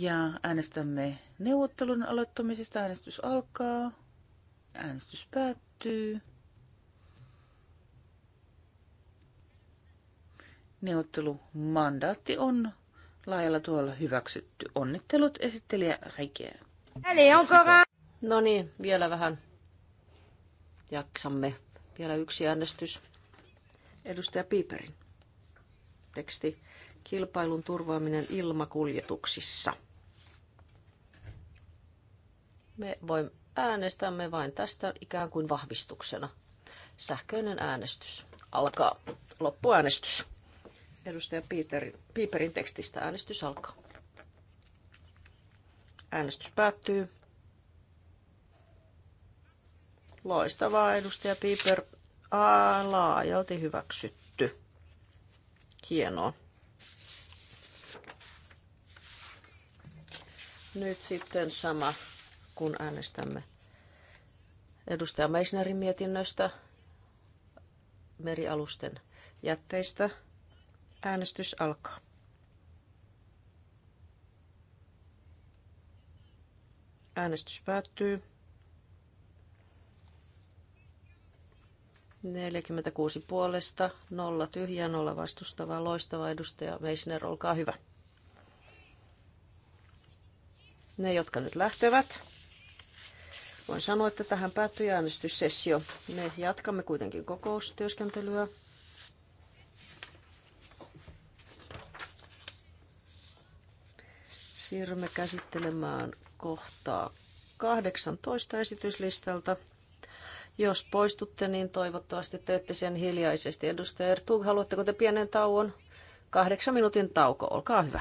Ja äänestämme neuvottelun aloittamisesta. Äänestys alkaa. Äänestys päättyy. Neuvottelumandaatti on laajalla tuolla hyväksytty. Onnittelut esittelijä Rikeä. Eli onko No niin, vielä vähän jaksamme. Vielä yksi äänestys. Edustaja Piiperin teksti. Kilpailun turvaaminen ilmakuljetuksissa. Me voimme äänestämme vain tästä ikään kuin vahvistuksena. Sähköinen äänestys alkaa. Loppuäänestys. Edustaja Piiperin, Piiperin tekstistä äänestys alkaa. Äänestys päättyy. Loistavaa, edustaja Piiper. Aa, laajalti hyväksytty. Hienoa. Nyt sitten sama kun äänestämme edustaja Meisnerin mietinnöstä merialusten jätteistä. Äänestys alkaa. Äänestys päättyy. 46 puolesta, nolla tyhjä, nolla vastustavaa, loistava edustaja Meisner, olkaa hyvä. Ne, jotka nyt lähtevät. Voin sanoa, että tähän päättyi äänestyssessio. Me jatkamme kuitenkin kokoustyöskentelyä. Siirrymme käsittelemään kohtaa 18 esityslistalta. Jos poistutte, niin toivottavasti teette sen hiljaisesti. Edustaja Ertug, haluatteko te pienen tauon? Kahdeksan minuutin tauko, olkaa hyvä.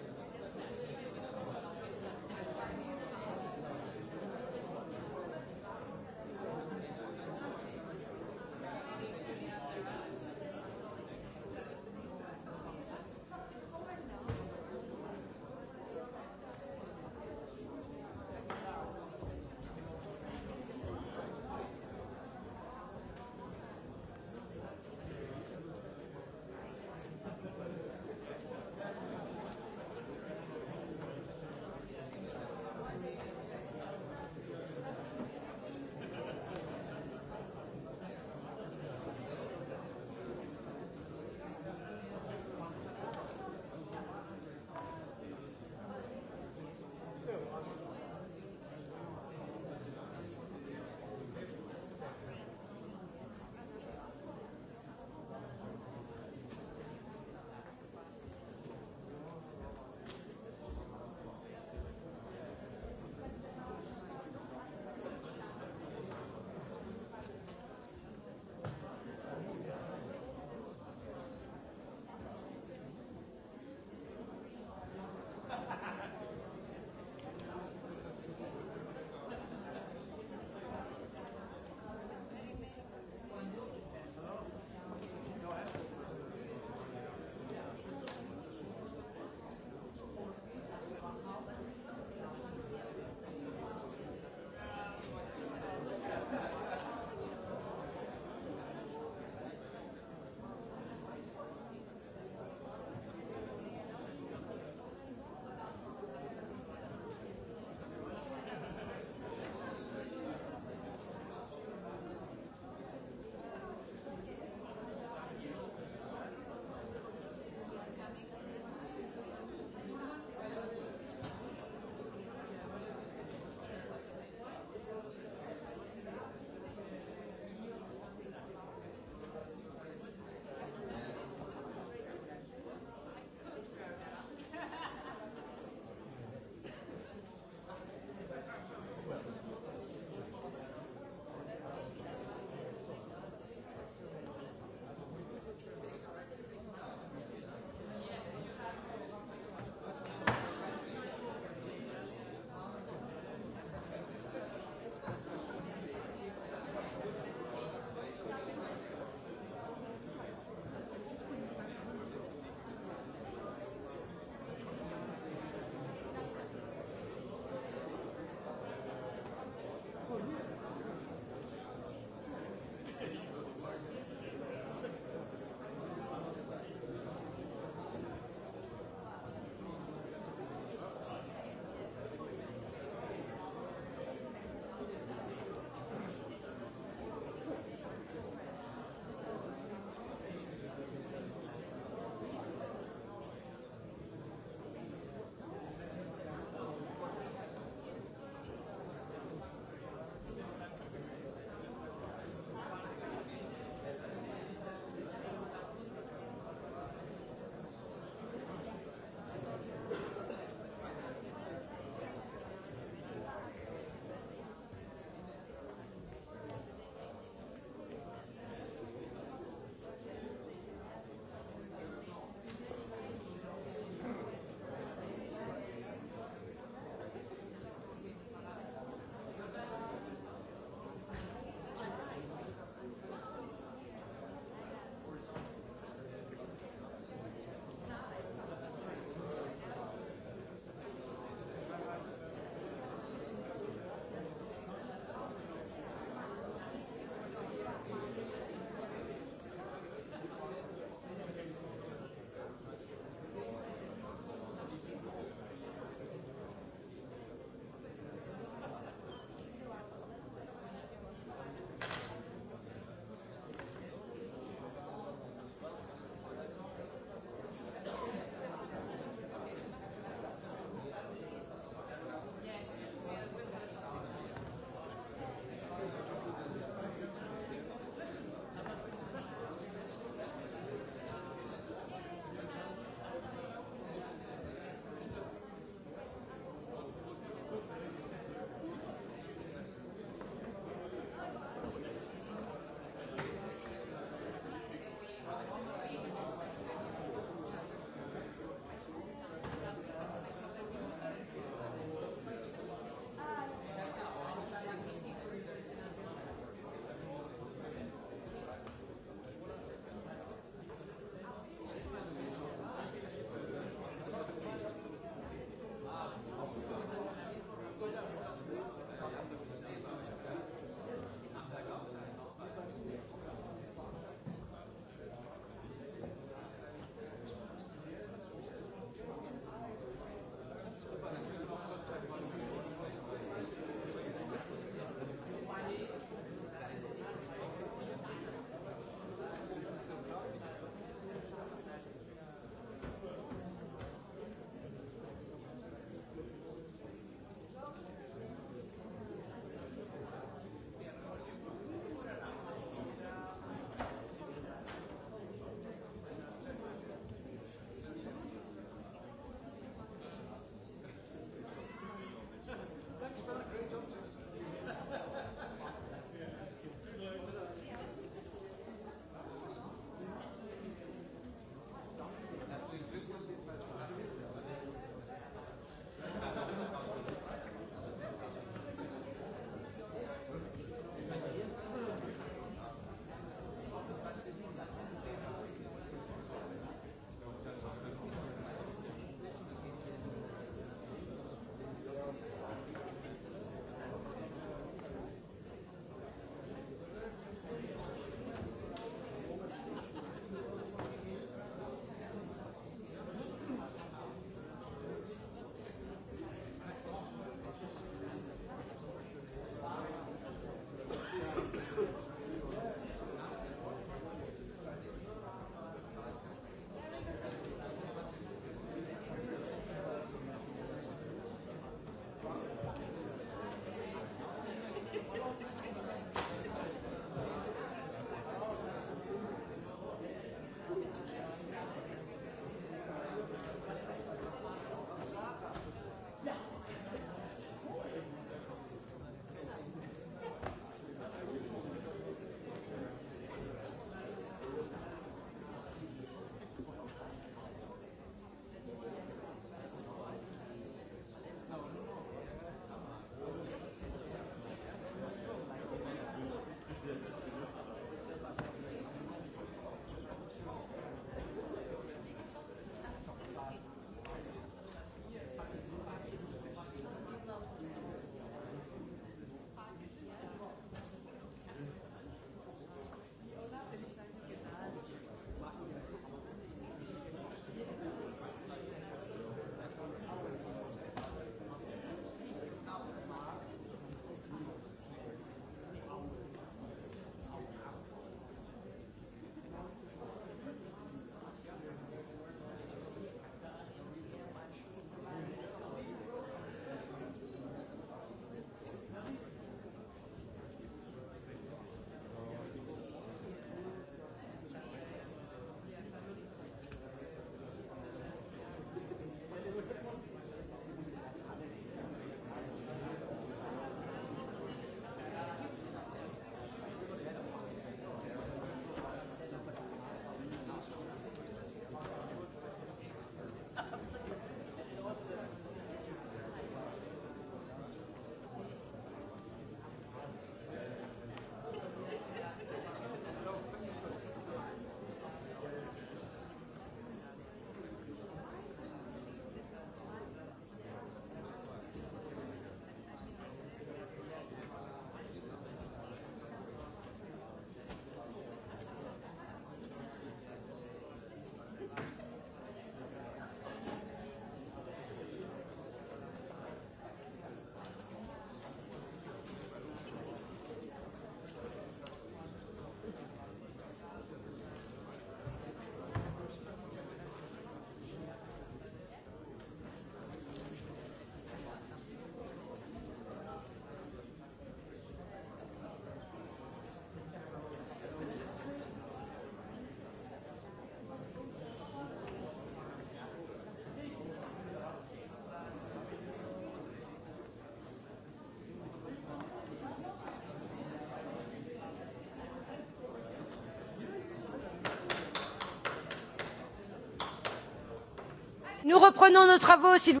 Nous reprenons nos travaux, s'il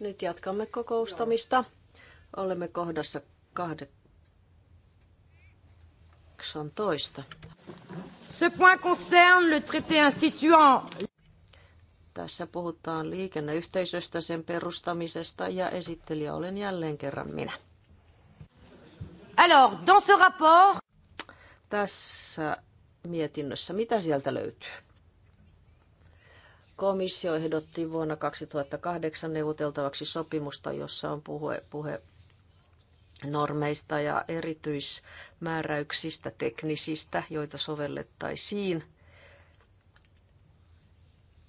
Nyt jatkamme kokoustamista. Olemme kohdassa 18. Ce point concerne le traité instituant. Tässä puhutaan liikenneyhteisöstä, sen perustamisesta ja esittelijä olen jälleen kerran minä. Alors, dans ce rapport... Tässä mietinnössä, mitä sieltä löytyy? Komissio ehdotti vuonna 2008 neuvoteltavaksi sopimusta, jossa on puhe, puhe normeista ja erityismääräyksistä teknisistä, joita sovellettaisiin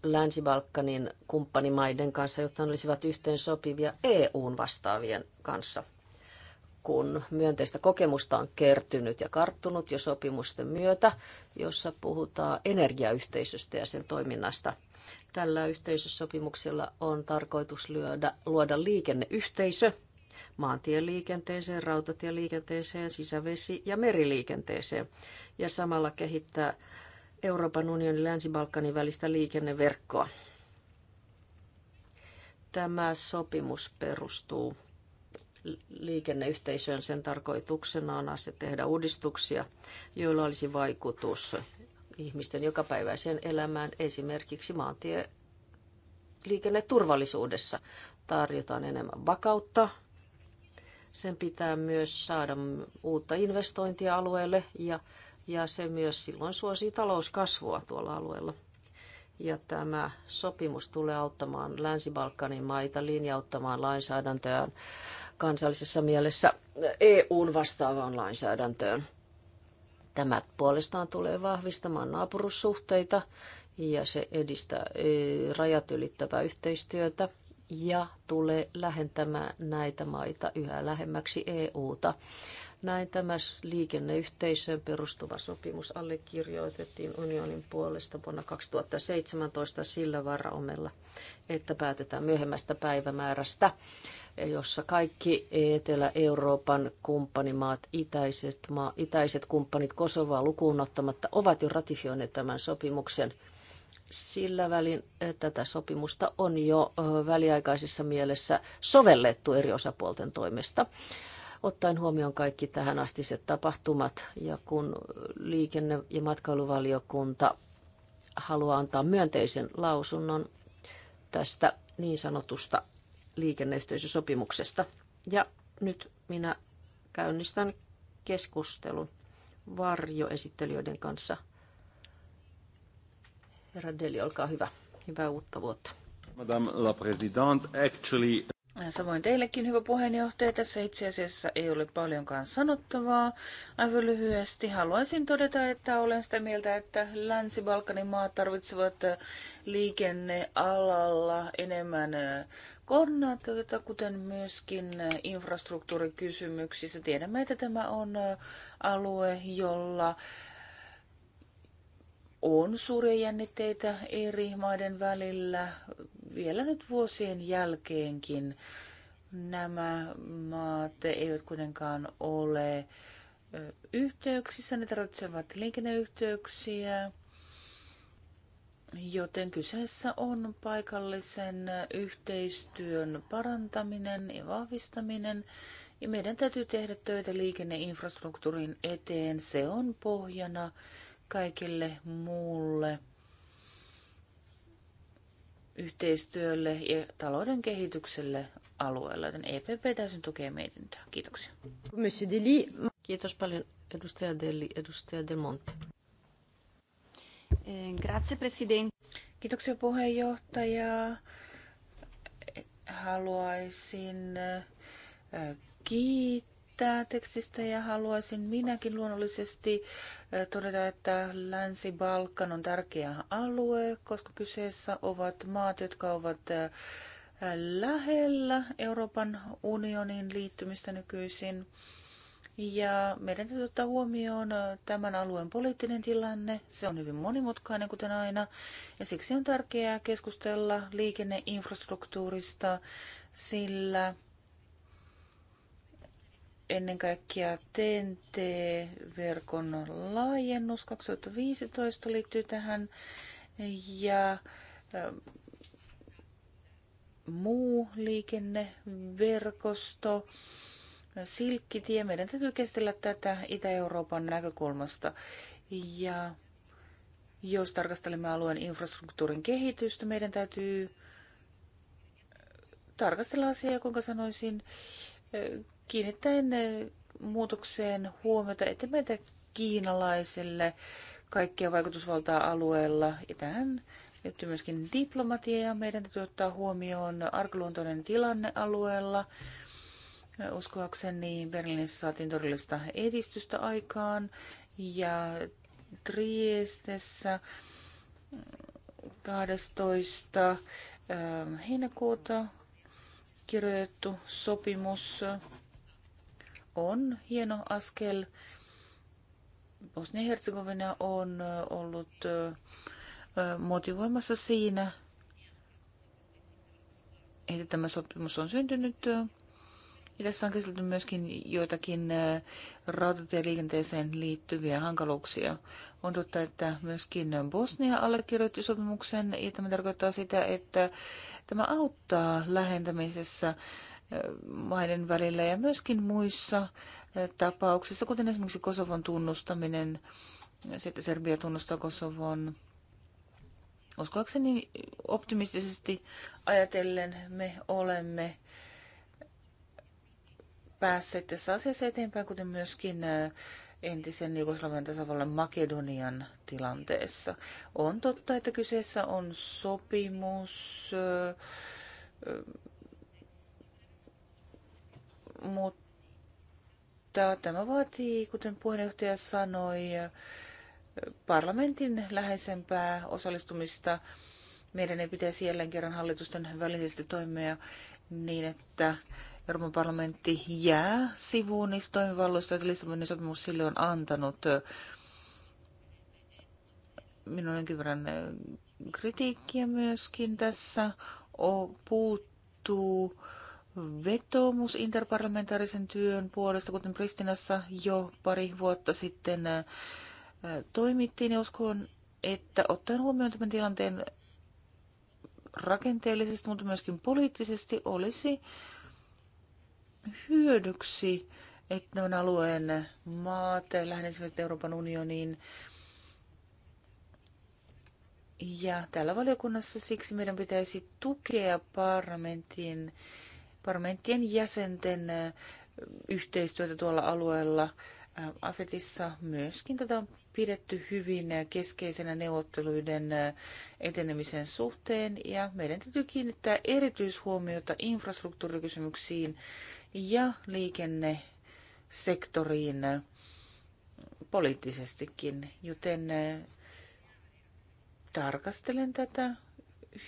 Länsi-Balkanin kumppanimaiden kanssa, jotta ne olisivat yhteen sopivia EUn vastaavien kanssa. Kun myönteistä kokemusta on kertynyt ja karttunut jo sopimusten myötä, jossa puhutaan energiayhteisöstä ja sen toiminnasta – Tällä yhteisösopimuksella on tarkoitus lyödä, luoda liikenneyhteisö maantieliikenteeseen, rautatieliikenteeseen, sisävesi- ja meriliikenteeseen ja samalla kehittää Euroopan unionin länsi-Balkanin välistä liikenneverkkoa. Tämä sopimus perustuu liikenneyhteisöön. Sen tarkoituksena on se tehdä uudistuksia, joilla olisi vaikutus ihmisten jokapäiväiseen elämään, esimerkiksi maantie liikenneturvallisuudessa. Tarjotaan enemmän vakautta. Sen pitää myös saada uutta investointia alueelle ja, ja se myös silloin suosii talouskasvua tuolla alueella. Ja tämä sopimus tulee auttamaan Länsi-Balkanin maita linjauttamaan lainsäädäntöään kansallisessa mielessä EUn vastaavaan lainsäädäntöön. Tämä puolestaan tulee vahvistamaan naapurussuhteita ja se edistää e, rajat ylittävää yhteistyötä ja tulee lähentämään näitä maita yhä lähemmäksi EUta. Näin tämä liikenneyhteisöön perustuva sopimus allekirjoitettiin unionin puolesta vuonna 2017 sillä varaumella, että päätetään myöhemmästä päivämäärästä jossa kaikki Etelä-Euroopan kumppanimaat, itäiset, maa, itäiset kumppanit Kosovaa lukuun ottamatta, ovat jo ratifioineet tämän sopimuksen sillä välin eh, tätä sopimusta on jo eh, väliaikaisessa mielessä sovellettu eri osapuolten toimesta. Ottaen huomioon kaikki tähän astiset tapahtumat ja kun liikenne- ja matkailuvaliokunta haluaa antaa myönteisen lausunnon tästä niin sanotusta liikenneyhteisösopimuksesta. Ja nyt minä käynnistän keskustelun varjoesittelijöiden kanssa. Herra Deli, olkaa hyvä. Hyvää uutta vuotta. Madame la Présidente, actually... Samoin teillekin, hyvä puheenjohtaja. Tässä itse asiassa ei ole paljonkaan sanottavaa. Aivan lyhyesti haluaisin todeta, että olen sitä mieltä, että Länsi-Balkanin maat tarvitsevat liikennealalla enemmän koordinaattorilta, kuten myöskin infrastruktuurikysymyksissä. Tiedämme, että tämä on alue, jolla on suuria jännitteitä eri maiden välillä vielä nyt vuosien jälkeenkin. Nämä maat eivät kuitenkaan ole yhteyksissä, ne tarvitsevat liikenneyhteyksiä Joten kyseessä on paikallisen yhteistyön parantaminen ja vahvistaminen. Ja meidän täytyy tehdä töitä liikenneinfrastruktuurin eteen. Se on pohjana kaikille muulle yhteistyölle ja talouden kehitykselle alueella, joten EPP täysin tukee mietintöä. Kiitoksia. Kiitos paljon edustaja Delli, edustaja Del Monte. Eh, grazie, presidente. Kiitoksia puheenjohtaja. Haluaisin eh, kiittää tekstistä ja haluaisin minäkin luonnollisesti eh, todeta, että Länsi-Balkan on tärkeä alue, koska kyseessä ovat maat, jotka ovat lähellä Euroopan unionin liittymistä nykyisin. Ja meidän täytyy ottaa huomioon tämän alueen poliittinen tilanne. Se on hyvin monimutkainen, kuten aina. Ja siksi on tärkeää keskustella liikenneinfrastruktuurista, sillä ennen kaikkea TNT-verkon laajennus 2015 liittyy tähän. Ja muu liikenneverkosto silkkitie. Meidän täytyy käsitellä tätä Itä-Euroopan näkökulmasta. Ja jos tarkastelemme alueen infrastruktuurin kehitystä, meidän täytyy tarkastella asiaa, kuinka sanoisin, kiinnittäen muutokseen huomiota, että meitä kiinalaiselle kaikkia vaikutusvaltaa alueella. Ja tähän liittyy myöskin diplomatia ja meidän täytyy ottaa huomioon arkaluontoinen tilanne alueella. Uskoakseni Berliinissä saatiin todellista edistystä aikaan ja Triestessä 12. Ähm, heinäkuuta kirjoitettu sopimus on hieno askel. Bosnia-Herzegovina on äh, ollut äh, äh, motivoimassa siinä, että tämä sopimus on syntynyt. Ja tässä on käsitelty myöskin joitakin rautatieliikenteeseen liittyviä hankaluuksia. On totta, että myöskin Bosnia allekirjoitti sopimuksen, ja tämä tarkoittaa sitä, että tämä auttaa lähentämisessä maiden välillä ja myöskin muissa tapauksissa, kuten esimerkiksi Kosovon tunnustaminen, sitten Serbia tunnustaa Kosovon. Uskoakseni optimistisesti ajatellen me olemme päässeet tässä asiassa eteenpäin, kuten myöskin entisen Jugoslavian tasavallan Makedonian tilanteessa. On totta, että kyseessä on sopimus, mutta tämä vaatii, kuten puheenjohtaja sanoi, parlamentin läheisempää osallistumista. Meidän ei pitäisi jälleen kerran hallitusten välisesti toimia niin, että Euroopan parlamentti jää sivuun niistä toimivalloista, että Lissabonin sopimus sille on antanut. Minun jonkin verran eh, kritiikkiä myöskin tässä o puuttuu vetoomus interparlamentaarisen työn puolesta, kuten Pristinassa jo pari vuotta sitten eh, toimittiin. Ja uskon, että ottaen huomioon tämän tilanteen rakenteellisesti, mutta myöskin poliittisesti olisi hyödyksi, että noin alueen maat esimerkiksi Euroopan unioniin. Ja täällä valiokunnassa siksi meidän pitäisi tukea parlamentin, parlamenttien jäsenten äh, yhteistyötä tuolla alueella. Äh, Afetissa myöskin tätä on pidetty hyvin keskeisenä neuvotteluiden äh, etenemisen suhteen ja meidän täytyy kiinnittää erityishuomiota infrastruktuurikysymyksiin ja liikennesektoriin poliittisestikin, joten äh, tarkastelen tätä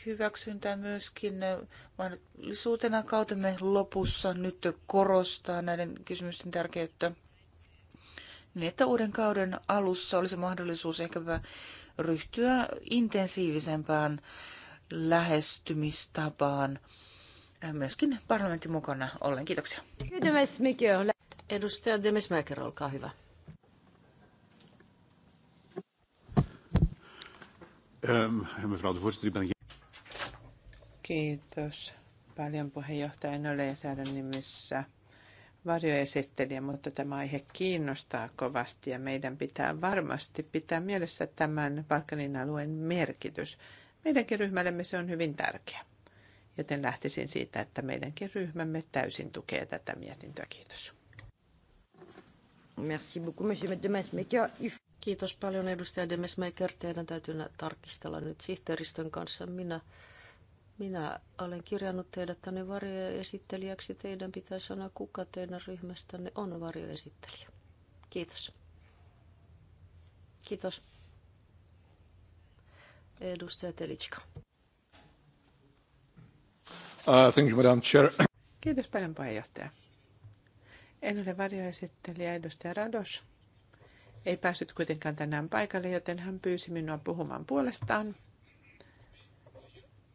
hyväksyntää myöskin äh, mahdollisuutena kautemme lopussa nyt korostaa näiden kysymysten tärkeyttä niin, että uuden kauden alussa olisi mahdollisuus ehkäpä ryhtyä intensiivisempään lähestymistapaan myöskin parlamentin mukana ollen. Kiitoksia. Edustaja Demesmäker, olkaa hyvä. Ähm, Kiitos paljon puheenjohtaja. En ole säädön nimissä varjoesittelijä, mutta tämä aihe kiinnostaa kovasti ja meidän pitää varmasti pitää mielessä tämän Balkanin alueen merkitys. Meidänkin ryhmällemme se on hyvin tärkeä. Joten lähtisin siitä, että meidänkin ryhmämme täysin tukee tätä mietintöä. Kiitos. Merci beaucoup, monsieur Demesmaker. Kiitos paljon edustaja Demesmaker. Teidän täytyy tarkistella nyt sihteeristön kanssa. Minä, minä olen kirjannut teidät tänne varjoesittelijäksi. Teidän pitää sanoa, kuka teidän ryhmästänne on varjoesittelijä. Kiitos. Kiitos. Edustaja Telitska. Uh, thank you, Madam Chair. Kiitos paljon puheenjohtaja. En ole varjoesittelijä edustaja Rados. Ei päässyt kuitenkaan tänään paikalle, joten hän pyysi minua puhumaan puolestaan.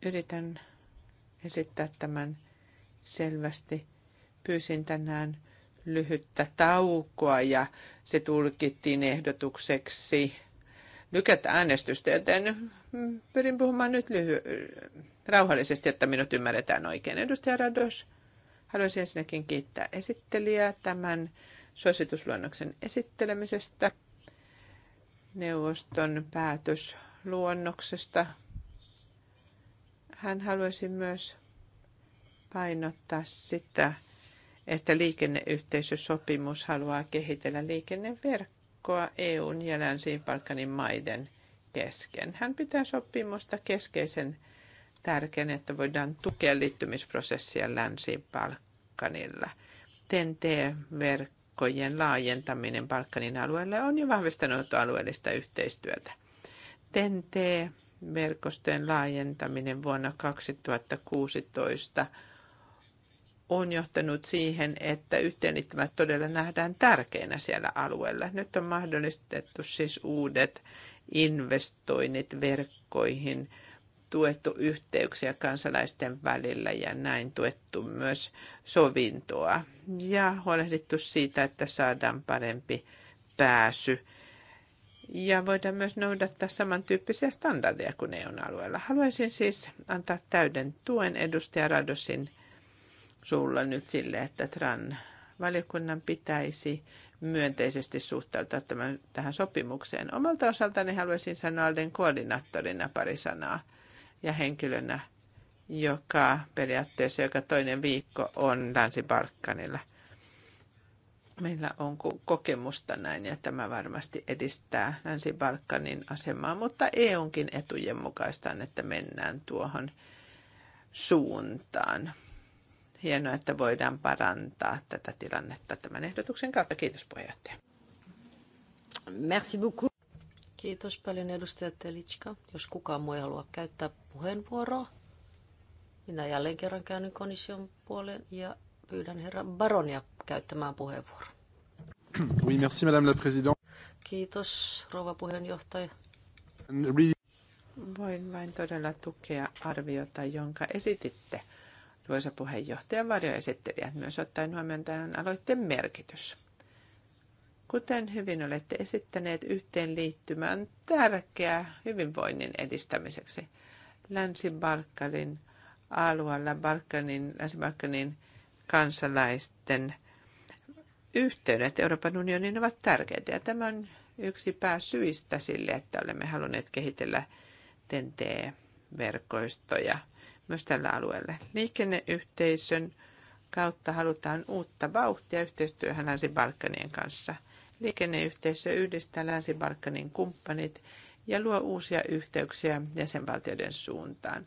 Yritän esittää tämän selvästi. Pyysin tänään lyhyttä taukoa ja se tulkittiin ehdotukseksi lykätä äänestystä, joten pyrin puhumaan nyt lyhy- rauhallisesti, että minut ymmärretään oikein. Edustaja Rados, haluaisin ensinnäkin kiittää esittelijää tämän suositusluonnoksen esittelemisestä, neuvoston päätösluonnoksesta. Hän haluaisi myös painottaa sitä, että liikenneyhteisösopimus haluaa kehitellä liikenneverkkoa EUn ja Länsi-Balkanin maiden – kesken. Hän pitää sopimusta keskeisen tärkeän, että voidaan tukea liittymisprosessia Länsi-Balkanilla. TNT-verkkojen laajentaminen Balkanin alueelle on jo vahvistanut alueellista yhteistyötä. TNT-verkostojen laajentaminen vuonna 2016 on johtanut siihen, että yhteenliittymät todella nähdään tärkeinä siellä alueella. Nyt on mahdollistettu siis uudet investoinnit verkkoihin, tuettu yhteyksiä kansalaisten välillä ja näin tuettu myös sovintoa ja huolehdittu siitä, että saadaan parempi pääsy. Ja voidaan myös noudattaa samantyyppisiä standardeja kuin eu alueella. Haluaisin siis antaa täyden tuen edustaja Radosin suulla nyt sille, että TRAN valiokunnan pitäisi myönteisesti suhtautua tämän, tähän sopimukseen. Omalta osaltani haluaisin sanoa olen koordinaattorina pari sanaa ja henkilönä, joka periaatteessa joka toinen viikko on Länsi-Balkanilla. Meillä on kokemusta näin ja tämä varmasti edistää Länsi-Balkanin asemaa, mutta EUnkin etujen mukaista että mennään tuohon suuntaan hienoa, että voidaan parantaa tätä tilannetta tämän ehdotuksen kautta. Kiitos puheenjohtaja. Merci beaucoup. Kiitos paljon edustaja Telitska. Jos kukaan muu ei halua käyttää puheenvuoroa, minä jälleen kerran käyn komission puoleen ja pyydän herra Baronia käyttämään puheenvuoron. Oui, merci, madame la présidente. Kiitos, rouva puheenjohtaja. Voin vain todella tukea arviota, jonka esititte – arvoisa puheenjohtaja, varjoesittelijät myös ottaen huomioon tämän aloitteen merkitys. Kuten hyvin olette esittäneet, yhteenliittymä on tärkeä hyvinvoinnin edistämiseksi. Länsi-Balkanin alueella Balkanin, Länsi-Balkanin kansalaisten yhteydet Euroopan unioniin ovat tärkeitä. Ja tämä on yksi pääsyistä sille, että olemme halunneet kehitellä TNT-verkostoja myös tällä alueella. Liikenneyhteisön kautta halutaan uutta vauhtia yhteistyöhön Länsi-Balkanien kanssa. Liikenneyhteisö yhdistää Länsi-Balkanin kumppanit ja luo uusia yhteyksiä jäsenvaltioiden suuntaan.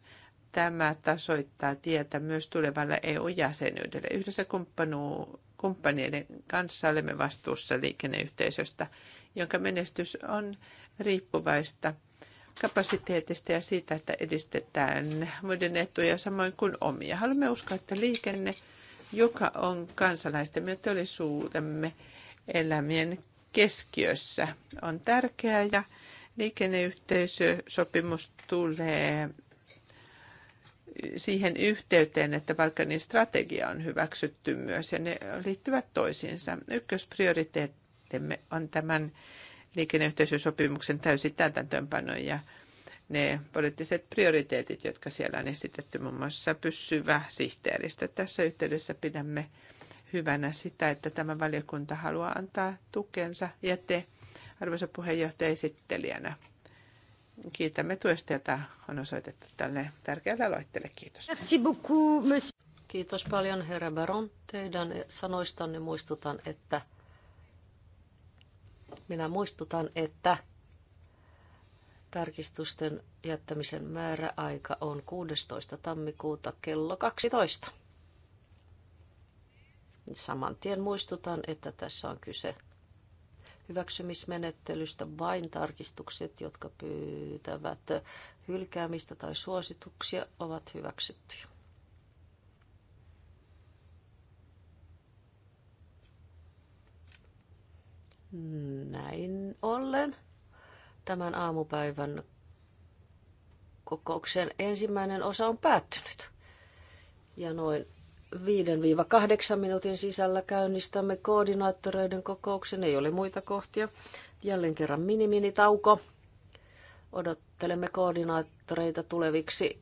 Tämä tasoittaa tietä myös tulevalle EU-jäsenyydelle. Yhdessä kumppaneiden kanssa olemme vastuussa liikenneyhteisöstä, jonka menestys on riippuvaista – kapasiteetista ja siitä, että edistetään muiden etuja samoin kuin omia. Haluamme uskoa, että liikenne, joka on kansalaisten ja teollisuutemme elämien keskiössä, on tärkeää ja liikenneyhteisösopimus tulee siihen yhteyteen, että Balkanin strategia on hyväksytty myös ja ne liittyvät toisiinsa. Ykkösprioriteettimme on tämän liikenneyhteisösopimuksen täysi täytäntöönpano ja ne poliittiset prioriteetit, jotka siellä on esitetty, muun muassa pysyvä sihteeristö. Tässä yhteydessä pidämme hyvänä sitä, että tämä valiokunta haluaa antaa tukensa ja te, arvoisa puheenjohtaja esittelijänä, kiitämme tuesta, jota on osoitettu tälle tärkeälle aloitteelle. Kiitos. Merci beaucoup, Kiitos paljon, herra Baron. Teidän sanoistanne muistutan, että minä muistutan, että tarkistusten jättämisen määräaika on 16. tammikuuta kello 12. Saman tien muistutan, että tässä on kyse hyväksymismenettelystä vain tarkistukset, jotka pyytävät hylkäämistä tai suosituksia, ovat hyväksyttyjä. Näin ollen tämän aamupäivän kokouksen ensimmäinen osa on päättynyt. Ja noin 5-8 minuutin sisällä käynnistämme koordinaattoreiden kokouksen. Ei ole muita kohtia. Jälleen kerran mini-minitauko. Odottelemme koordinaattoreita tuleviksi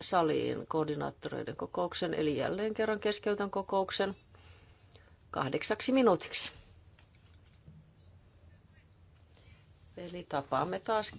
saliin koordinaattoreiden kokouksen, eli jälleen kerran keskeytän kokouksen kahdeksaksi minuutiksi. Eli tapaamme taas 12.03.